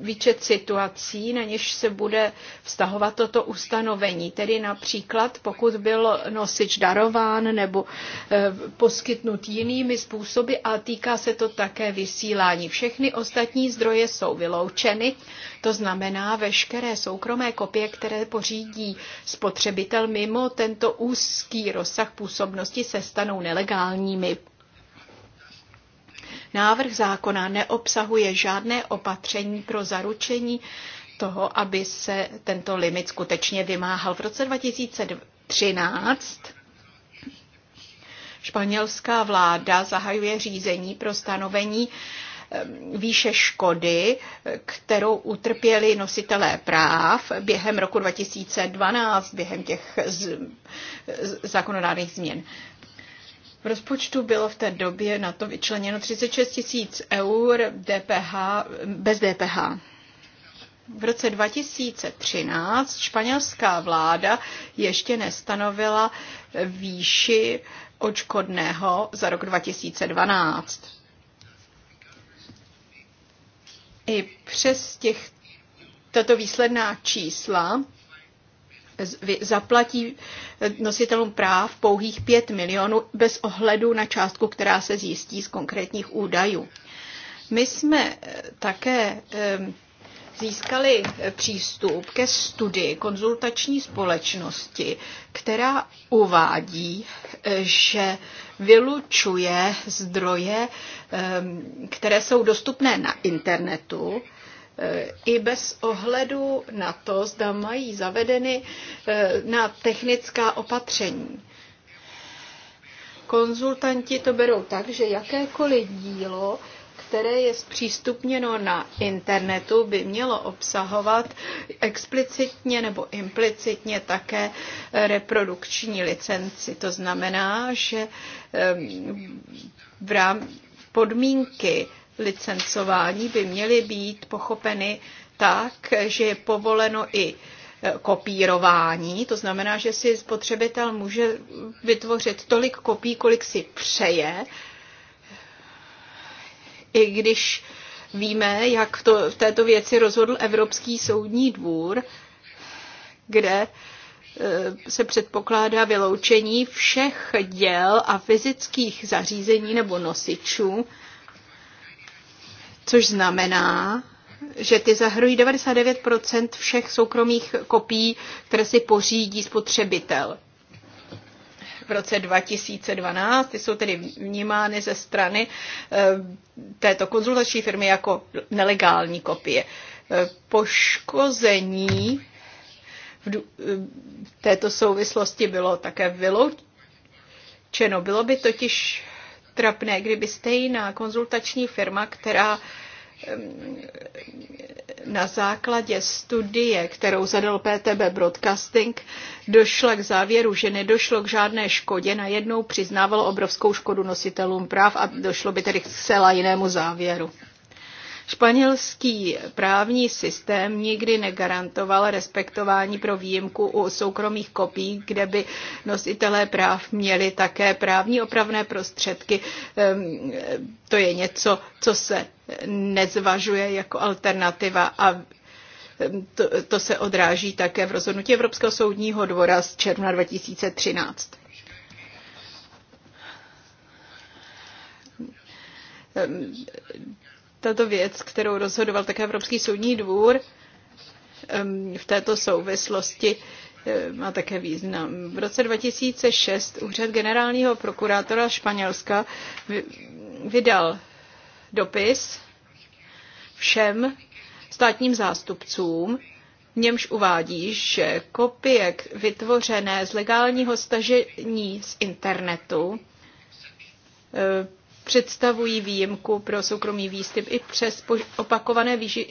C: výčet situací, na něž se bude vztahovat toto ustanovení. Tedy například, pokud byl nosič darován nebo e, poskytnut jinými způsoby a týká se to také vysílání. Všechny ostatní zdroje jsou vyloučeny, to znamená veškeré soukromé kopie, které pořídí spotřebitel mimo tento úzký rozsah působnosti se stanou nelegálními. Návrh zákona neobsahuje žádné opatření pro zaručení toho, aby se tento limit skutečně vymáhal. V roce 2013 španělská vláda zahajuje řízení pro stanovení ehm, výše škody, kterou utrpěli nositelé práv během roku 2012, během těch z, z, zákonodárných změn. V rozpočtu bylo v té době na to vyčleněno 36 tisíc eur DPH, bez DPH. V roce 2013 španělská vláda ještě nestanovila výši očkodného za rok 2012. I přes těch, tato výsledná čísla zaplatí eh, nositelům práv pouhých 5 milionů bez ohledu na částku, která se zjistí z konkrétních údajů. My jsme eh, také získali eh, přístup ke studii konzultační společnosti, která uvádí, že vylučuje zdroje, které jsou dostupné na internetu Eh, i bez ohledu na to, zda mají zavedeny eh, na technická opatření. Konzultanti to berou tak, že jakékoliv dílo, které je zpřístupněno na internetu, by mělo obsahovat explicitně nebo implicitně také eh, reprodukční licenci. To znamená, že v rám podmínky licencování by měly být pochopeny tak, že je povoleno i e, kopírování, to znamená, že si spotřebitel může vytvořit tolik kopií, kolik si přeje, i když víme, jak to, v této věci rozhodl Evropský soudní dvůr, kde e, se předpokládá vyloučení všech děl a fyzických zařízení nebo nosičů, což znamená, že ty zahrují 99% všech soukromých kopií, které si pořídí spotřebitel. V roce 2012 ty jsou tedy vnímány ze strany eh, této konzultační firmy jako nelegální kopie. Eh, poškození eh, v této souvislosti bylo také vyloučeno. Bylo by totiž trapné, kdyby stejná konzultační firma, která na základě studie, kterou zadal PTB Broadcasting, došla k závěru, že nedošlo k žádné škodě, najednou přiznávalo obrovskou škodu nositelům práv a došlo by tedy k celá jinému závěru. Španělský právní systém nikdy negarantoval respektování pro výjimku u soukromých kopií, kde by nositelé práv měli také právní opravné prostředky. Ehm, to je něco, co se nezvažuje jako alternativa a ehm, to, to se odráží také v rozhodnutí Evropského soudního dvora z června 2013 tato věc, kterou rozhodoval také Evropský soudní dvůr, v této souvislosti má také význam. V roce 2006 úřad generálního prokurátora Španělska vydal dopis všem státním zástupcům, v němž uvádí, že kopie vytvořené z legálního stažení z internetu představují výjimku pro soukromý výstup i přes opakované eh,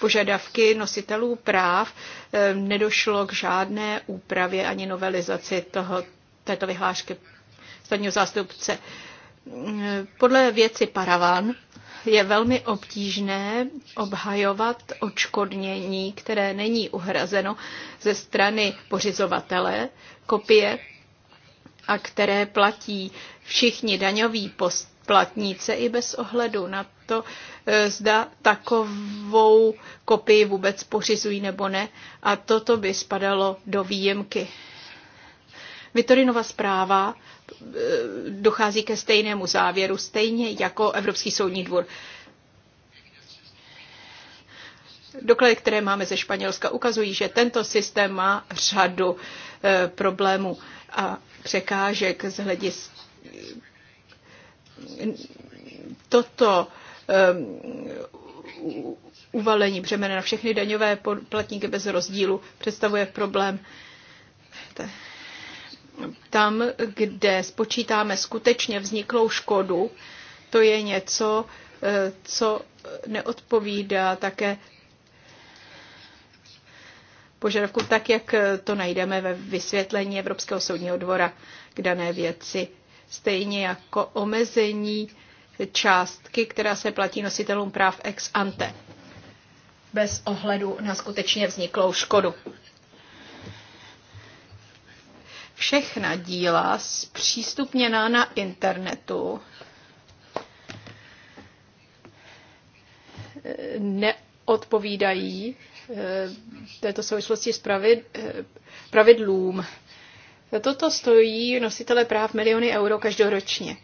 C: požadavky nositelů práv. Ehm, nedošlo k žádné úpravě ani novelizaci toho, této vyhlášky státního zástupce. Ehm, podle věci Paravan je velmi obtížné obhajovat očkodnění, které není uhrazeno ze strany pořizovatele kopie a které platí všichni daňoví poplatníci i bez ohledu na to, eh, zda takovou kopii vůbec pořizují nebo ne. A toto by spadalo do výjimky. Vitorinova zpráva eh, dochází ke stejnému závěru, stejně jako Evropský soudní dvůr. Doklady, které máme ze Španělska, ukazují, že tento systém má řadu eh, problémů a překážek z hlediska toto um, uvalení břemene na všechny daňové platníky bez rozdílu představuje problém. Tam, kde spočítáme skutečně vzniklou škodu, to je něco, e, co neodpovídá také Požadavku, tak jak eh, to najdeme ve vysvětlení Evropského soudního dvora k dané věci. Stejně jako omezení částky, která se platí nositelům práv ex ante, bez ohledu na skutečně vzniklou škodu. Všechna díla zpřístupněná na internetu eh, neodpovídají Eh, této souvislosti s eh, pravidlům. Toto stojí nositele práv miliony euro každoročně,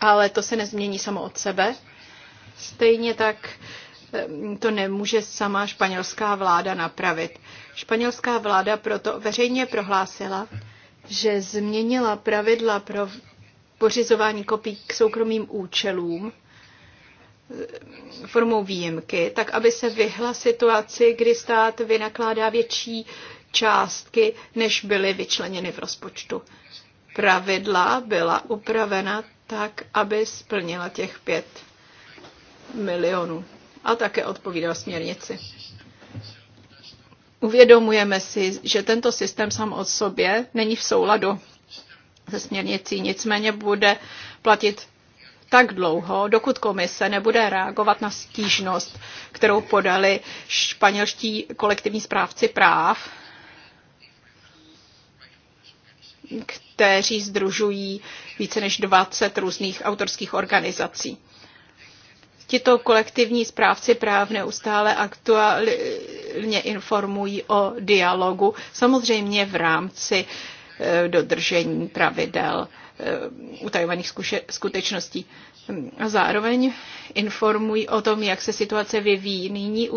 C: ale to se nezmění samo od sebe. Stejně tak eh, to nemůže sama španělská vláda napravit. Španělská vláda proto veřejně prohlásila, že změnila pravidla pro pořizování kopií k soukromým účelům formou výjimky, tak aby se vyhla situaci, kdy stát vynakládá větší částky, než byly vyčleněny v rozpočtu. Pravidla byla upravena tak, aby splnila těch pět milionů a také odpovídala směrnici. Uvědomujeme si, že tento systém sám o sobě není v souladu se směrnicí, nicméně bude platit tak dlouho, dokud komise nebude reagovat na stížnost, kterou podali španělští kolektivní správci práv, kteří združují více než 20 různých autorských organizací. Tito kolektivní správci práv neustále aktuálně informují o dialogu, samozřejmě v rámci eh, dodržení pravidel Eh, utajovaných skutečností. A zároveň informují o tom, jak se situace vyvíjí. Nyní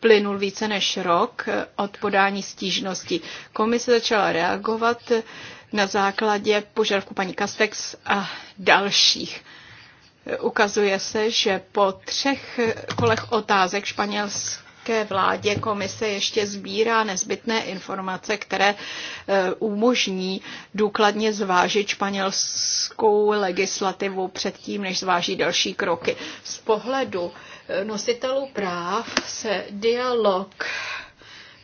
C: plynul více než rok eh, od podání stížnosti. Komise začala reagovat eh, na základě požadavku paní Kastex a dalších. Ukazuje se, že po třech kolech otázek španělské irské vládě komise ještě sbírá nezbytné informace, které eh, umožní důkladně zvážit španělskou legislativu předtím, než zváží další kroky. Z pohledu eh, nositelů práv se dialog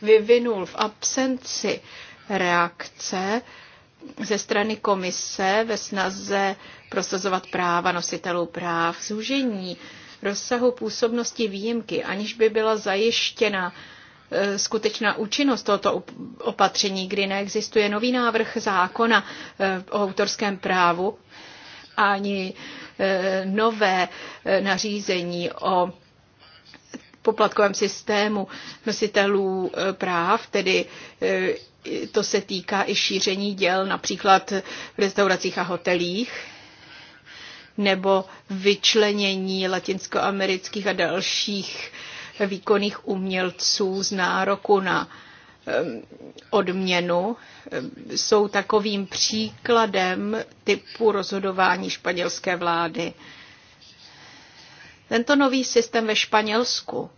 C: vyvinul v absenci reakce ze strany komise ve snaze prosazovat práva nositelů práv. Zúžení rozsahu působnosti výjimky, aniž by byla zajištěna e, skutečná účinnost tohoto opatření, kdy neexistuje nový návrh zákona e, o autorském právu ani e, nové nařízení o poplatkovém systému nositelů práv, tedy to se týká i šíření děl například v restauracích a hotelích, nebo vyčlenění latinskoamerických a dalších výkonných umělců z nároku na odměnu jsou takovým příkladem typu rozhodování španělské vlády. Tento nový systém ve Španělsku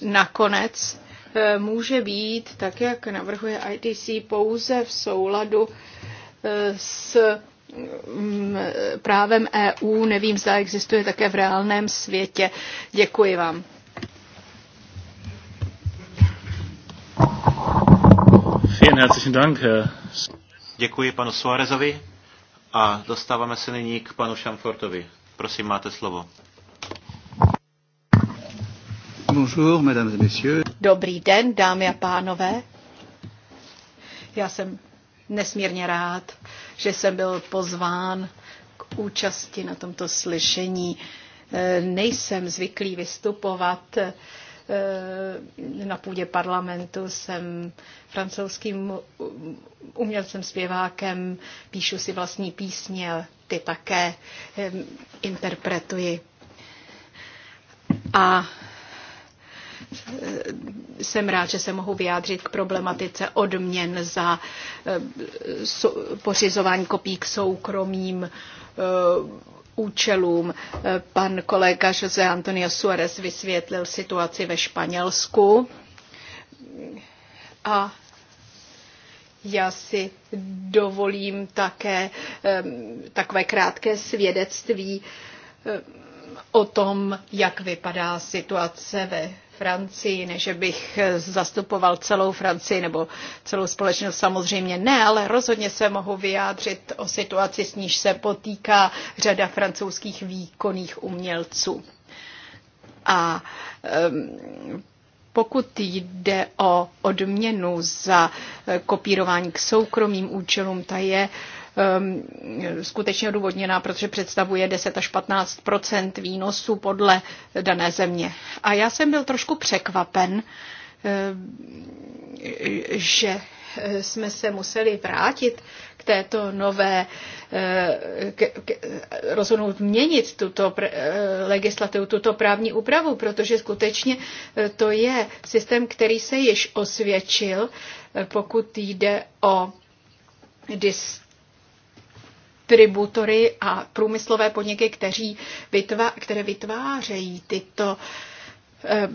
C: nakonec může být, tak jak navrhuje ITC, pouze v souladu eh, s mm, právem EU. Nevím, zda existuje také v reálném světě. Děkuji vám.
A: Děkuji panu Suárezovi a dostáváme se nyní k panu Šamfortovi. Prosím, máte slovo.
C: Bonjour, mesdames et messieurs. Dobrý den, dámy a pánové. Já jsem nesmírně rád, že jsem byl pozván k účasti na tomto slyšení. Eh, nejsem zvyklý vystupovat eh, na půdě parlamentu, jsem francouzským umělcem, zpěvákem, píšu si vlastní písně, ty také eh, interpretuji. A Eh, jsem rád, že se mohu vyjádřit k problematice odměn za eh, pořizování kopí k soukromým eh, účelům. Pan kolega José Antonio Suárez vysvětlil situaci ve Španělsku a já si dovolím také takové krátké svědectví o tom, jak vypadá situace ve Francii, než bych zastupoval celou Francii nebo celou společnost, samozřejmě ne, ale rozhodně se mohu vyjádřit o situaci, s níž se potýká řada francouzských výkonných umělců. A um, pokud jde o odměnu za kopírování k soukromým účelům, ta je uh, Ehm, skutečně odůvodněná, protože představuje 10 až 15 výnosu podle dané země. A já jsem byl trošku překvapen, ehm, že eh, jsme se museli vrátit k této nové, k, eh, k, rozhodnout měnit tuto eh, legislativu, tuto právní úpravu, protože skutečně to je systém, který se již osvědčil, pokud jde o dis, distributory a průmyslové podniky, kteří vytvá, které vytvářejí tyto ehm,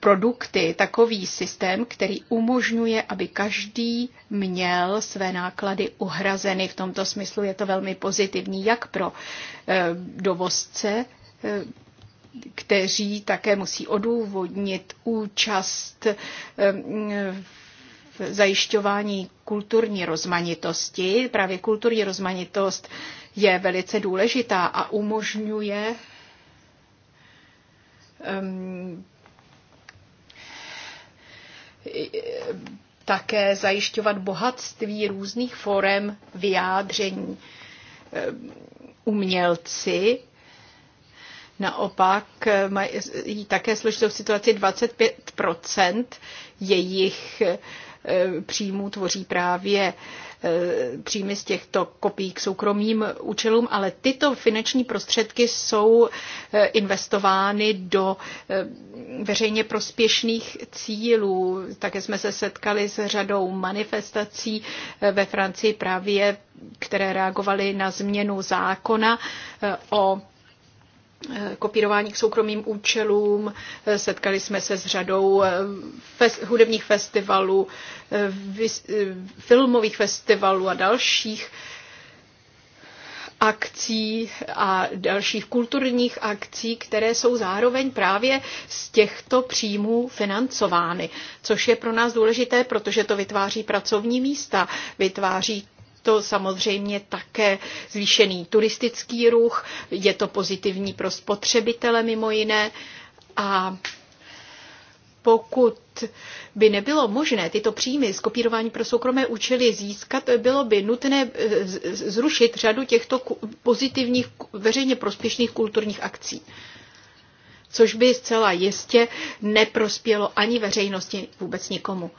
C: produkty, takový systém, který umožňuje, aby každý měl své náklady uhrazeny. V tomto smyslu je to velmi pozitivní jak pro ehm, dovozce, ehm, kteří také musí odůvodnit účast v zajišťování kulturní rozmanitosti. Právě kulturní rozmanitost je velice důležitá a umožňuje um, také zajišťovat bohatství různých forem vyjádření. Ehm, umělci naopak eh, mají také složitou situaci 25 jejich Eh, příjmů tvoří právě eh, příjmy z těchto kopií k soukromým účelům, ale tyto finanční prostředky jsou eh, investovány do veřejně prospěšných cílů. Také jsme se setkali s řadou manifestací ve Francii právě, které reagovaly na změnu zákona o Eh, kopírování k soukromým účelům. Eh, setkali jsme se s řadou eh, fest, hudebních festivalů, vys, filmových festivalů a dalších akcí a dalších kulturních akcí, které jsou zároveň právě z těchto příjmů financovány, což je pro nás důležité, protože to vytváří pracovní místa, vytváří to samozřejmě také zvýšený turistický ruch, je to pozitivní pro spotřebitele mimo jiné a pokud by nebylo možné tyto příjmy z kopírování pro soukromé účely získat, bylo by nutné eh, zrušit řadu těchto pozitivních veřejně prospěšných kulturních akcí což by zcela jistě neprospělo ani veřejnosti vůbec nikomu.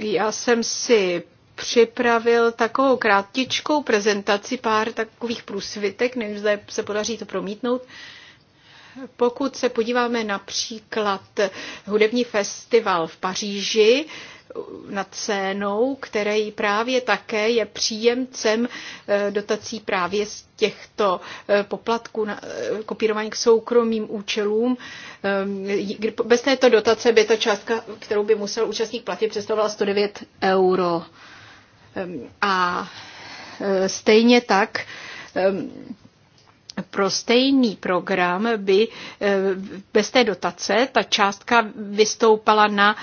C: Já jsem si připravil takovou krátičkou prezentaci, pár takových průsvitek, nevím, zda se podaří to promítnout. Uh, pokud se podíváme například hudební festival v Paříži, nad scénou, který právě také je příjemcem eh, dotací právě z těchto eh, poplatků na eh, kopírování k soukromým účelům. Bez této dotace by ta částka, kterou by musel účastník platit, představovala 109 euro. Ehm, a stejně tak ehm, pro stejný program by eh, bez té dotace ta částka vystoupala na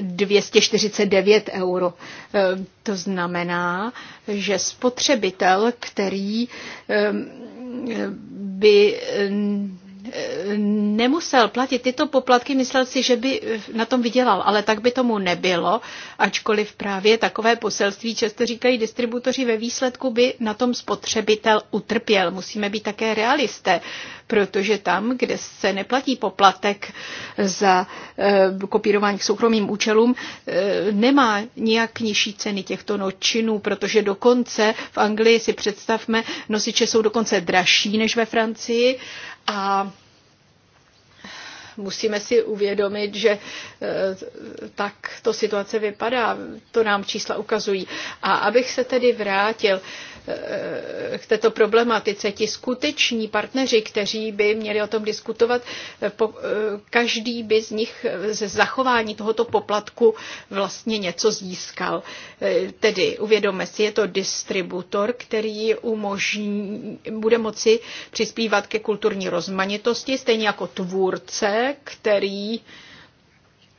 C: 249 eh, euro. Eh, to znamená, že spotřebitel, který by nemusel platit tyto poplatky, myslel si, že by na tom vydělal, ale tak by tomu nebylo, ačkoliv právě takové poselství, často říkají distributoři, ve výsledku by na tom spotřebitel utrpěl. Musíme být také realisté, protože tam, kde se neplatí poplatek za eh, kopírování k soukromým účelům, eh, nemá nijak nižší ceny těchto nočinů, protože dokonce v Anglii si představme, nosiče jsou dokonce dražší než ve Francii a musíme si uvědomit, že eh, tak to situace vypadá, to nám čísla ukazují. A abych se tedy vrátil k této problematice. Ti skuteční partneři, kteří by měli o tom diskutovat, každý by z nich ze zachování tohoto poplatku vlastně něco získal. Tedy uvědomme si, je to distributor, který umožní, bude moci přispívat ke kulturní rozmanitosti, stejně jako tvůrce, který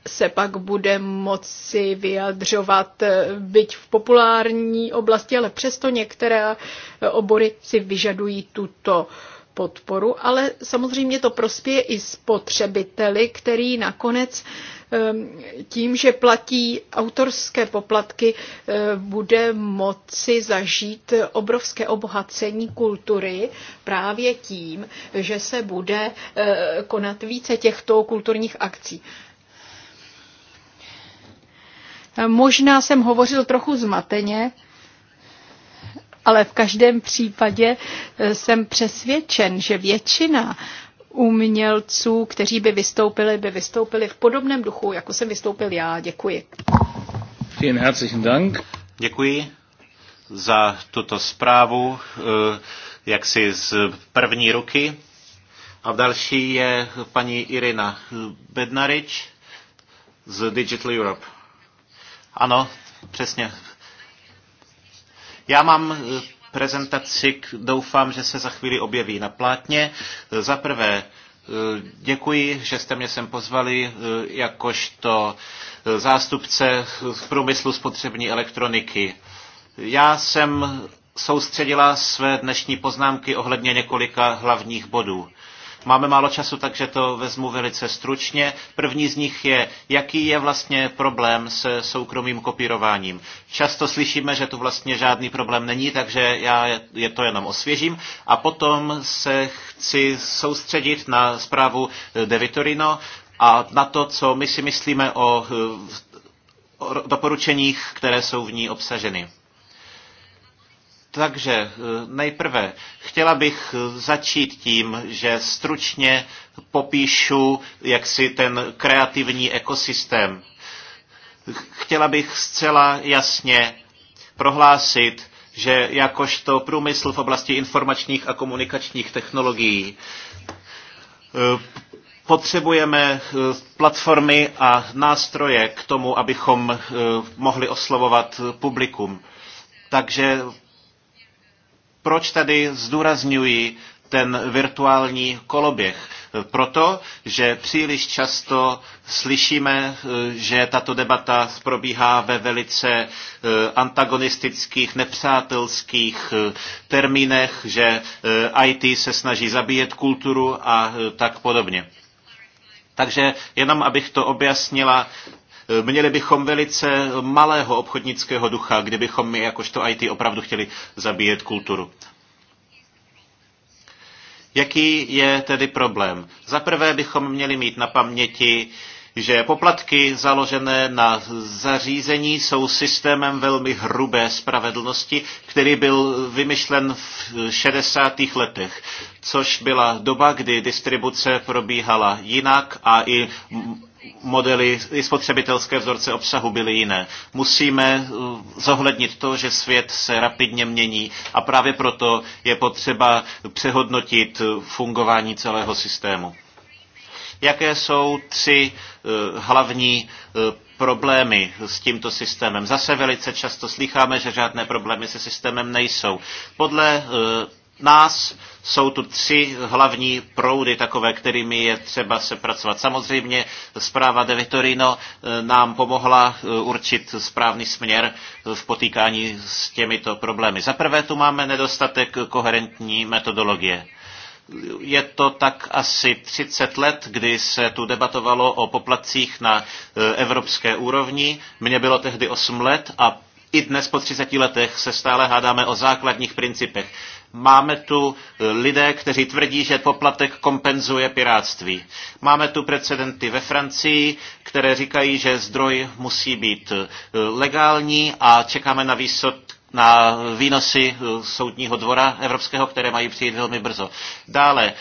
C: se pak bude moci vyjadřovat, eh, byť v populární oblasti, ale přesto některé eh, obory si vyžadují tuto podporu, ale samozřejmě to prospěje i spotřebiteli, který nakonec ehm, tím, že platí autorské poplatky, eh, bude moci zažít obrovské obohacení kultury právě tím, že se bude konat více těchto kulturních akcí. Možná jsem hovořil trochu zmateně, ale v každém případě eh, jsem přesvědčen, že většina umělců, kteří by vystoupili, by vystoupili v podobném duchu, jako jsem vystoupil já. Děkuji.
A: Vielen herzlichen Dank. Děkuji za tuto zprávu, eh, jaksi z první ruky. A další je paní Irina Bednarič z Digital Europe. Ano, přesně. Já mám eh, prezentaci, doufám, že se za chvíli objeví na plátně. Eh, za prvé, eh, Děkuji, že jste mě sem pozvali jakožto zástupce v průmyslu spotřební elektroniky. Já jsem soustředila své dnešní poznámky ohledně několika hlavních bodů. Máme málo času, takže to vezmu velice stručně. První z nich je, jaký je vlastně problém se soukromým kopírováním. Často slyšíme, že tu vlastně žádný problém není, takže já je to jenom osvěžím. A potom se chci soustředit na zprávu eh, De Vitorino a na to, co my si myslíme o, eh, o doporučeních, které jsou v ní obsaženy. Takže eh, nejprve chtěla bych eh, začít tím, že stručně popíšu jaksi ten kreativní ekosystém. Chtěla bych zcela jasně prohlásit, že jakožto průmysl v oblasti informačních a komunikačních technologií eh, potřebujeme platformy a nástroje k tomu, abychom mohli oslovovat publikum. Takže proč tady zdůrazňuji ten virtuální koloběh? Proto, že příliš často slyšíme, eh, že tato debata probíhá ve velice eh, antagonistických, nepřátelských eh, termínech, že IT se snaží zabíjet kulturu a tak podobně. Takže jenom abych to objasnila, Měli bychom velice malého obchodnického ducha, kdybychom my jakožto IT opravdu chtěli zabíjet kulturu. Jaký je tedy problém? Za prvé bychom měli mít na paměti, že poplatky založené na zařízení jsou systémem velmi hrubé spravedlnosti, který byl vymyšlen v 60. letech, což byla doba, kdy distribuce probíhala jinak a i modely i spotřebitelské vzorce obsahu byly jiné. Musíme eh, zohlednit to, že svět se rapidně mění a právě proto je potřeba přehodnotit eh, fungování celého systému. Jaké jsou tři eh, hlavní problémy s tímto systémem. Zase velice často slycháme, že žádné problémy se systémem nejsou. Podle nás jsou tu tři hlavní proudy takové, kterými je třeba se pracovat. Samozřejmě zpráva de Vitorino eh, nám pomohla eh, určit správný směr eh, v potýkání s těmito problémy. Za prvé tu máme nedostatek koherentní metodologie. Je to tak asi 30 let, kdy se tu debatovalo o poplacích na evropské úrovni. Mně bylo tehdy 8 let a i dnes po 30 letech se stále hádáme o základních principech. Máme tu e, lidé, kteří tvrdí, že poplatek kompenzuje pirátství. Máme tu precedenty ve Francii, které říkají, že zdroj musí být e, legální a čekáme na výsledky na výnosy e, soudního dvora evropského, které mají přijít velmi brzo. Dále,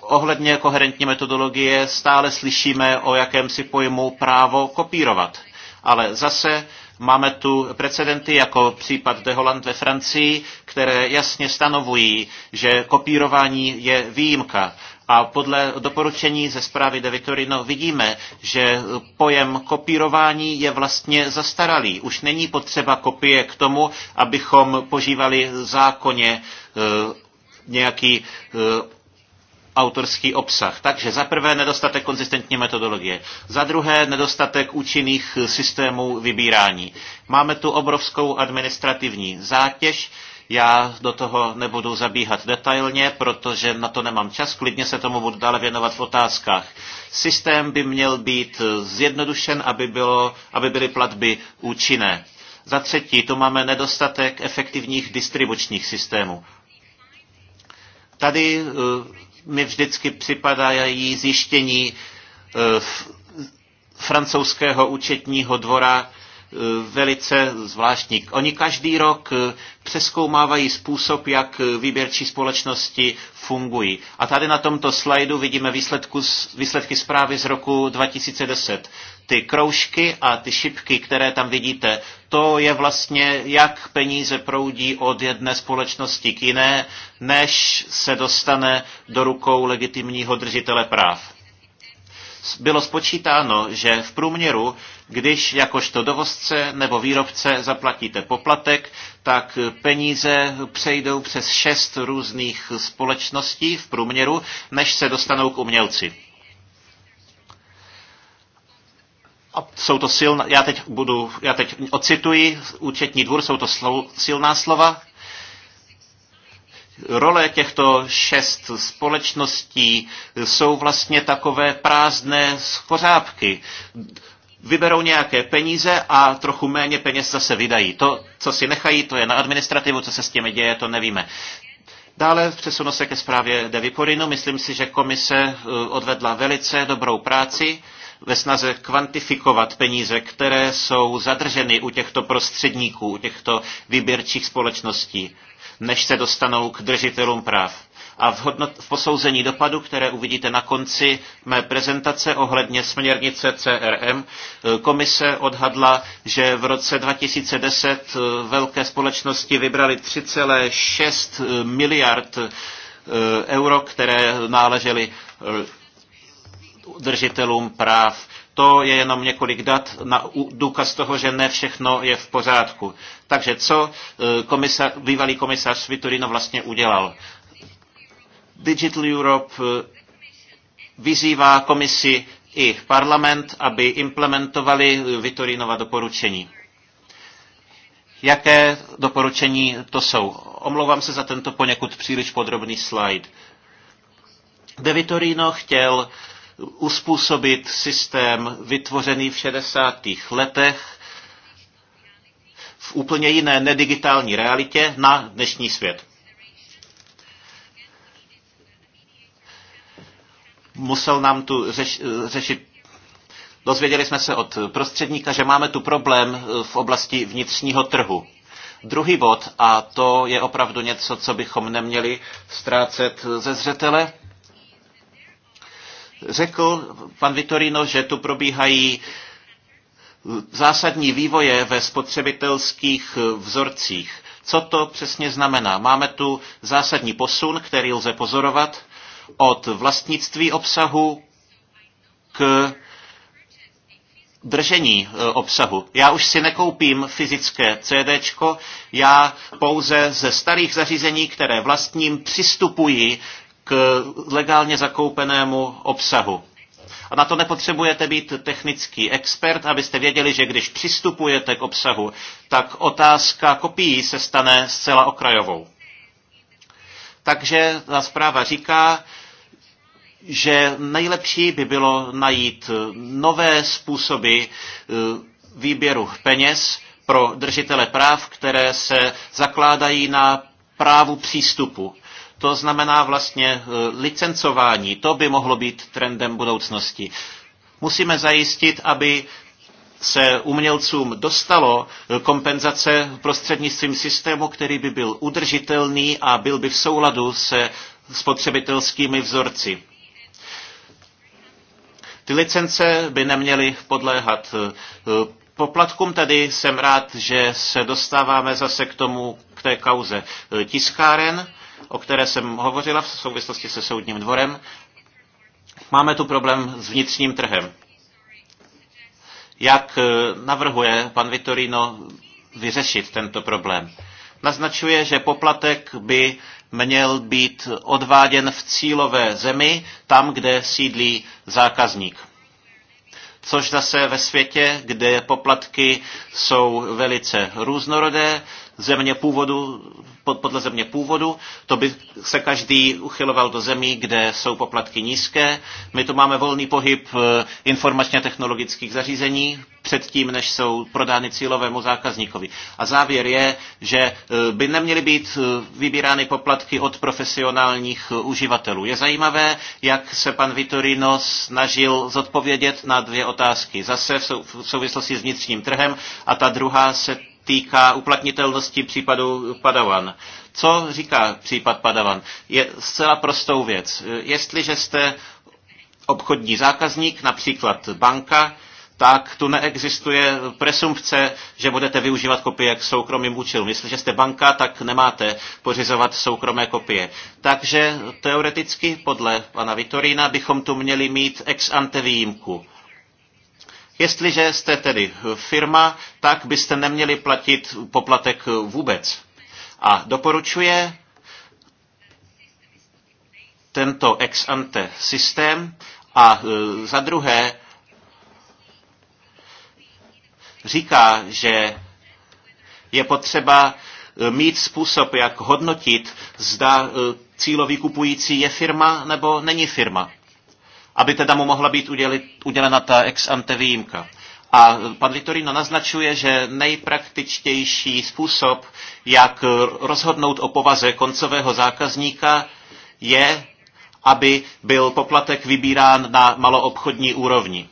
A: ohledně koherentní metodologie stále slyšíme o jakémsi pojmu právo kopírovat. Ale zase Máme tu precedenty jako případ de Holland ve Francii, které jasně stanovují, že kopírování je výjimka. A podle doporučení ze zprávy De Vitorino vidíme, že pojem kopírování je vlastně zastaralý. Už není potřeba kopie k tomu, abychom požívali zákoně eh, nějaký eh, autorský obsah. Takže za prvé nedostatek konzistentní metodologie, za druhé nedostatek účinných systémů vybírání. Máme tu obrovskou administrativní zátěž, já do toho nebudu zabíhat detailně, protože na to nemám čas, klidně se tomu budu dále věnovat v otázkách. Systém by měl být zjednodušen, aby, bylo, aby byly platby účinné. Za třetí, tu máme nedostatek efektivních distribučních systémů. Tady eh, mi vždycky připadají zjištění e, francouzského účetního dvora e, velice zvláštní. Oni každý rok e, přeskoumávají způsob, jak výběrčí společnosti fungují. A tady na tomto slajdu vidíme výsledku, výsledky zprávy z roku 2010 ty kroužky a ty šipky, které tam vidíte, to je vlastně, jak peníze proudí od jedné společnosti k jiné, než se dostane do rukou legitimního držitele práv. Bylo spočítáno, že v průměru, když jakožto dovozce nebo výrobce zaplatíte poplatek, tak peníze přejdou přes šest různých společností v průměru, než se dostanou k umělci. a jsou to silná, já teď budu, já teď ocituji účetní dvůr, jsou to slov, silná slova. Role těchto šest společností jsou vlastně takové prázdné skořápky. Vyberou nějaké peníze a trochu méně peněz zase vydají. To, co si nechají, to je na administrativu, co se s těmi děje, to nevíme. Dále přesunu se ke zprávě Deviporinu. Myslím si, že komise eh, odvedla velice dobrou práci ve snaze kvantifikovat peníze, které jsou zadrženy u těchto prostředníků, u těchto výběrčích společností, než se dostanou k držitelům práv. A v, hodnot, v posouzení dopadu, které uvidíte na konci mé prezentace ohledně směrnice CRM, komise odhadla, že v roce 2010 eh, velké společnosti vybrali 3,6 miliard eh, euro, které náležely eh, držitelům práv. To je jenom několik dat na důkaz toho, že ne všechno je v pořádku. Takže co e, komisa, bývalý komisař Vitorino vlastně udělal? Digital Europe e, vyzývá komisi i parlament, aby implementovali Vitorinova doporučení. Jaké doporučení to jsou? Omlouvám se za tento poněkud příliš podrobný slide. De Vitorino chtěl uspůsobit systém vytvořený v 60. letech v úplně jiné nedigitální realitě na dnešní svět. Musel nám tu řeš, řešit Dozvěděli jsme se od prostředníka, že máme tu problém v oblasti vnitřního trhu. Druhý bod, a to je opravdu něco, co bychom neměli ztrácet ze zřetele, Řekl pan Vitorino, že tu probíhají zásadní vývoje ve spotřebitelských vzorcích. Co to přesně znamená? Máme tu zásadní posun, který lze pozorovat od vlastnictví obsahu k držení eh, obsahu. Já už si nekoupím fyzické CD. já pouze ze starých zařízení, které vlastním, přistupuji k legálně zakoupenému obsahu. A na to nepotřebujete být technický expert, abyste věděli, že když přistupujete k obsahu, tak otázka kopií se stane zcela okrajovou. Takže ta zpráva říká, že nejlepší by bylo najít nové způsoby eh, výběru peněz pro držitele práv, které se zakládají na právu přístupu to znamená vlastně e, licencování. To by mohlo být trendem budoucnosti. Musíme zajistit, aby se umělcům dostalo e, kompenzace prostřednictvím systému, který by byl udržitelný a byl by v souladu se spotřebitelskými vzorci. Ty licence by neměly podléhat e, poplatkům. Tady jsem rád, že se dostáváme zase k tomu, k té kauze tiskáren o které jsem hovořila v souvislosti se soudním dvorem. Máme tu problém s vnitřním trhem. Jak eh, navrhuje pan Vitorino vyřešit tento problém? Naznačuje, že poplatek by měl být odváděn v cílové zemi, tam, kde sídlí zákazník což zase ve světě, kde poplatky jsou velice různorodé, země původu podle země původu, to by se každý uchyloval do zemí, kde jsou poplatky nízké. My tu máme volný pohyb eh, informačně technologických zařízení předtím, než jsou prodány cílovému zákazníkovi. A závěr je, že eh, by neměly být eh, vybírány poplatky od profesionálních uživatelů. Je zajímavé, jak se pan Vitorino snažil zodpovědět na dvě otázky. Zase v souvislosti s vnitřním trhem a ta druhá se týká uplatnitelnosti případu Padawan. Co říká případ Padawan? Je zcela prostou věc. Jestliže jste obchodní zákazník, například banka, tak tu neexistuje presumpce, že budete využívat kopie k soukromým účelům. Jestliže jste banka, tak nemáte pořizovat soukromé kopie. Takže teoreticky podle pana Vitorína bychom tu měli mít ex ante výjimku. Jestliže jste tedy firma, tak byste neměli platit poplatek vůbec. A doporučuje tento ex ante systém a e, za druhé říká, že je potřeba e, mít způsob, jak hodnotit, zda e, cílový kupující je firma nebo není firma aby teda mu mohla být udělit, udělena ta ex ante výjimka. A pan Vitorino naznačuje, že nejpraktičtější způsob, jak rozhodnout o povaze koncového zákazníka, je, aby byl poplatek vybírán na maloobchodní úrovni.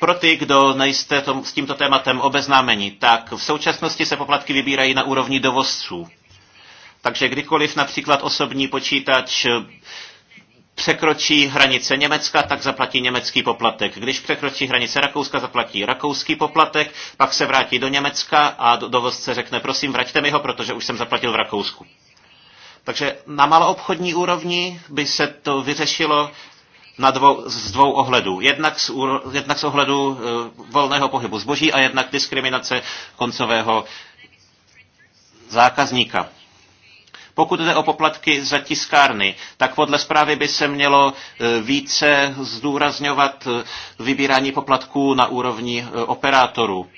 A: Pro ty, kdo nejste tom, s tímto tématem obeznámeni, tak v současnosti se poplatky vybírají na úrovni dovozců. Takže kdykoliv například osobní počítač překročí hranice Německa, tak zaplatí německý poplatek. Když překročí hranice Rakouska, zaplatí rakouský poplatek, pak se vrátí do Německa a dovozce řekne, prosím, vraťte mi ho, protože už jsem zaplatil v Rakousku. Takže na maloobchodní úrovni by se to vyřešilo na dvou, z dvou ohledů. Jednak z, jednak z ohledu e, volného pohybu zboží a jednak diskriminace koncového zákazníka. Pokud jde o poplatky za tiskárny, tak podle zprávy by se mělo e, více zdůrazňovat e, vybírání poplatků na úrovni e, operátorů.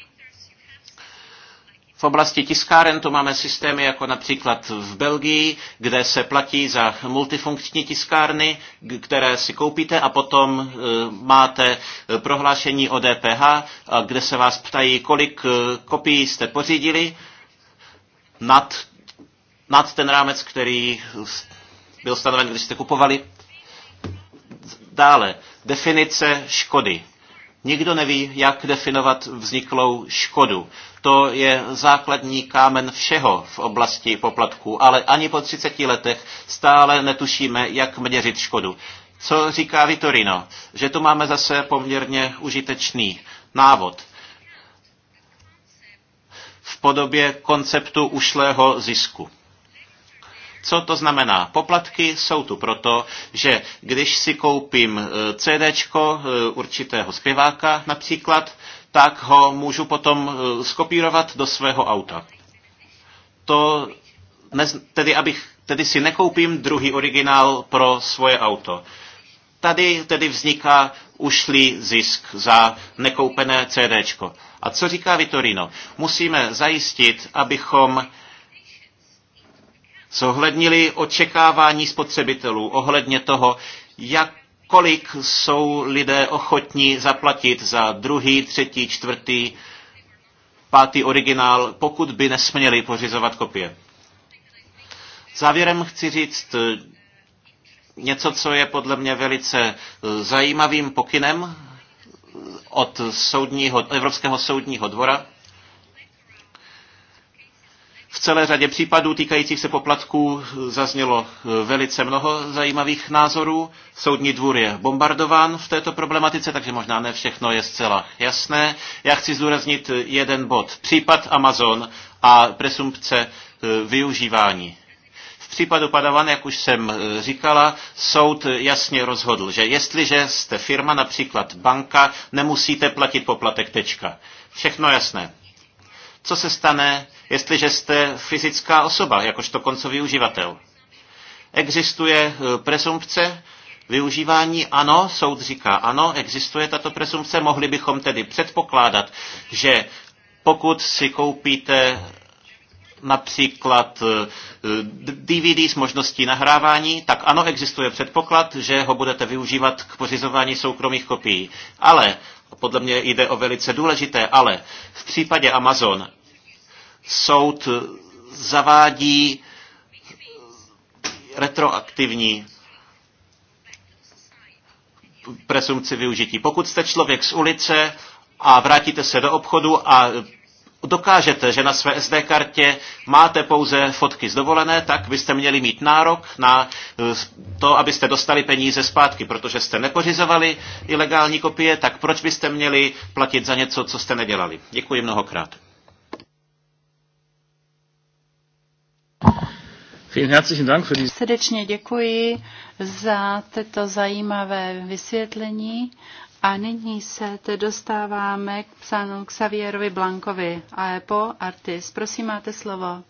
A: V oblasti tiskáren tu máme systémy jako například v Belgii, kde se platí za multifunkční tiskárny, které si koupíte a potom máte prohlášení o DPH, kde se vás ptají, kolik kopií jste pořídili nad nad ten rámec, který byl stanoven, když jste kupovali. Dále, definice škody. Nikdo neví, jak definovat vzniklou škodu. To je základní kámen všeho v oblasti poplatků, ale ani po 30 letech stále netušíme, jak měřit škodu. Co říká Vitorino? Že tu máme zase poměrně užitečný návod v podobě konceptu ušlého zisku. Co to znamená? Poplatky jsou tu proto, že když si koupím e, CD e, určitého zpěváka například, tak ho můžu potom e, skopírovat do svého auta. To tedy, abych, tedy si nekoupím druhý originál pro svoje auto. Tady tedy vzniká ušlý zisk za nekoupené čko. A co říká Vitorino? Musíme zajistit, abychom zohlednili očekávání spotřebitelů ohledně toho, jak kolik jsou lidé ochotní zaplatit za druhý, třetí, čtvrtý, pátý originál, pokud by nesměli pořizovat kopie. Závěrem chci říct eh, něco, co je podle mě velice eh, zajímavým pokynem eh, od soudního, Evropského soudního dvora. V celé řadě případů týkajících se poplatků zaznělo eh, velice mnoho zajímavých názorů. Soudní dvůr je bombardován v této problematice, takže možná ne všechno je zcela jasné. Já chci zdůraznit eh, jeden bod. Případ Amazon a presumpce eh, využívání. V případu Padavan, jak už jsem říkala, soud jasně rozhodl, že jestliže jste firma, například banka, nemusíte platit poplatek tečka. Všechno jasné. Co se stane, jestliže jste fyzická osoba, jakožto koncový uživatel? Existuje eh, presumpce využívání? Ano, soud říká ano, existuje tato presumpce. Mohli bychom tedy předpokládat, že pokud si koupíte například DVD eh, s možností nahrávání, tak ano, existuje předpoklad, že ho budete využívat k pořizování soukromých kopií. Ale podle mě jde o velice důležité, ale v případě Amazon soud zavádí retroaktivní presumci využití. Pokud jste člověk z ulice a vrátíte se do obchodu a dokážete, že na své SD kartě máte pouze fotky zdovolené, tak byste měli mít nárok na eh, to, abyste dostali peníze zpátky, protože jste nepořizovali ilegální kopie, tak proč byste měli platit za něco, co jste nedělali? Děkuji mnohokrát.
B: Srdečně děkuji za tyto zajímavé vysvětlení a nyní se dostáváme k psanu Xavierovi Blankovi, AEPO Artis. Prosím, máte slovo.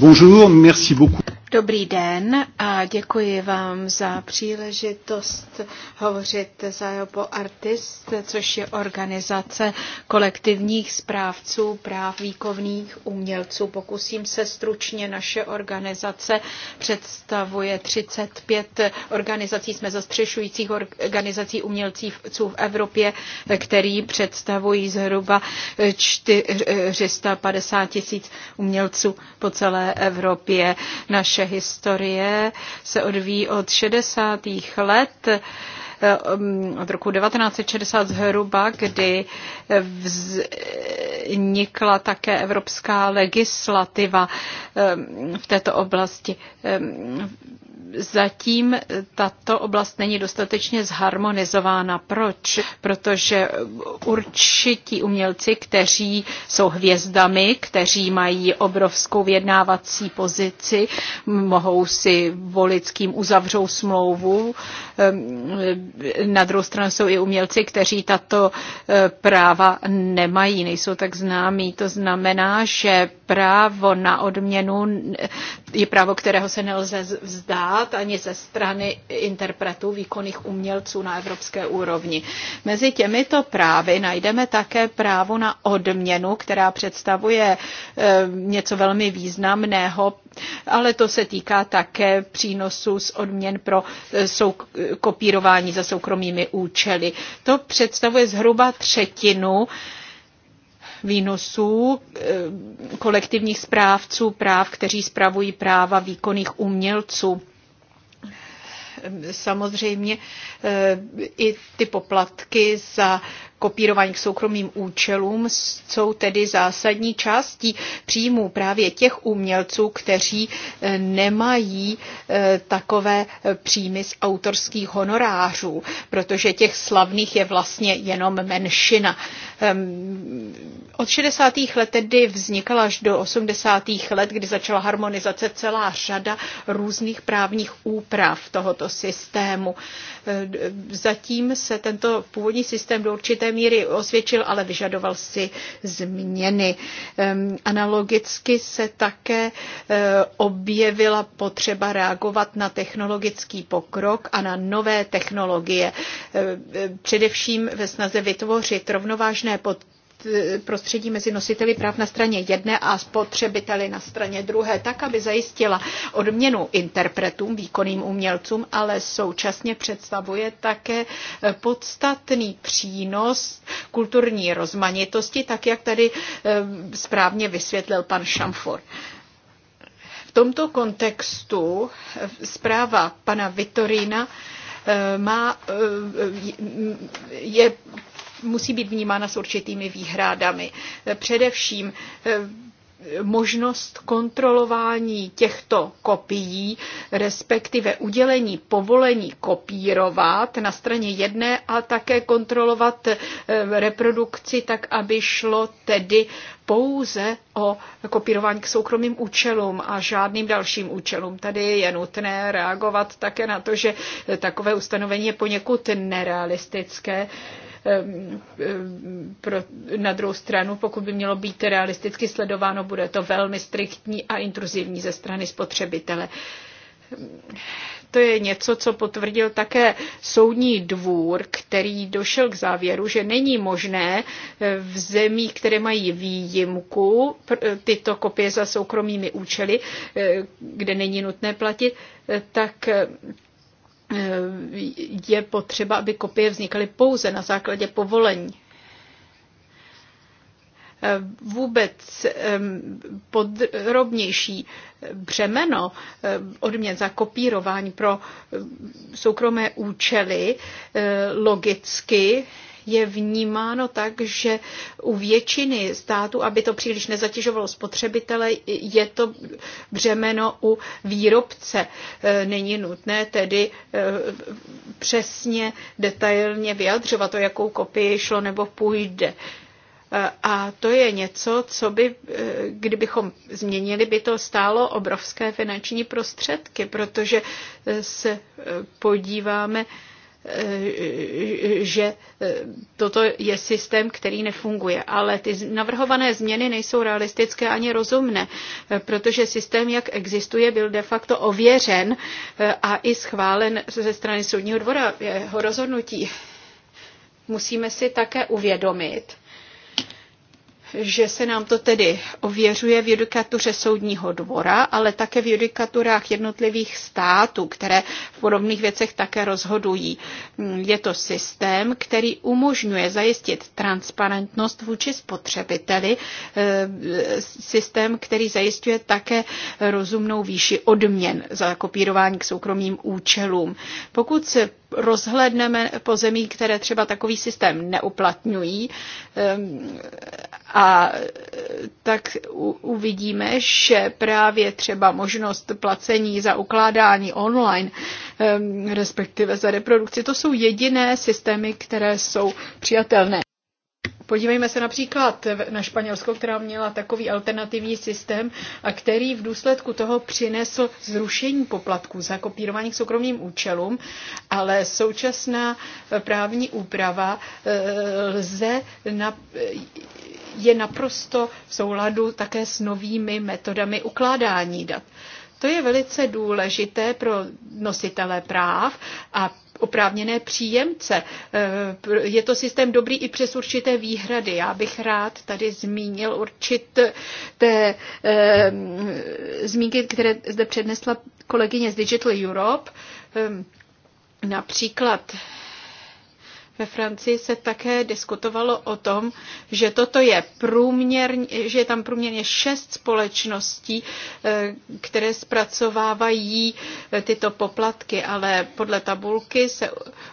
D: Bonjour, merci beaucoup.
C: Dobrý den a děkuji vám za příležitost hovořit za Jopo Artist, což je organizace kolektivních správců práv výkovných umělců. Pokusím se stručně. Naše organizace představuje 35 organizací, jsme zastřešujících organizací umělců v Evropě, který představují zhruba 450 tisíc umělců po celé Evropě. Naše naše historie se odvíjí od 60. let Eh, od roku 1960 zhruba, kdy vznikla také evropská legislativa eh, v této oblasti eh, zatím tato oblast není dostatečně zharmonizována. Proč? Protože určití umělci, kteří jsou hvězdami, kteří mají obrovskou vyjednávací pozici, mohou si volit, s kým uzavřou smlouvu, na druhou stranu jsou i umělci, kteří tato eh, práva nemají, nejsou tak známí. To znamená, že právo na odměnu je právo, kterého se nelze vzdát ani ze strany interpretů výkonných umělců na evropské úrovni. Mezi těmito právy najdeme také právo na odměnu, která představuje eh, něco velmi významného, ale to se týká také přínosů z odměn pro eh, kopírování za soukromými účely. To představuje zhruba třetinu výnosů eh, kolektivních správců práv, kteří spravují práva výkonných umělců. Samozřejmě eh, i ty poplatky za kopírování k soukromým účelům jsou tedy zásadní částí příjmů právě těch umělců, kteří e, nemají e, takové příjmy z autorských honorářů, protože těch slavných je vlastně jenom menšina. Od 60. let tedy vznikala až do 80. let, kdy začala harmonizace celá řada různých právních úprav tohoto systému. E, zatím se tento původní systém do určité míry osvědčil, ale vyžadoval si změny. Analogicky se také eh, objevila potřeba reagovat na technologický pokrok a na nové technologie, především ve snaze vytvořit rovnovážné podpory prostředí mezi nositeli práv na straně jedné a spotřebiteli na straně druhé, tak, aby zajistila odměnu interpretům, výkonným umělcům, ale současně představuje také podstatný přínos kulturní rozmanitosti, tak jak tady eh, správně vysvětlil pan Šamfor. V tomto kontextu eh, zpráva pana Vitorina eh, má, je musí být vnímána s určitými výhrádami. Především eh, možnost kontrolování těchto kopií, respektive udělení povolení kopírovat na straně jedné a také kontrolovat eh, reprodukci tak, aby šlo tedy pouze o kopírování k soukromým účelům a žádným dalším účelům. Tady je nutné reagovat také na to, že takové ustanovení je poněkud nerealistické Ehm, ehm, pro, na druhou stranu, pokud by mělo být realisticky sledováno, bude to velmi striktní a intruzivní ze strany spotřebitele. To je něco, co potvrdil také soudní dvůr, který došel k závěru, že není možné eh, v zemích, které mají výjimku, eh, tyto kopie za soukromými účely, eh, kde není nutné platit, tak je potřeba, aby kopie vznikaly pouze na základě povolení. Vůbec podrobnější břemeno odměn za kopírování pro soukromé účely logicky je vnímáno tak, že u většiny států, aby to příliš nezatěžovalo spotřebitele, je to břemeno u výrobce. E, není nutné tedy e, přesně detailně vyjadřovat, o jakou kopii šlo nebo půjde. E, a to je něco, co by, kdybychom změnili, by to stálo obrovské finanční prostředky, protože se podíváme že toto je systém, který nefunguje. Ale ty navrhované změny nejsou realistické ani rozumné, protože systém, jak existuje, byl de facto ověřen eh, a i schválen ze strany soudního dvora jeho rozhodnutí. Musíme si také uvědomit, že se nám to tedy ověřuje v judikatuře soudního dvora, ale také v judikaturách jednotlivých států, které v podobných věcech také rozhodují. Je to systém, který umožňuje zajistit transparentnost vůči spotřebiteli, eh, systém, který zajistuje také rozumnou výši odměn za kopírování k soukromým účelům. Pokud se rozhledneme po zemích, které třeba takový systém neuplatňují, eh, a e, tak uvidíme, že právě třeba možnost placení za ukládání online, respektive za reprodukci, to jsou jediné systémy, které jsou přijatelné. Podívejme se například na Španělsko, která měla takový alternativní systém, a který v důsledku toho přinesl zrušení poplatků za kopírování k soukromým účelům, ale současná právní úprava e, lze na, je naprosto v souladu také s novými metodami ukládání dat. To je velice důležité pro nositele práv a oprávněné příjemce. Eh, je to systém dobrý i přes určité výhrady. Já bych rád tady zmínil určité eh, zmínky, které zde přednesla kolegyně z Digital Europe. Ehm, například ve Francii se také diskutovalo o tom, že toto je průměr, že je tam průměrně šest společností, eh, které zpracovávají eh, tyto poplatky, ale podle tabulky se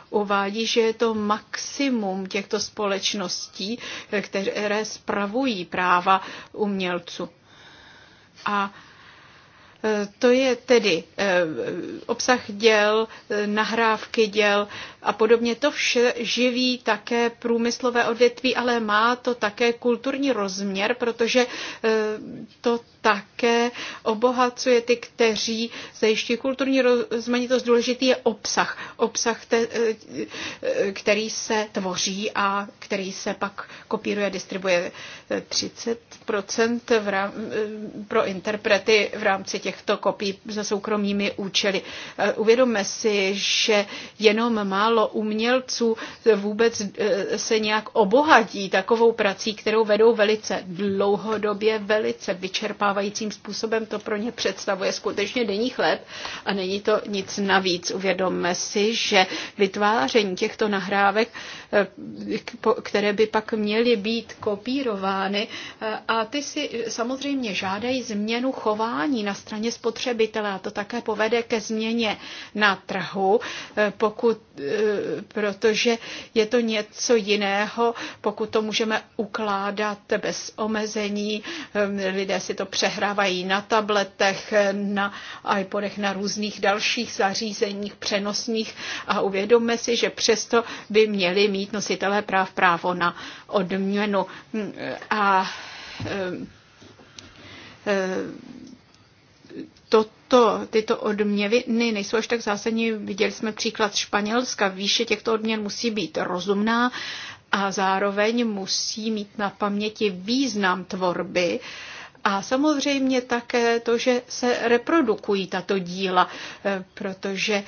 C: uvádí, že je to maximum těchto společností, eh, které spravují práva umělců. A Eh, to je tedy eh, obsah děl, eh, nahrávky děl a podobně. To vše živí také průmyslové odvětví, ale má to také kulturní rozměr, protože to také obohacuje ty, kteří zajišťují kulturní rozmanitost. Důležitý je obsah. Obsah, te, který se tvoří a který se pak kopíruje a distribuje 30% v rám, pro interprety v rámci těch těchto kopií za soukromými účely. Eh, uvědomme si, že jenom málo umělců vůbec eh, se nějak obohatí takovou prací, kterou vedou velice dlouhodobě, velice vyčerpávajícím způsobem. To pro ně představuje skutečně denní chléb a není to nic navíc. Uvědomme si, že vytváření těchto nahrávek, eh, které by pak měly být kopírovány, a ty si samozřejmě žádají změnu chování na straně straně spotřebitele. A to také povede ke změně na trhu, eh, pokud, eh, protože je to něco jiného, pokud to můžeme ukládat bez omezení. Eh, lidé si to přehrávají na tabletech, na iPodech, na různých dalších zařízeních přenosných a uvědomme si, že přesto by měli mít nositelé práv právo na odměnu. Hm, a to, tyto odměny nejsou až tak zásadní. Viděli jsme příklad Španělska. Výše těchto odměn musí být rozumná a zároveň musí mít na paměti význam tvorby uh, a samozřejmě také to, že se reprodukují tato díla, e, protože e,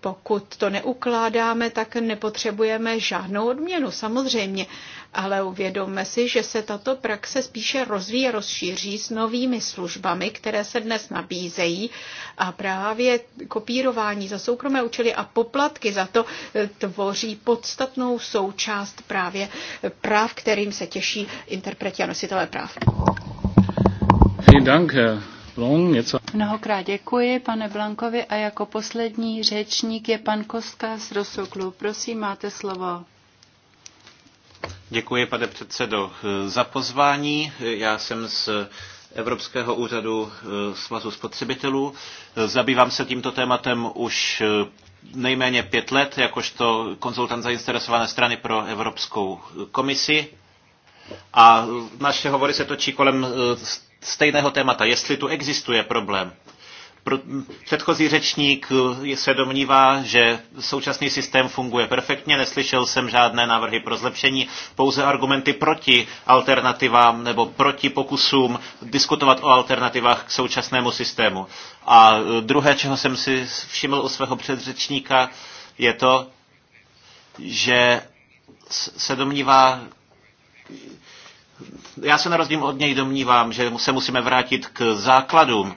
C: pokud to neukládáme, tak nepotřebujeme žádnou odměnu, samozřejmě. Ale uvědomme si, že se tato praxe spíše rozvíjí rozšíří s novými službami, které se dnes nabízejí a právě kopírování za soukromé účely a poplatky za to e, tvoří podstatnou součást právě práv, kterým se těší interpreti a nositelé práv.
B: Mnohokrát děkuji, pane Blankovi, a jako poslední řečník je pan Kostka z Rosoklu. Prosím, máte slovo.
A: Děkuji, pane předsedo, za pozvání. Já jsem z Evropského úřadu eh, svazu spotřebitelů. Zabývám se tímto tématem už eh, nejméně pět let, jakožto konzultant zainteresované strany pro Evropskou komisi. A naše hovory se točí kolem eh, stejného témata, jestli tu existuje problém. Předchozí řečník se domnívá, že současný systém funguje perfektně, neslyšel jsem žádné návrhy pro zlepšení, pouze argumenty proti alternativám nebo proti pokusům diskutovat o alternativách k současnému systému. A druhé, čeho jsem si všiml u svého předřečníka, je to, že se domnívá, já se na rozdíl od něj domnívám, že se musíme vrátit k základům,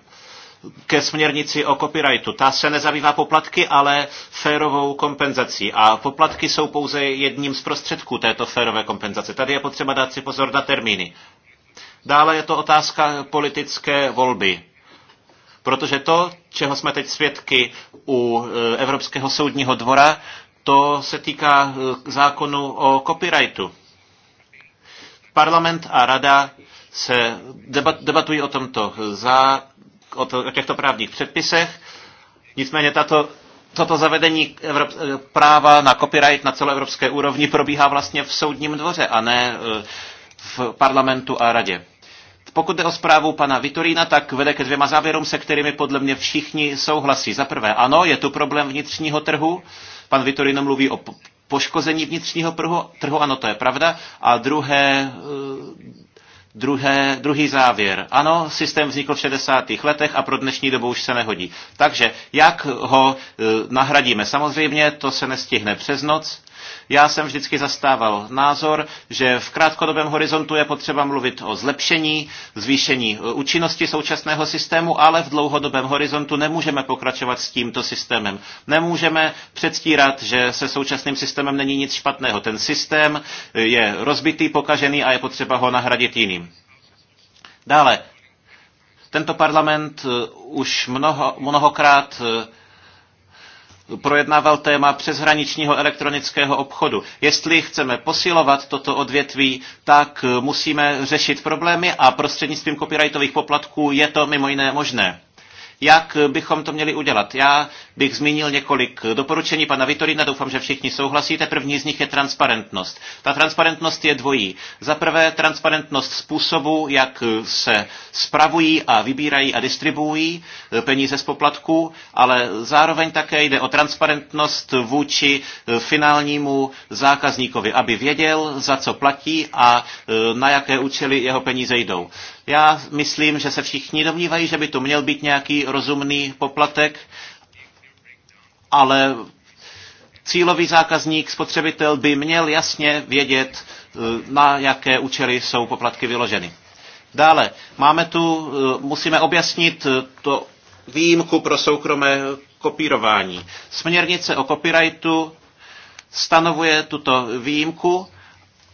A: ke směrnici o copyrightu. Ta se nezabývá poplatky, ale férovou kompenzací. A poplatky jsou pouze jedním z prostředků této férové kompenzace. Tady je potřeba dát si pozor na termíny. Dále je to otázka politické volby. Protože to, čeho jsme teď svědky u e, Evropského soudního dvora, to se týká e, zákonu o copyrightu. Parlament a rada se debat, debatují o tomto za, o, to, o těchto právních předpisech. Nicméně tato, toto zavedení Evrop, práva na copyright na celoevropské úrovni probíhá vlastně v soudním dvoře a ne eh, v parlamentu a radě. Pokud jde o zprávu pana Vitorína, tak vede ke dvěma závěrům, se kterými podle mě všichni souhlasí. Za prvé, ano, je tu problém vnitřního trhu. Pan Vitorino mluví o poškození vnitřního prhu, trhu, ano, to je pravda. A druhé, eh, druhé, druhý závěr. Ano, systém vznikl v 60. letech a pro dnešní dobu už se nehodí. Takže jak ho eh, nahradíme? Samozřejmě to se nestihne přes noc, já jsem vždycky zastával názor, že v krátkodobém horizontu je potřeba mluvit o zlepšení, zvýšení e, účinnosti současného systému, ale v dlouhodobém horizontu nemůžeme pokračovat s tímto systémem. Nemůžeme předstírat, že se současným systémem není nic špatného. Ten systém e, je rozbitý, pokažený a je potřeba ho nahradit jiným. Dále, tento parlament e, už mnoho, mnohokrát projednával téma přeshraničního elektronického obchodu. Jestli chceme posilovat toto odvětví, tak eh, musíme řešit problémy a prostřednictvím copyrightových poplatků je to mimo jiné možné. Jak bychom to měli udělat? Já bych zmínil několik doporučení pana Vitorina, doufám, že všichni souhlasíte. První z nich je transparentnost. Ta transparentnost je dvojí. Za prvé transparentnost způsobu, jak se spravují a vybírají a distribuují peníze z poplatků, ale zároveň také jde o transparentnost vůči finálnímu zákazníkovi, aby věděl, za co platí a na jaké účely jeho peníze jdou. Já myslím, že se všichni domnívají, že by tu měl být nějaký rozumný poplatek, ale cílový zákazník, spotřebitel by měl jasně vědět, eh, na jaké účely jsou poplatky vyloženy. Dále, máme tu, eh, musíme objasnit eh, to výjimku pro soukromé kopírování. Směrnice o copyrightu stanovuje tuto výjimku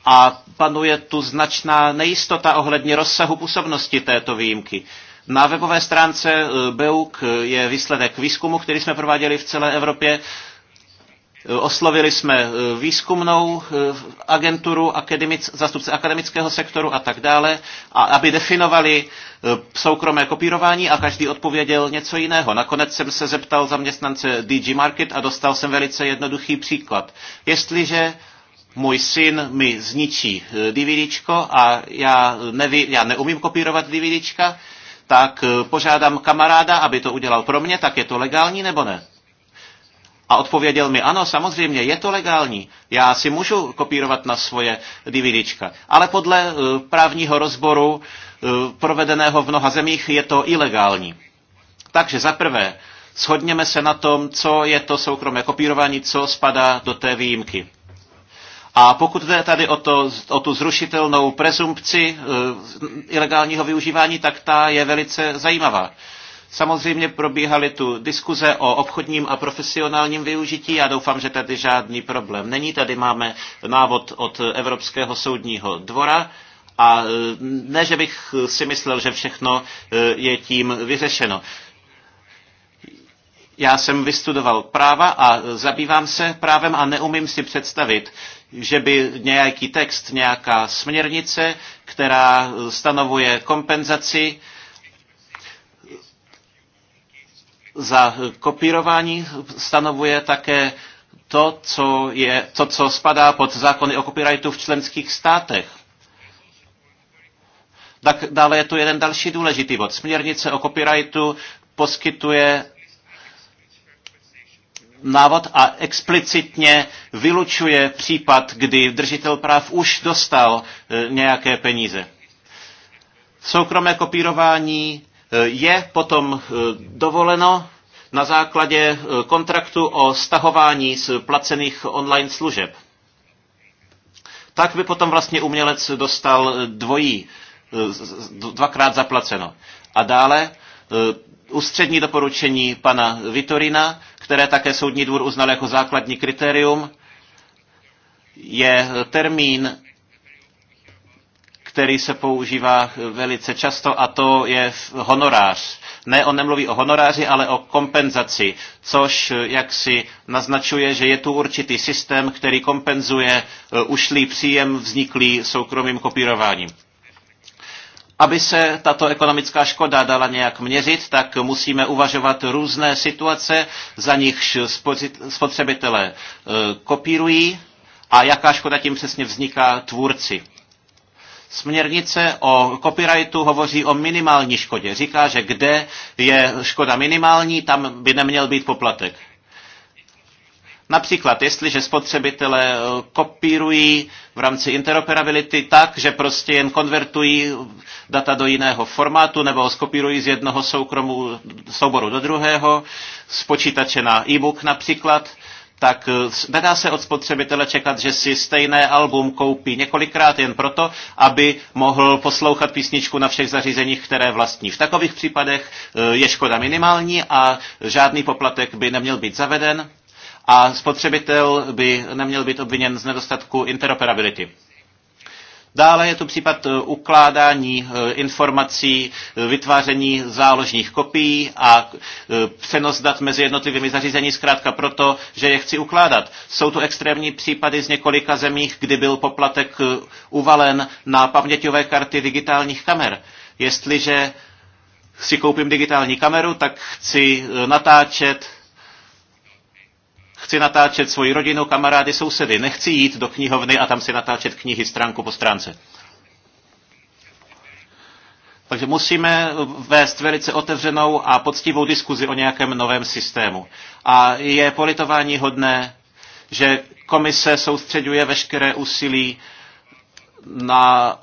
A: a panuje tu značná nejistota ohledně rozsahu působnosti této výjimky. Na webové stránce eh, BEUK eh, je výsledek výzkumu, který jsme prováděli v celé Evropě. Eh, oslovili jsme výzkumnou agenturu, akademic, zastupce akademického sektoru a tak dále, a aby definovali soukromé kopírování a každý odpověděl něco jiného. Nakonec jsem se zeptal zaměstnance DG Market a dostal jsem velice jednoduchý příklad. Jestliže můj syn mi zničí eh, DVDčko a já, neví, já neumím kopírovat DVDčka, tak eh, požádám kamaráda, aby to udělal pro mě, tak je to legální nebo ne? A odpověděl mi, ano, samozřejmě, je to legální. Já si můžu kopírovat na svoje DVDčka. Ale podle eh, právního rozboru provedeného v mnoha zemích je to ilegální. Takže za prvé, shodněme se na tom, co je to soukromé kopírování, co spadá do té výjimky. A pokud jde tady o, to, o tu zrušitelnou prezumpci eh, ilegálního využívání, tak ta je velice zajímavá. Samozřejmě probíhaly tu diskuze o obchodním a profesionálním využití. Já doufám, že tady žádný problém není. Tady máme návod od Evropského soudního dvora. A eh, ne, že bych si myslel, že všechno eh, je tím vyřešeno. Já jsem vystudoval práva a zabývám se právem a neumím si představit, že by nějaký text, nějaká směrnice, která stanovuje kompenzaci za kopírování, stanovuje také to, co, je, to, co spadá pod zákony o copyrightu v členských státech. Tak dále je tu jeden další důležitý bod. Směrnice o copyrightu poskytuje návod a explicitně vylučuje případ, kdy držitel práv už dostal e, nějaké peníze. Soukromé kopírování e, je potom e, dovoleno na základě kontraktu o stahování z placených online služeb. Tak by potom vlastně umělec dostal dvojí, dvakrát zaplaceno. A dále ústřední doporučení pana Vitorina které také Soudní dvůr uznal jako základní kritérium, je termín, který se používá velice často, a to je honorář. Ne, on nemluví o honoráři, ale o kompenzaci, což jak si naznačuje, že je tu určitý systém, který kompenzuje uh, ušlý příjem vzniklý soukromým kopírováním. Aby se tato ekonomická škoda dala nějak měřit, tak musíme uvažovat různé situace, za nichž spotřebitelé e, kopírují a jaká škoda tím přesně vzniká tvůrci. Směrnice o copyrightu hovoří o minimální škodě. Říká, že kde je škoda minimální, tam by neměl být poplatek. Například, jestliže spotřebitelé eh, kopírují v rámci interoperability tak, že prostě jen konvertují data do jiného formátu nebo ho skopírují z jednoho soukromu souboru do druhého, z počítače na e-book například, tak eh, nedá se od spotřebitele čekat, že si stejné album koupí několikrát jen proto, aby mohl poslouchat písničku na všech zařízeních, které vlastní. V takových případech eh, je škoda minimální a žádný poplatek by neměl být zaveden a spotřebitel by neměl být obviněn z nedostatku interoperability. Dále je tu případ e, ukládání e, informací, e, vytváření záložních kopií a přenos dat mezi jednotlivými zařízení, zkrátka proto, že je chci ukládat. Jsou tu extrémní případy z několika zemích, kdy byl poplatek uvalen na paměťové karty digitálních kamer. Jestliže si koupím digitální kameru, tak chci natáčet Chci natáčet svoji rodinu, kamarády, sousedy. Nechci jít do knihovny a tam si natáčet knihy stránku po stránce. Takže musíme vést velice otevřenou a poctivou diskuzi o nějakém novém systému. A je politování hodné, že komise soustředuje veškeré úsilí na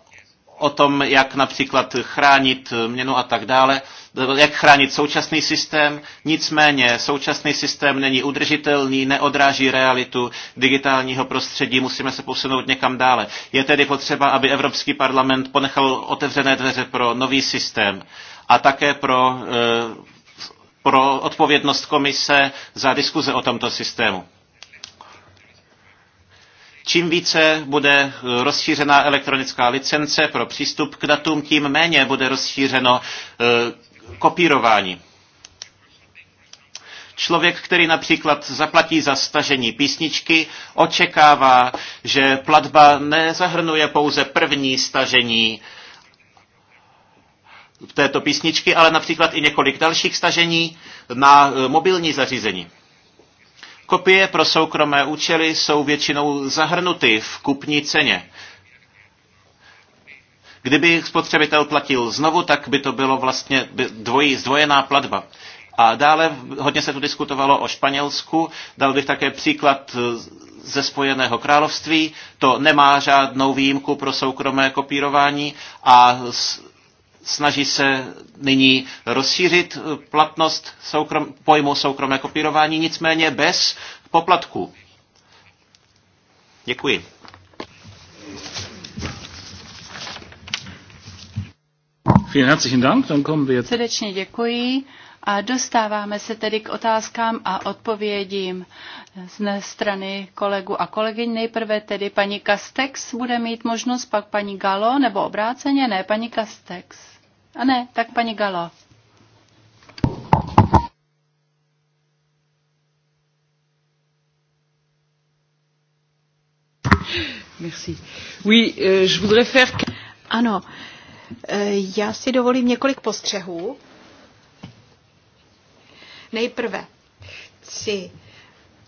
A: o tom, jak například chránit měnu a tak dále, jak chránit současný systém. Nicméně současný systém není udržitelný, neodráží realitu digitálního prostředí, musíme se posunout někam dále. Je tedy potřeba, aby Evropský parlament ponechal otevřené dveře pro nový systém a také pro, eh, pro odpovědnost komise za diskuze o tomto systému. Čím více bude rozšířená elektronická licence pro přístup k datům, tím méně bude rozšířeno eh, kopírování. Člověk, který například zaplatí za stažení písničky, očekává, že platba nezahrnuje pouze první stažení této písničky, ale například i několik dalších stažení na eh, mobilní zařízení. Kopie pro soukromé účely jsou většinou zahrnuty v kupní ceně. Kdyby spotřebitel platil znovu, tak by to bylo vlastně dvojí, zdvojená platba. A dále hodně se tu diskutovalo o Španělsku. Dal bych také příklad eh, ze Spojeného království. To nemá žádnou výjimku pro soukromé kopírování a snaží se nyní rozšířit eh, platnost soukrom, pojmu soukromé kopírování, nicméně bez poplatků. Děkuji.
D: Vielen herzlichen Dank. Dann kommen wir jetzt.
B: Srdečně děkuji. A dostáváme se tedy k otázkám a odpovědím z strany kolegu a kolegyň. Nejprve tedy paní Kastex bude mít možnost, pak paní Galo, nebo obráceně, ne, paní Kastex. A ne, tak paní Galo.
C: Merci. Oui, euh, je voudrais faire... Ano, E, já si dovolím několik postřehů. Nejprve chci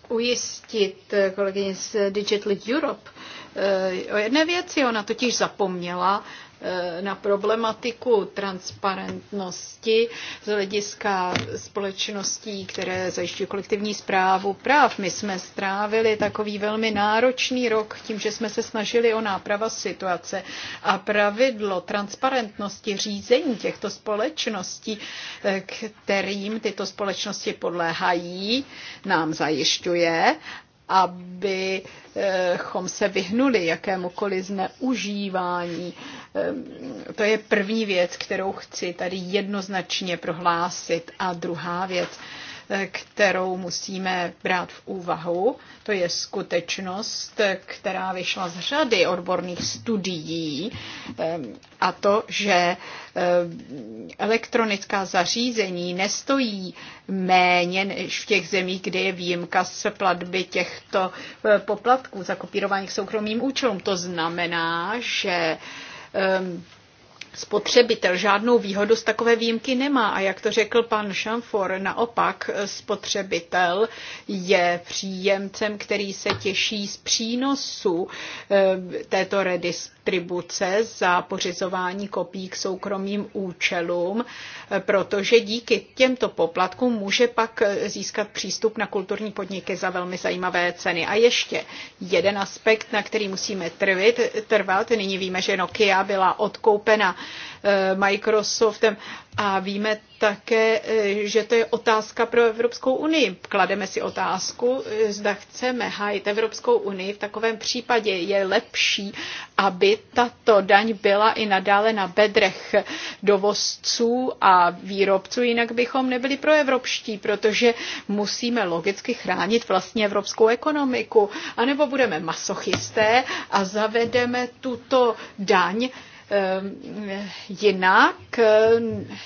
C: ujistit kolegyně z Digital Europe e, o jedné věci. Ona totiž zapomněla Eh, na problematiku transparentnosti z hlediska společností, které zajišťují kolektivní zprávu práv. My jsme strávili takový velmi náročný rok tím, že jsme se snažili o náprava situace a pravidlo transparentnosti řízení těchto společností, eh, kterým tyto společnosti podléhají, nám zajišťuje, abychom se vyhnuli jakémukoliv zneužívání Ehm, to je první věc, kterou chci tady jednoznačně prohlásit. A druhá věc, eh, kterou musíme brát v úvahu, to je skutečnost, která vyšla z řady odborných studií, ehm, a to, že ehm, elektronická zařízení nestojí méně než v těch zemích, kde je výjimka z platby těchto eh, poplatků zakopírovaných soukromým účelům. To znamená, že Ehm, spotřebitel žádnou výhodu z takové výjimky nemá. A jak to řekl pan Šamfor, naopak eh, spotřebitel je příjemcem, který se těší z přínosu ehm, této redis retribuce za pořizování kopií k soukromým účelům, protože díky těmto poplatkům může pak získat přístup na kulturní podniky za velmi zajímavé ceny. A ještě jeden aspekt, na který musíme trvit, trvat. Nyní víme, že Nokia byla odkoupena eh, Microsoftem a víme také, e, že to je otázka pro Evropskou unii. Klademe si otázku, e, zda chceme hájit Evropskou unii. V takovém případě je lepší, aby tato daň byla i nadále na bedrech dovozců a výrobců, jinak bychom nebyli proevropští, protože musíme logicky chránit vlastně evropskou ekonomiku. A nebo budeme masochisté a zavedeme tuto daň Ehm, jinak ehm,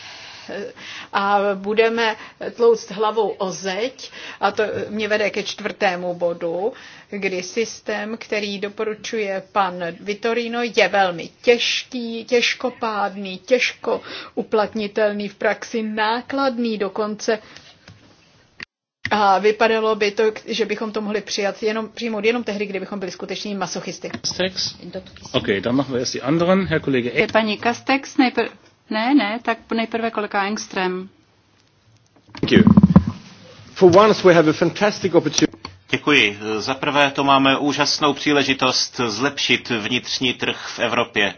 C: a budeme tlouct hlavou o zeď a to mě vede ke čtvrtému bodu, kdy systém, který doporučuje pan Vitorino, je velmi těžký, těžkopádný, těžko uplatnitelný v praxi, nákladný dokonce a vypadalo by to, že bychom to mohli přijat jenom, přijmout jenom tehdy, kdybychom byli skuteční masochisty.
D: Okay, dann machen wir erst die anderen. Herr Kollege
B: Paní Kastex, nejpr... Ne, ne, tak nejprve kolega Engström.
A: Thank you. For once we have a fantastic opportunity. Děkuji. Za prvé to máme úžasnou příležitost zlepšit vnitřní trh v Evropě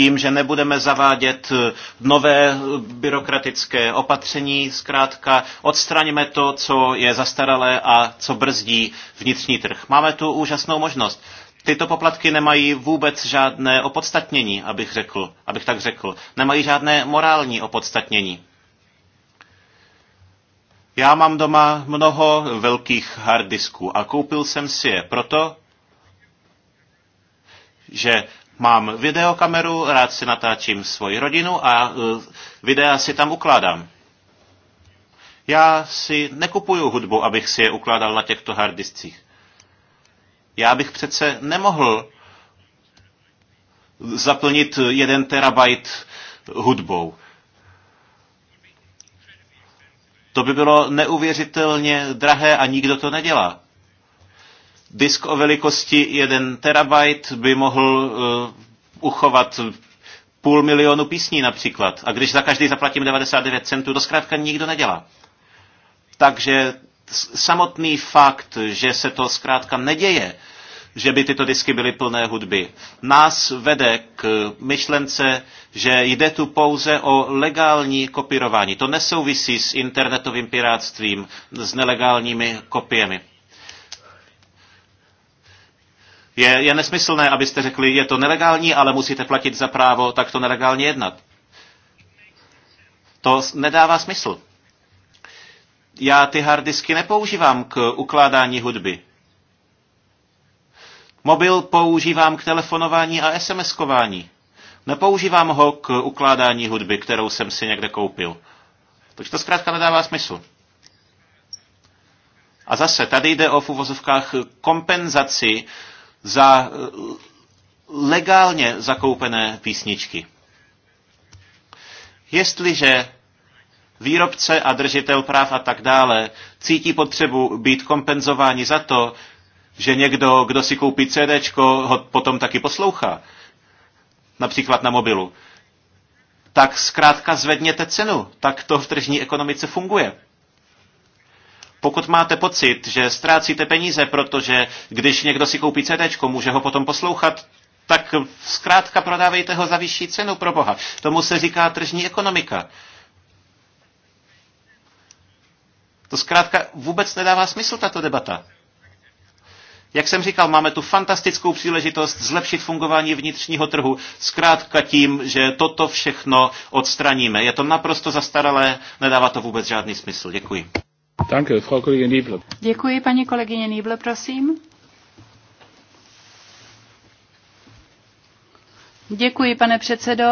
A: tím, že nebudeme zavádět eh, nové eh, byrokratické opatření, zkrátka odstraníme to, co je zastaralé a co brzdí vnitřní trh. Máme tu úžasnou možnost. Tyto poplatky nemají vůbec žádné opodstatnění, abych, řekl, abych tak řekl. Nemají žádné morální opodstatnění. Já mám doma mnoho velkých harddisků a koupil jsem si je proto, že Mám videokameru, rád si natáčím svoji rodinu a e, videa si tam ukládám. Já si nekupuju hudbu, abych si je ukládal na těchto hardiscích. Já bych přece nemohl zaplnit jeden terabajt hudbou. To by bylo neuvěřitelně drahé a nikdo to nedělá. Disk o velikosti 1 terabyte by mohl eh, uchovat půl milionu písní například. A když za každý zaplatím 99 centů, to zkrátka nikdo nedělá. Takže samotný fakt, že se to zkrátka neděje, že by tyto disky byly plné hudby, nás vede k myšlence, že jde tu pouze o legální kopírování. To nesouvisí s internetovým pirátstvím, s nelegálními kopiemi. Je, je nesmyslné, abyste řekli, je to nelegální, ale musíte platit za právo takto nelegálně jednat. To nedává smysl. Já ty harddisky nepoužívám k ukládání hudby. Mobil používám k telefonování a SMS-kování. Nepoužívám ho k ukládání hudby, kterou jsem si někde koupil. Takže to zkrátka nedává smysl. A zase, tady jde o v uvozovkách kompenzaci za eh, legálně zakoupené písničky. Jestliže výrobce a držitel práv a tak dále cítí potřebu být kompenzováni za to, že někdo, kdo si koupí CD, ho potom taky poslouchá, například na mobilu, tak zkrátka zvedněte cenu. Tak to v tržní ekonomice funguje. Pokud máte pocit, že ztrácíte peníze, protože když někdo si koupí CD, může ho potom poslouchat, tak zkrátka prodávejte ho za vyšší cenu pro boha. Tomu se říká tržní ekonomika. To zkrátka vůbec nedává smysl tato debata. Jak jsem říkal, máme tu fantastickou příležitost zlepšit fungování vnitřního trhu, zkrátka tím, že toto všechno odstraníme. Je to naprosto zastaralé, nedává to vůbec žádný smysl. Děkuji. Danke, Frau Kollegin Niebler.
B: Děkuji, paní kolegyně Niebler, prosím. Děkuji, pane předsedo.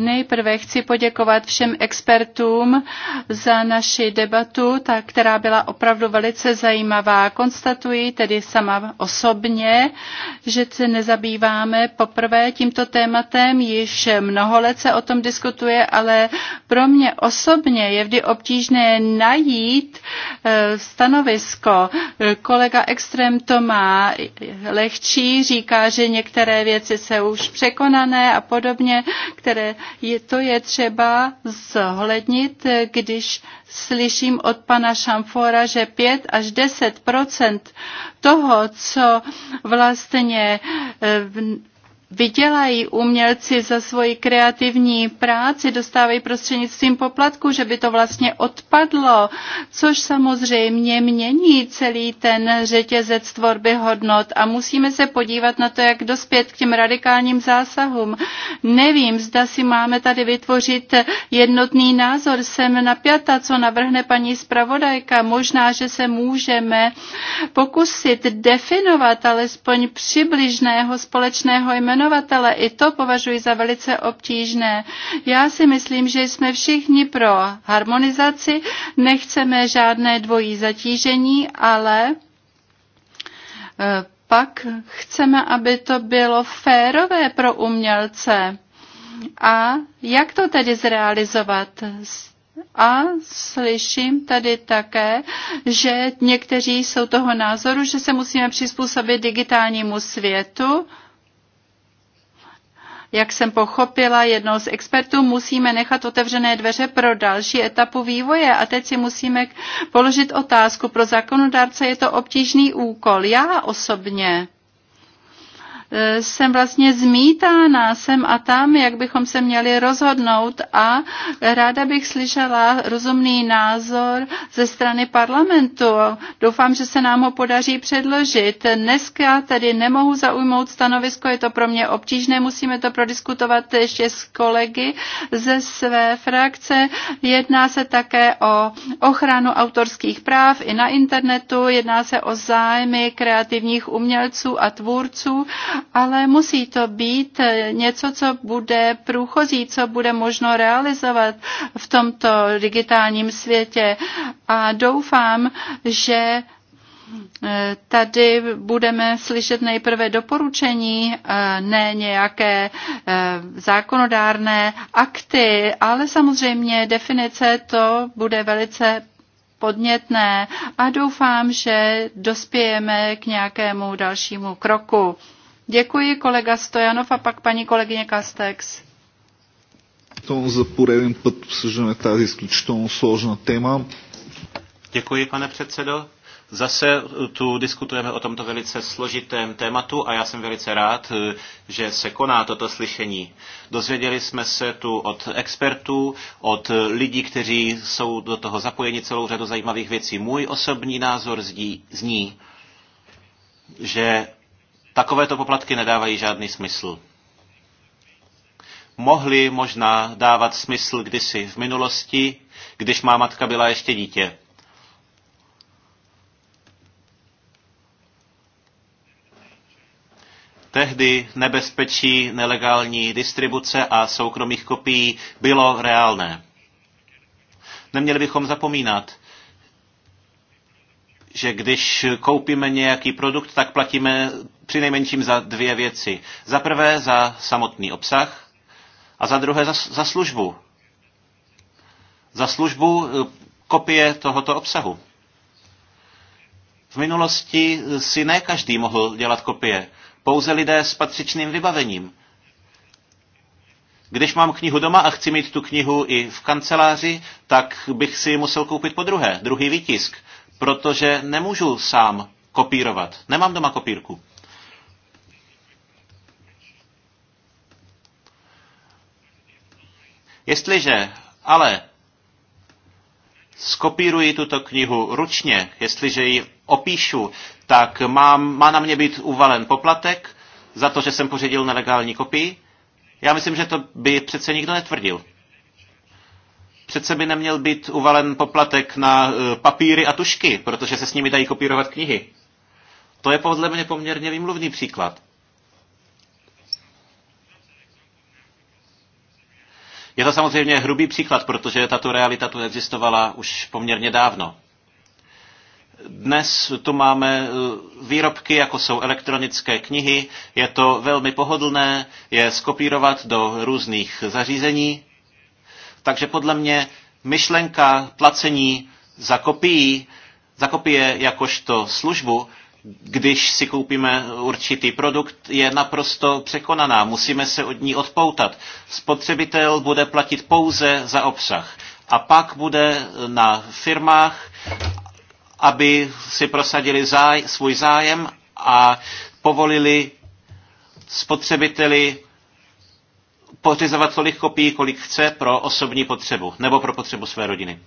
B: Nejprve chci poděkovat všem expertům za naši debatu, ta, která byla opravdu velice zajímavá. Konstatuji tedy sama osobně, že se nezabýváme poprvé tímto tématem, již mnoho let se o tom diskutuje, ale pro mě osobně je vždy obtížné najít eh, stanovisko. Kolega Extrem to má lehčí, říká, že některé věci jsou už překonané a podobně, které je, to je třeba zohlednit, když slyším od pana Šamfora, že 5 až 10 toho, co vlastně eh, vydělají umělci za svoji kreativní práci, dostávají prostřednictvím poplatku, že by to vlastně odpadlo, což samozřejmě mění celý ten řetězec tvorby hodnot a musíme se podívat na to, jak dospět k těm radikálním zásahům. Nevím, zda si máme tady vytvořit jednotný názor. Jsem napjata, co navrhne paní zpravodajka. Možná, že se můžeme pokusit definovat alespoň přibližného společného jmenu jmenovatele. I to považuji za velice obtížné. Já si myslím, že jsme všichni pro harmonizaci, nechceme žádné dvojí zatížení, ale eh, pak chceme, aby to bylo férové pro umělce. A jak to tedy zrealizovat? A slyším tady také, že někteří jsou toho názoru, že se musíme přizpůsobit digitálnímu světu. Jak jsem pochopila jednou z expertů, musíme nechat otevřené dveře pro další etapu vývoje a teď si musíme položit otázku. Pro zákonodárce je to obtížný úkol. Já osobně jsem vlastně zmítána sem a tam, jak bychom se měli rozhodnout a ráda bych slyšela rozumný názor ze strany parlamentu. Doufám, že se nám ho podaří předložit. Dneska tedy nemohu zaujmout stanovisko, je to pro mě obtížné, musíme to prodiskutovat ještě s kolegy ze své frakce. Jedná se také o ochranu autorských práv i na internetu, jedná se o zájmy kreativních umělců a tvůrců ale musí to být eh, něco, co bude průchozí, co bude možno realizovat v tomto digitálním světě. A doufám, že eh, Tady budeme slyšet nejprve doporučení, eh, ne nějaké zákonodárné akty, ale samozřejmě definice to bude velice podnětné a doufám, že dospějeme k nějakému dalšímu kroku. Děkuji kolega Stojanov a pak paní kolegyně Kastex.
A: za poredný pът обсъждаме тази изключително сложна Děkuji, pane předsedo. Zase eh, tu diskutujeme o tomto velice složitém tématu a já jsem velice rád, eh, že se koná toto slyšení. Dozvěděli jsme se tu od expertů, od eh, lidí, kteří jsou do toho zapojeni celou řadu zajímavých věcí. Můj osobní názor zní, že Takovéto poplatky nedávají žádný smysl. Mohly možná dávat smysl kdysi v minulosti, když má matka byla ještě dítě. Tehdy nebezpečí nelegální distribuce a soukromých kopií bylo reálné. Neměli bychom zapomínat, že když koupíme nějaký produkt, tak platíme nejmenším za dvě věci. Za prvé za samotný obsah a za druhé za, za službu. Za službu eh, kopie tohoto obsahu. V minulosti eh, si ne každý mohl dělat kopie, pouze lidé s patřičným vybavením. Když mám knihu doma a chci mít tu knihu i v kanceláři, tak bych si ji musel koupit po druhé, druhý výtisk protože nemůžu sám kopírovat. Nemám doma kopírku. Jestliže ale skopíruji tuto knihu ručně, jestliže ji opíšu, tak má, má na mě být uvalen poplatek za to, že jsem pořídil nelegální kopii? Já myslím, že to by přece nikdo netvrdil. Přece by neměl být uvalen poplatek na e, papíry a tušky, protože se s nimi dají kopírovat knihy. To je podle mě poměrně výmluvný příklad. Je to samozřejmě hrubý příklad, protože tato realita tu existovala už poměrně dávno. Dnes tu máme e, výrobky, jako jsou elektronické knihy. Je to velmi pohodlné je skopírovat do různých zařízení takže podle mě myšlenka placení za kopii, za kopie jakožto službu, když si koupíme určitý produkt, je naprosto překonaná. Musíme se od ní odpoutat. Spotřebitel bude platit pouze za obsah. A pak bude na firmách, aby si prosadili záj, svůj zájem a povolili spotřebiteli pořizovat tolik kopií, kolik chce pro osobní potřebu nebo pro potřebu své rodiny.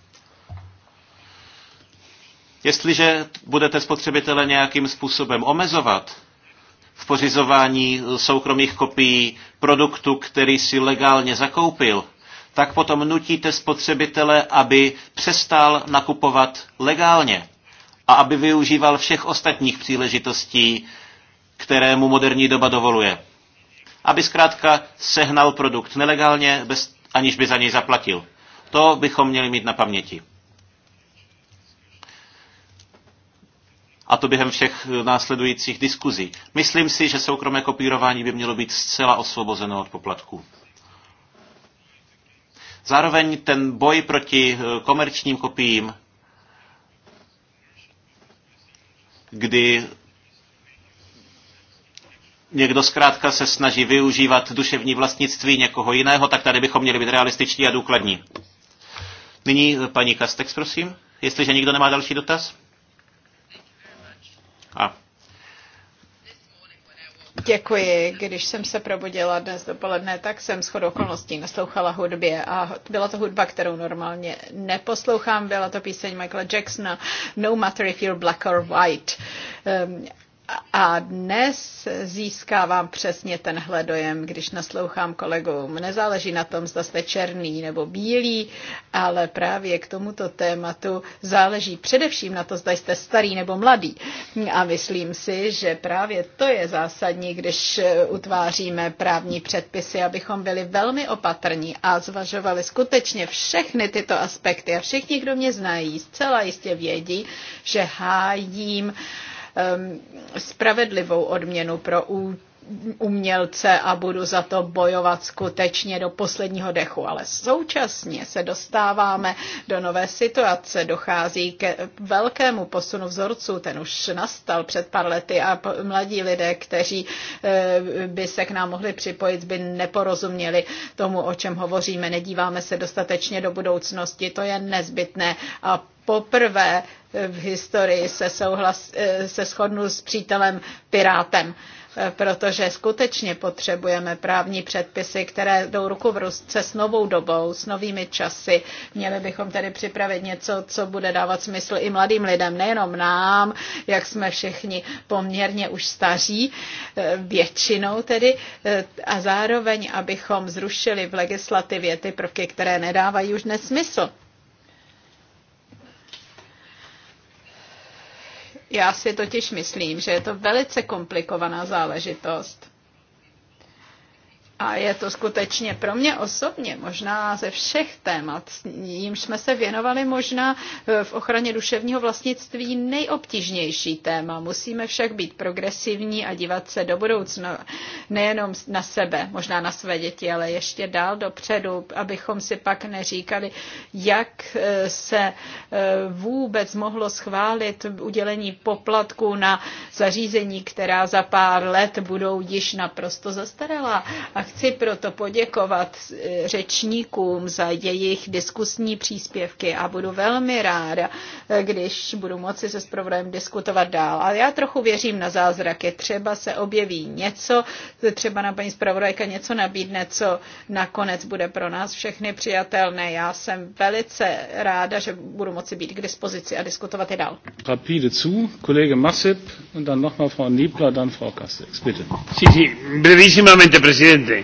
A: Jestliže budete spotřebitele nějakým způsobem omezovat v pořizování soukromých kopií produktu, který si legálně zakoupil, tak potom nutíte spotřebitele, aby přestal nakupovat legálně a aby využíval všech ostatních příležitostí, které mu moderní doba dovoluje aby zkrátka sehnal produkt nelegálně, bez, aniž by za něj zaplatil. To bychom měli mít na paměti. a to během všech eh, následujících diskuzí. Myslím si, že soukromé kopírování by mělo být zcela osvobozeno od poplatků. Zároveň ten boj proti eh, komerčním kopiím, kdy někdo zkrátka se snaží využívat duševní vlastnictví někoho jiného, tak tady bychom měli být realističtí a důkladní. Nyní eh, paní Kastex, prosím, jestliže nikdo nemá další dotaz. A.
C: Děkuji. Když jsem se probudila dnes dopoledne, tak jsem s chodou okolností naslouchala hudbě a byla to hudba, kterou normálně neposlouchám. Byla to píseň Michaela Jacksona No Matter If You're Black or White. Ehm, a dnes získávám přesně tenhle dojem, když naslouchám kolegům. Nezáleží na tom, zda jste černý nebo bílý, ale právě k tomuto tématu záleží především na to, zda jste starý nebo mladý. A myslím si, že právě to je zásadní, když eh, utváříme právní předpisy, abychom byli velmi opatrní a zvažovali skutečně všechny tyto aspekty. A všichni, kdo mě znají, zcela jistě vědí, že hájím uh, Um, spravedlivou odměnu pro umělce a budu za to bojovat skutečně do posledního dechu. Ale současně se dostáváme do nové situace, dochází ke velkému posunu vzorců, ten už nastal před pár lety a mladí lidé, kteří eh, by se k nám mohli připojit, by neporozuměli tomu, o čem hovoříme, nedíváme se dostatečně do budoucnosti, to je nezbytné a poprvé v historii se, souhlas, eh, se shodnu s přítelem Pirátem, eh, protože skutečně potřebujeme právní předpisy, které jdou ruku v ruce s novou dobou, s novými časy. Měli bychom tedy připravit něco, co bude dávat smysl i mladým lidem, nejenom nám, jak jsme všichni poměrně už staří, eh, většinou tedy, a zároveň, abychom zrušili v legislativě ty prvky, které nedávají už dnes smysl Já si totiž myslím, že je to velice komplikovaná záležitost a je to skutečně pro mě osobně možná ze všech témat, jimž jsme se věnovali možná eh, v ochraně duševního vlastnictví nejobtížnější téma. Musíme však být progresivní a dívat se do budoucna, nejenom na sebe, možná na své děti, ale ještě dál dopředu, abychom si pak neříkali, jak eh, se eh, vůbec mohlo schválit udělení poplatku na zařízení, která za pár let budou již naprosto zastaralá a Chci proto poděkovat eh, řečníkům za jejich diskusní příspěvky a budu velmi ráda, eh, když budu moci se s problémem diskutovat dál. Ale já trochu věřím na zázraky. Třeba se objeví něco, třeba na paní zpravodajka něco nabídne, co nakonec bude pro nás všechny přijatelné. Já jsem velice ráda, že budu moci být k dispozici a diskutovat i dál.
D: Rapide zu, kolege Masip, und dann nochmal Frau Niebler, dann Frau Kastex,
A: bitte.
C: Sí,
D: sí, brevísimamente, presidente.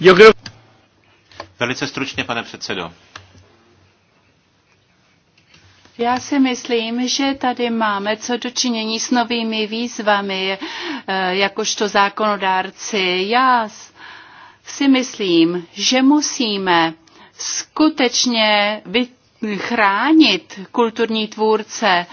A: Yo creo... Velice stručně, pane předsedo.
B: Já si myslím, že tady máme co dočinění s novými výzvami, eh, jakožto zákonodárci. Já si myslím, že musíme skutečně chránit kulturní tvůrce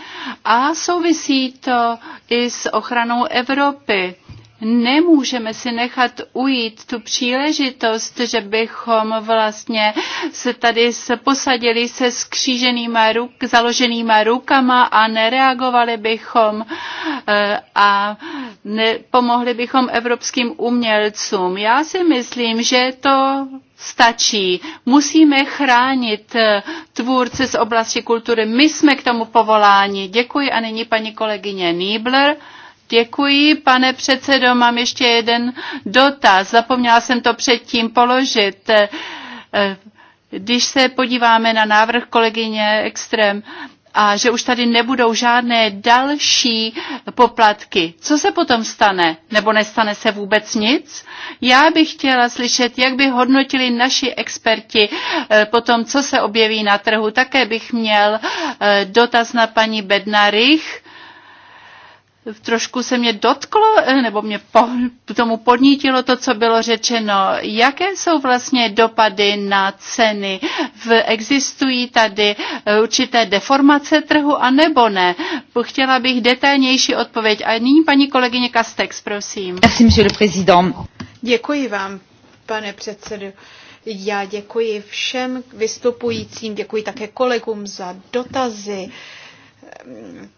B: a souvisí to i s ochranou Evropy. Nemůžeme si nechat ujít tu příležitost, že bychom vlastně se tady posadili se skříženýma ruk, založenýma rukama a nereagovali bychom eh, a ne, pomohli bychom evropským umělcům. Já si myslím, že to stačí. Musíme chránit eh, tvůrce z oblasti kultury. My jsme k tomu povoláni. Děkuji a nyní paní kolegyně Niebler. Děkuji, pane předsedo. Mám ještě jeden dotaz. Zapomněla jsem to předtím položit. Eh, když se podíváme na návrh kolegyně Extrém, a že už tady nebudou žádné další poplatky. Co se potom stane? Nebo nestane se vůbec nic? Já bych chtěla slyšet, jak by hodnotili naši experti eh, potom, co se objeví na trhu. Také bych měl eh, dotaz na paní Bednarich trošku se mě dotklo, eh, nebo mě po, tomu podnítilo to, co bylo řečeno. Jaké jsou vlastně dopady na ceny? V, existují tady eh, určité deformace trhu, anebo ne? Chtěla bych detailnější odpověď. A
C: nyní paní kolegyně Kastex, prosím. Děkuji vám, pane předsedu. Já děkuji všem vystupujícím, děkuji také kolegům za dotazy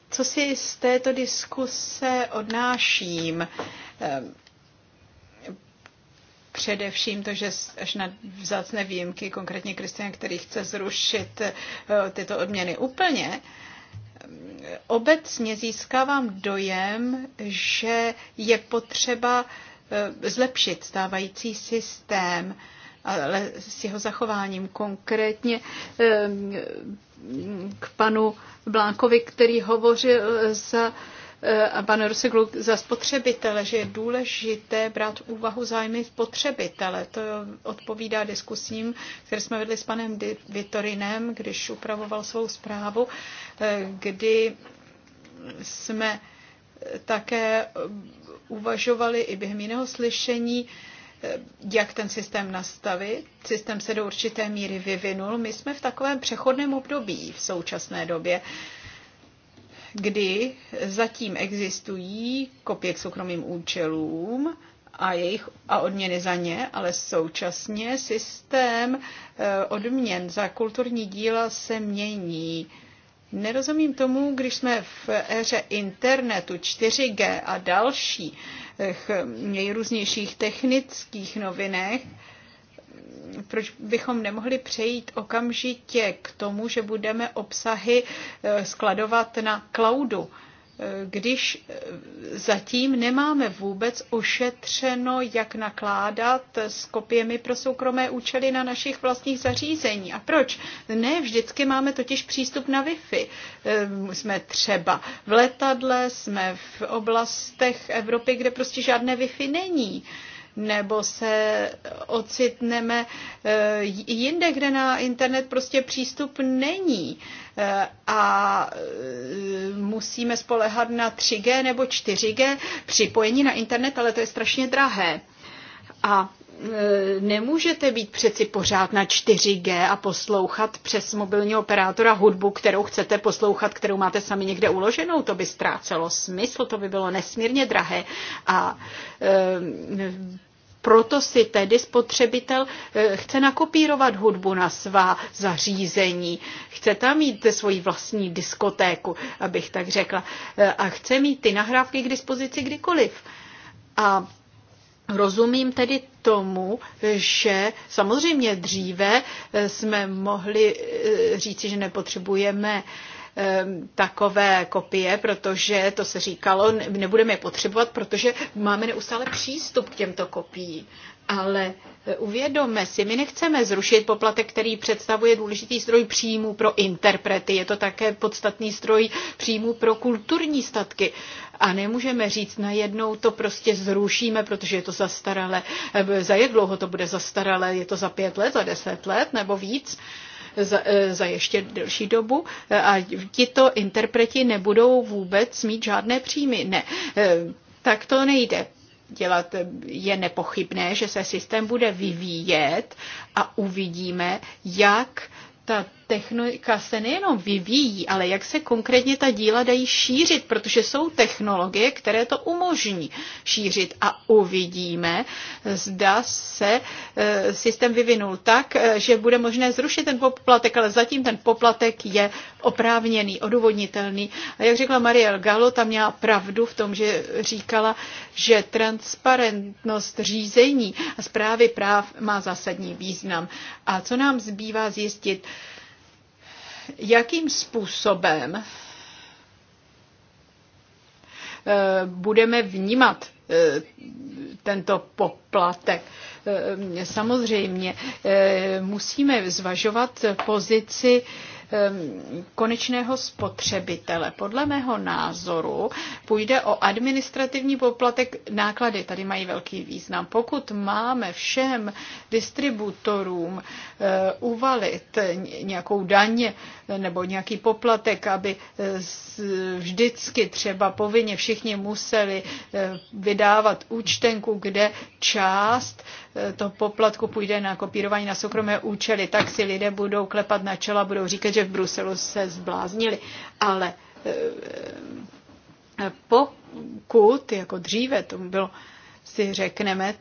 C: co si z této diskuse odnáším? Ehm, především to, že až na vzácné výjimky, konkrétně Kristian, který chce zrušit eh, tyto odměny úplně, ehm, obecně získávám dojem, že je potřeba eh, zlepšit stávající systém, ale s jeho zachováním konkrétně ehm, k panu Blánkovi, který hovořil za eh, a pan Rosiglu za spotřebitele, že je důležité brát v úvahu zájmy spotřebitele. To odpovídá diskusím, které jsme vedli s panem Vitorinem, když upravoval svou zprávu, eh, kdy jsme také uvažovali i během jiného slyšení, Eh, jak ten systém nastavit. Systém se do určité míry vyvinul. My jsme v takovém přechodném období v současné době, kdy zatím existují kopie k soukromým účelům a, jejich, a odměny za ně, ale současně systém eh, odměn za kulturní díla se mění. Nerozumím tomu, když jsme v éře internetu 4G a další, Eh, nejrůznějších technických novinech, proč bychom nemohli přejít okamžitě k tomu, že budeme obsahy eh, skladovat na cloudu když zatím nemáme vůbec ošetřeno, jak nakládat s kopiemi pro soukromé účely na našich vlastních zařízení. A proč? Ne, vždycky máme totiž přístup na Wi-Fi. Ehm, jsme třeba v letadle, jsme v oblastech Evropy, kde prostě žádné Wi-Fi není nebo se ocitneme eh, jinde, kde na internet prostě přístup není eh, a eh, musíme spolehat na 3G nebo 4G připojení na internet, ale to je strašně drahé. A nemůžete být přeci pořád na 4G a poslouchat přes mobilní operátora hudbu, kterou chcete poslouchat, kterou máte sami někde uloženou. To by ztrácelo smysl, to by bylo nesmírně drahé. A proto si tedy spotřebitel eh, chce nakopírovat hudbu na svá zařízení. Chce tam mít svoji vlastní diskotéku, abych tak řekla. Eh, a chce mít ty nahrávky k dispozici kdykoliv. A Rozumím tedy tomu, že samozřejmě dříve eh, jsme mohli říci, že nepotřebujeme Ehm, takové kopie, protože to se říkalo, nebudeme je potřebovat, protože máme neustále přístup k těmto kopiím. Ale e, uvědomme si, my nechceme zrušit poplatek, který představuje důležitý zdroj příjmů pro interprety. Je to také podstatný zdroj příjmů pro kulturní statky. A nemůžeme říct, najednou to prostě zrušíme, protože je to zastaralé. E, za jak dlouho to bude zastaralé? Je to za pět let, za deset let nebo víc? Uh, E, za ještě delší dobu e, a tito interpreti nebudou vůbec mít žádné příjmy. Ne, e, tak to nejde dělat. Je nepochybné, že se systém bude vyvíjet a uvidíme, jak ta technika se nejenom vyvíjí, ale jak se konkrétně ta díla dají šířit, protože jsou technologie, které to umožní šířit a uvidíme, zda se eh, systém vyvinul tak, eh, že bude možné zrušit ten poplatek, ale zatím ten poplatek je oprávněný, odůvodnitelný. A jak řekla Marielle Gallo, tam měla pravdu v tom, že říkala, že transparentnost řízení a zprávy práv má zásadní význam. A co nám zbývá zjistit? jakým způsobem eh, budeme vnímat eh, tento poplatek. Eh, samozřejmě musíme zvažovat pozici Ehm, konečného spotřebitele. Podle mého názoru půjde o administrativní poplatek náklady. Tady mají velký význam. Pokud máme všem distributorům eh, uvalit nějakou daň nebo nějaký poplatek, aby eh, vždycky třeba povinně všichni museli eh, vydávat účtenku, kde část to poplatku půjde na kopírování na soukromé účely, tak si lidé budou klepat na čela, budou říkat, že v Bruselu se zbláznili. Ale eh, eh, pokud, jako dříve to bylo, si řekneme,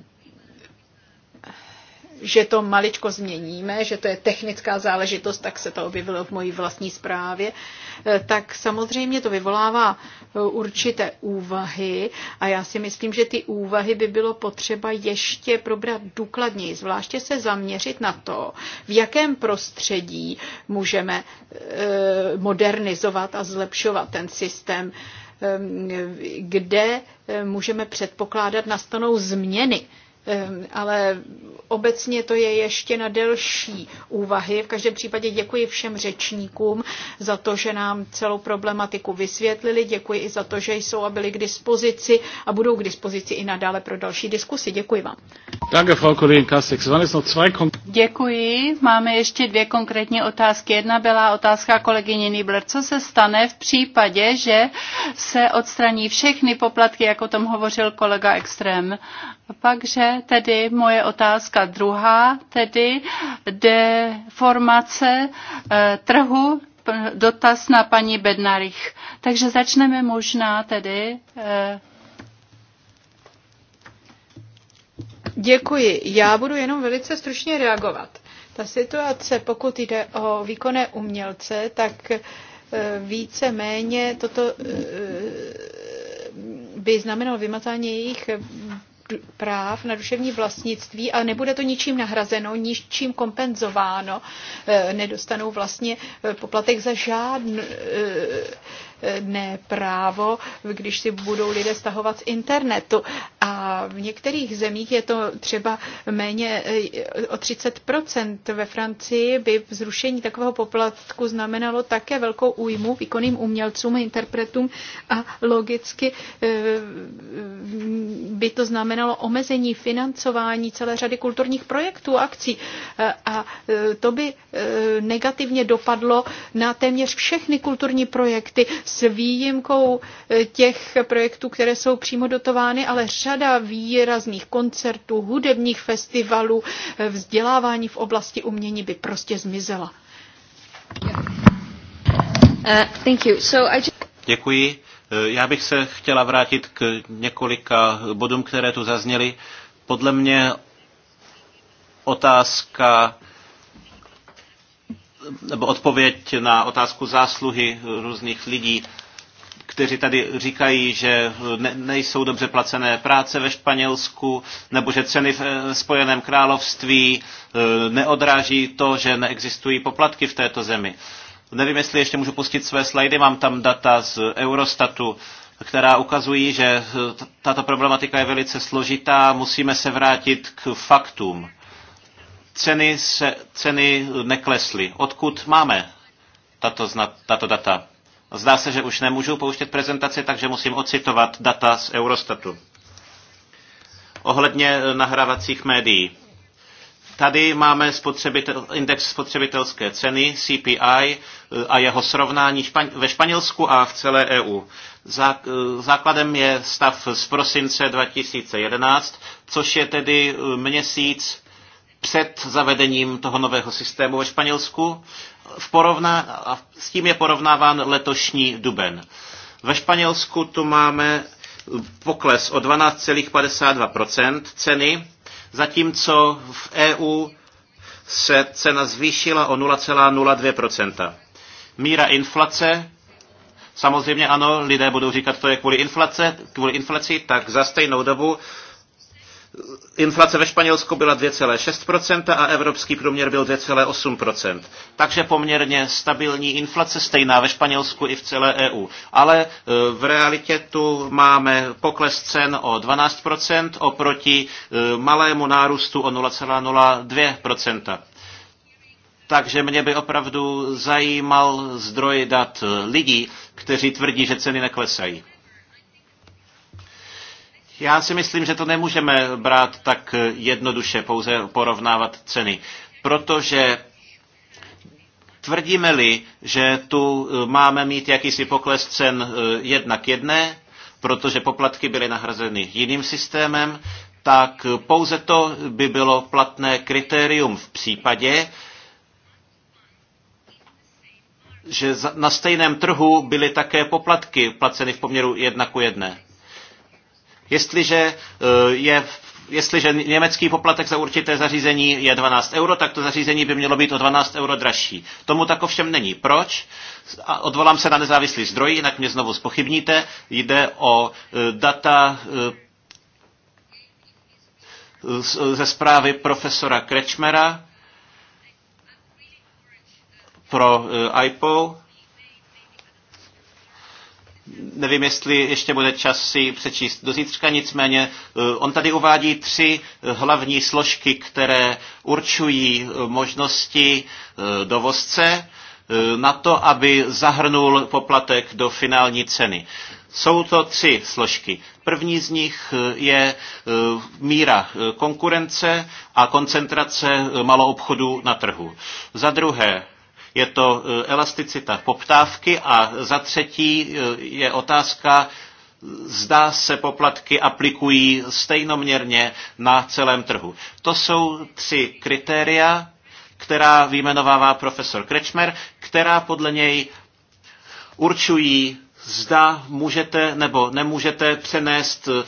C: že to maličko změníme, že to je technická záležitost, tak se to objevilo v mojí vlastní zprávě, eh, tak samozřejmě to vyvolává eh, určité úvahy a já si myslím, že ty úvahy by bylo potřeba ještě probrat důkladněji, zvláště se zaměřit na to, v jakém prostředí můžeme eh, modernizovat a zlepšovat ten systém, kde můžeme předpokládat nastanou změny Ehm, ale obecně to je ještě na delší úvahy. V každém případě děkuji všem řečníkům za to, že nám celou problematiku vysvětlili. Děkuji i za to, že jsou a byli k dispozici a budou k dispozici i nadále pro další diskusy. Děkuji vám. Děkuji. Máme ještě dvě konkrétní otázky. Jedna byla otázka
B: kolegyně Nibler. Co se stane v případě, že se odstraní všechny poplatky, jak o tom hovořil kolega Extrém? Takže tedy moje otázka druhá, tedy deformace eh, trhu, dotaz na paní Bednarich. Takže začneme možná tedy. Eh,
C: Děkuji. Já budu jenom velice stručně reagovat. Ta situace, pokud jde o výkonné umělce, tak eh, více méně toto by znamenalo vymazání jejich práv na duševní vlastnictví a nebude to ničím nahrazeno, ničím kompenzováno. Eh, nedostanou vlastně eh, poplatek za žádný eh, ne právo, když si budou lidé stahovat z internetu. A v některých zemích je to třeba méně eh, o 30%. Ve Francii by zrušení takového poplatku znamenalo také velkou újmu výkonným umělcům a interpretům a logicky eh, by to znamenalo omezení financování celé řady kulturních projektů, akcí. Eh, a to by negativně dopadlo na téměř všechny kulturní projekty, s výjimkou eh, těch projektů, které jsou přímo dotovány, ale řada výrazných koncertů, hudebních festivalů, eh, vzdělávání v oblasti umění by prostě zmizela.
A: Eh, Děkuji. Já bych se chtěla vrátit k několika bodům, které tu zazněly. Podle mě otázka nebo odpověď na otázku zásluhy různých lidí, kteří tady říkají, že ne, nejsou dobře placené práce ve Španělsku, nebo že ceny v eh, Spojeném království eh, neodráží to, že neexistují poplatky v této zemi. Nevím, jestli ještě můžu pustit své slajdy, mám tam data z Eurostatu, která ukazují, že eh, tato problematika je velice složitá, musíme se vrátit k faktům ceny, se, ceny neklesly. Odkud máme tato, tato data? Zdá se, že už nemůžu pouštět prezentaci, takže musím ocitovat data z Eurostatu. Ohledně eh, nahrávacích médií. Tady máme spotřebitel, index spotřebitelské ceny, CPI, eh, a jeho srovnání špan, ve Španělsku a v celé EU. Zá, eh, základem je stav z prosince 2011, což je tedy měsíc před zavedením toho nového systému ve Španělsku. V porovna, a s tím je porovnáván letošní duben. Ve Španělsku tu máme pokles o 12,52 ceny, zatímco v EU se cena zvýšila o 0,02 Míra inflace, samozřejmě ano, lidé budou říkat, to je kvůli inflace, kvůli inflaci, tak za stejnou dobu Inflace ve Španělsku byla 2,6% a evropský průměr byl 2,8%. Takže poměrně stabilní inflace, stejná ve Španělsku i v celé EU. Ale e, v realitě tu máme pokles cen o 12% oproti e, malému nárůstu o 0,02%. Takže mě by opravdu zajímal zdroj dat e, lidí, kteří tvrdí, že ceny neklesají. Já si myslím, že to nemůžeme brát tak jednoduše, pouze porovnávat ceny, protože tvrdíme-li, že tu e, máme mít jakýsi pokles cen e, jednak jedné, protože poplatky byly nahrazeny jiným systémem, tak pouze to by bylo platné kritérium v případě, že na stejném trhu byly také poplatky placeny v poměru jedna ku jedné. Jestliže eh, je Jestliže německý poplatek za určité zařízení je 12 euro, tak to zařízení by mělo být o 12 euro dražší. Tomu tak ovšem není. Proč? Odvolám se na nezávislý zdroj, jinak mě znovu spochybníte. Jde o eh, data eh, ze zprávy profesora Krečmera pro IPO. Nevím, jestli ještě bude čas si přečíst do zítřka, nicméně eh, on tady uvádí tři eh, hlavní složky, které určují eh, možnosti dovozce na to, aby zahrnul poplatek do finální ceny. Jsou to tři složky. První z nich je míra konkurence a koncentrace maloobchodu na trhu. Za druhé je to eh, elasticita poptávky a za třetí eh, je otázka, zda se poplatky aplikují stejnoměrně na celém trhu. To jsou tři kritéria, která vyjmenovává profesor Krečmer, která podle něj určují, zda můžete nebo nemůžete přenést eh,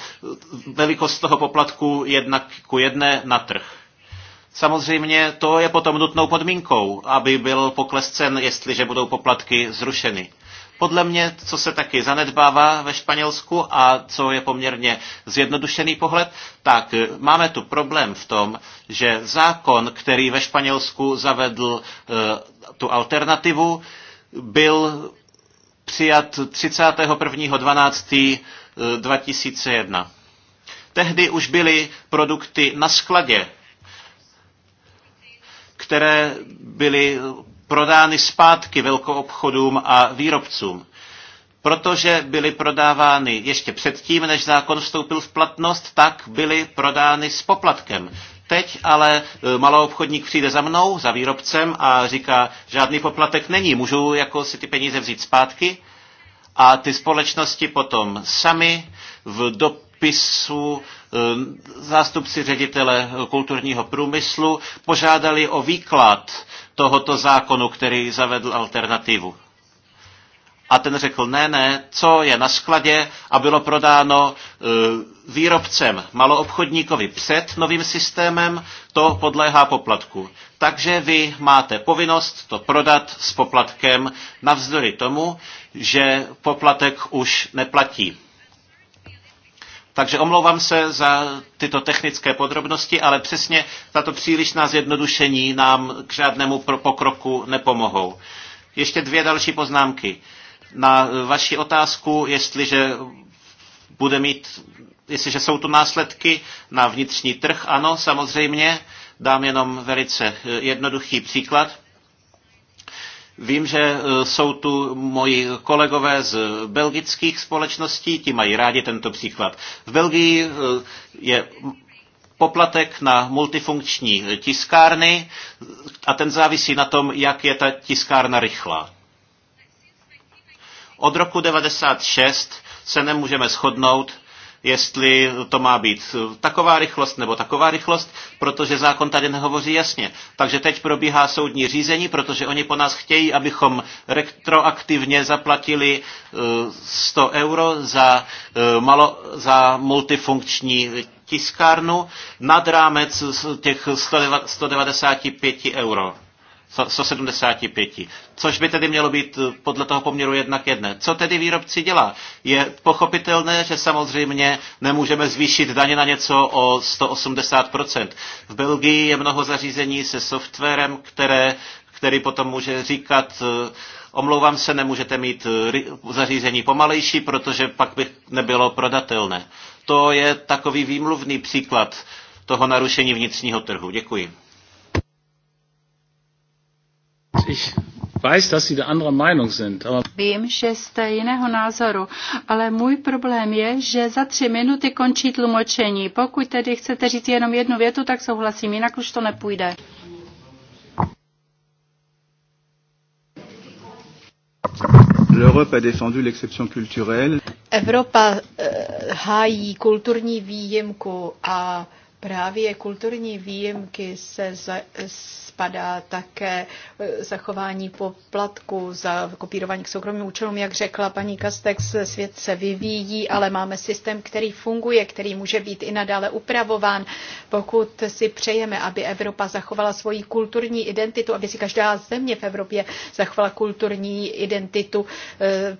A: velikost toho poplatku jednak ku jedné na trh. Samozřejmě to je potom nutnou podmínkou, aby byl pokles cen, jestliže budou poplatky zrušeny. Podle mě, co se taky zanedbává ve Španělsku a co je poměrně zjednodušený pohled, tak máme tu problém v tom, že zákon, který ve Španělsku zavedl eh, tu alternativu, byl přijat 31.12.2001. Eh, Tehdy už byly produkty na skladě které byly prodány zpátky velkoobchodům a výrobcům protože byly prodávány ještě předtím, než zákon vstoupil v platnost, tak byly prodány s poplatkem. Teď ale e, malou obchodník přijde za mnou, za výrobcem a říká, žádný poplatek není, můžu jako si ty peníze vzít zpátky a ty společnosti potom sami v dopisu Ehm, zástupci ředitele kulturního průmyslu požádali o výklad tohoto zákonu, který zavedl alternativu. A ten řekl, ne, ne, co je na skladě a bylo prodáno ehm, výrobcem, maloobchodníkovi před novým systémem, to podléhá poplatku. Takže vy máte povinnost to prodat s poplatkem navzdory tomu, že poplatek už neplatí. Takže omlouvám se za tyto technické podrobnosti, ale přesně tato přílišná zjednodušení nám k žádnému pokroku nepomohou. Ještě dvě další poznámky. Na vaši otázku, jestliže bude mít, jestliže jsou tu následky na vnitřní trh, ano, samozřejmě, dám jenom velice jednoduchý příklad. Vím, že e, jsou tu moji kolegové z belgických společností, ti mají rádi tento příklad. V Belgii e, je poplatek na multifunkční tiskárny a ten závisí na tom, jak je ta tiskárna rychlá. Od roku 96 se nemůžeme shodnout, jestli to má být taková rychlost nebo taková rychlost, protože zákon tady nehovoří jasně. Takže teď probíhá soudní řízení, protože oni po nás chtějí, abychom retroaktivně zaplatili 100 e, euro za, e, malo, za multifunkční tiskárnu nad rámec těch 195 euro. 175. Což by tedy mělo být eh, podle toho poměru jednak jedné. Co tedy výrobci dělá? Je pochopitelné, že samozřejmě nemůžeme zvýšit daně na něco o 180%. V Belgii je mnoho zařízení se softwarem, které, který potom může říkat, eh, omlouvám se, nemůžete mít eh, zařízení pomalejší, protože pak by nebylo prodatelné. To je takový výmluvný příklad toho narušení vnitřního trhu. Děkuji.
D: Ich weiß, dass Sie der Meinung sind, aber
B: Vím, že jste jiného názoru, ale můj problém je, že za tři minuty končí tlumočení. Pokud tedy chcete říct jenom jednu větu, tak souhlasím, jinak už to nepůjde. a défendu l'exception culturelle.
C: Evropa eh, hájí kulturní výjimku a Právě kulturní výjimky se za, spadá také eh, zachování poplatku za kopírování k soukromým účelům. Jak řekla paní Kastex, svět se vyvíjí, ale máme systém, který funguje, který může být i nadále upravován. Pokud si přejeme, aby Evropa zachovala svoji kulturní identitu, aby si každá země v Evropě zachovala kulturní identitu, eh,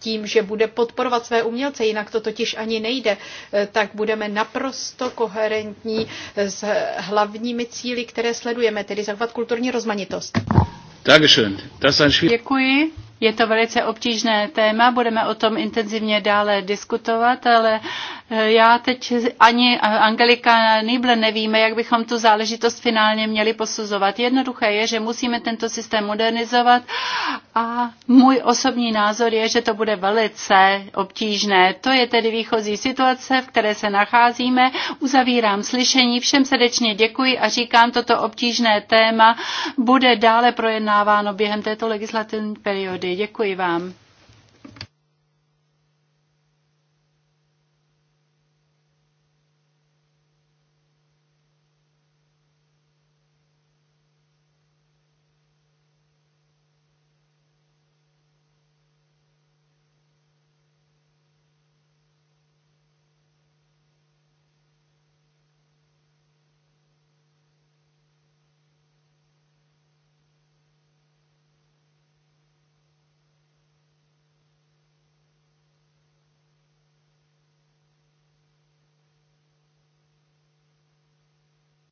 C: tím, že bude podporovat své umělce, jinak to totiž ani nejde, eh, tak budeme naprosto koherentní s hlavními cíly, které sledujeme, tedy zachovat kulturní rozmanitost. Děkuji.
B: Je to velice obtížné téma, budeme o tom intenzivně dále diskutovat, ale já teď ani Angelika Nýble nevíme, jak bychom tu záležitost finálně měli posuzovat. Jednoduché je, že musíme tento systém modernizovat a můj osobní názor je, že to bude velice obtížné. To je tedy výchozí situace, v které se nacházíme. Uzavírám slyšení, všem srdečně děkuji a říkám, toto obtížné téma bude dále projednáváno během této legislativní periody. Děkuji vám.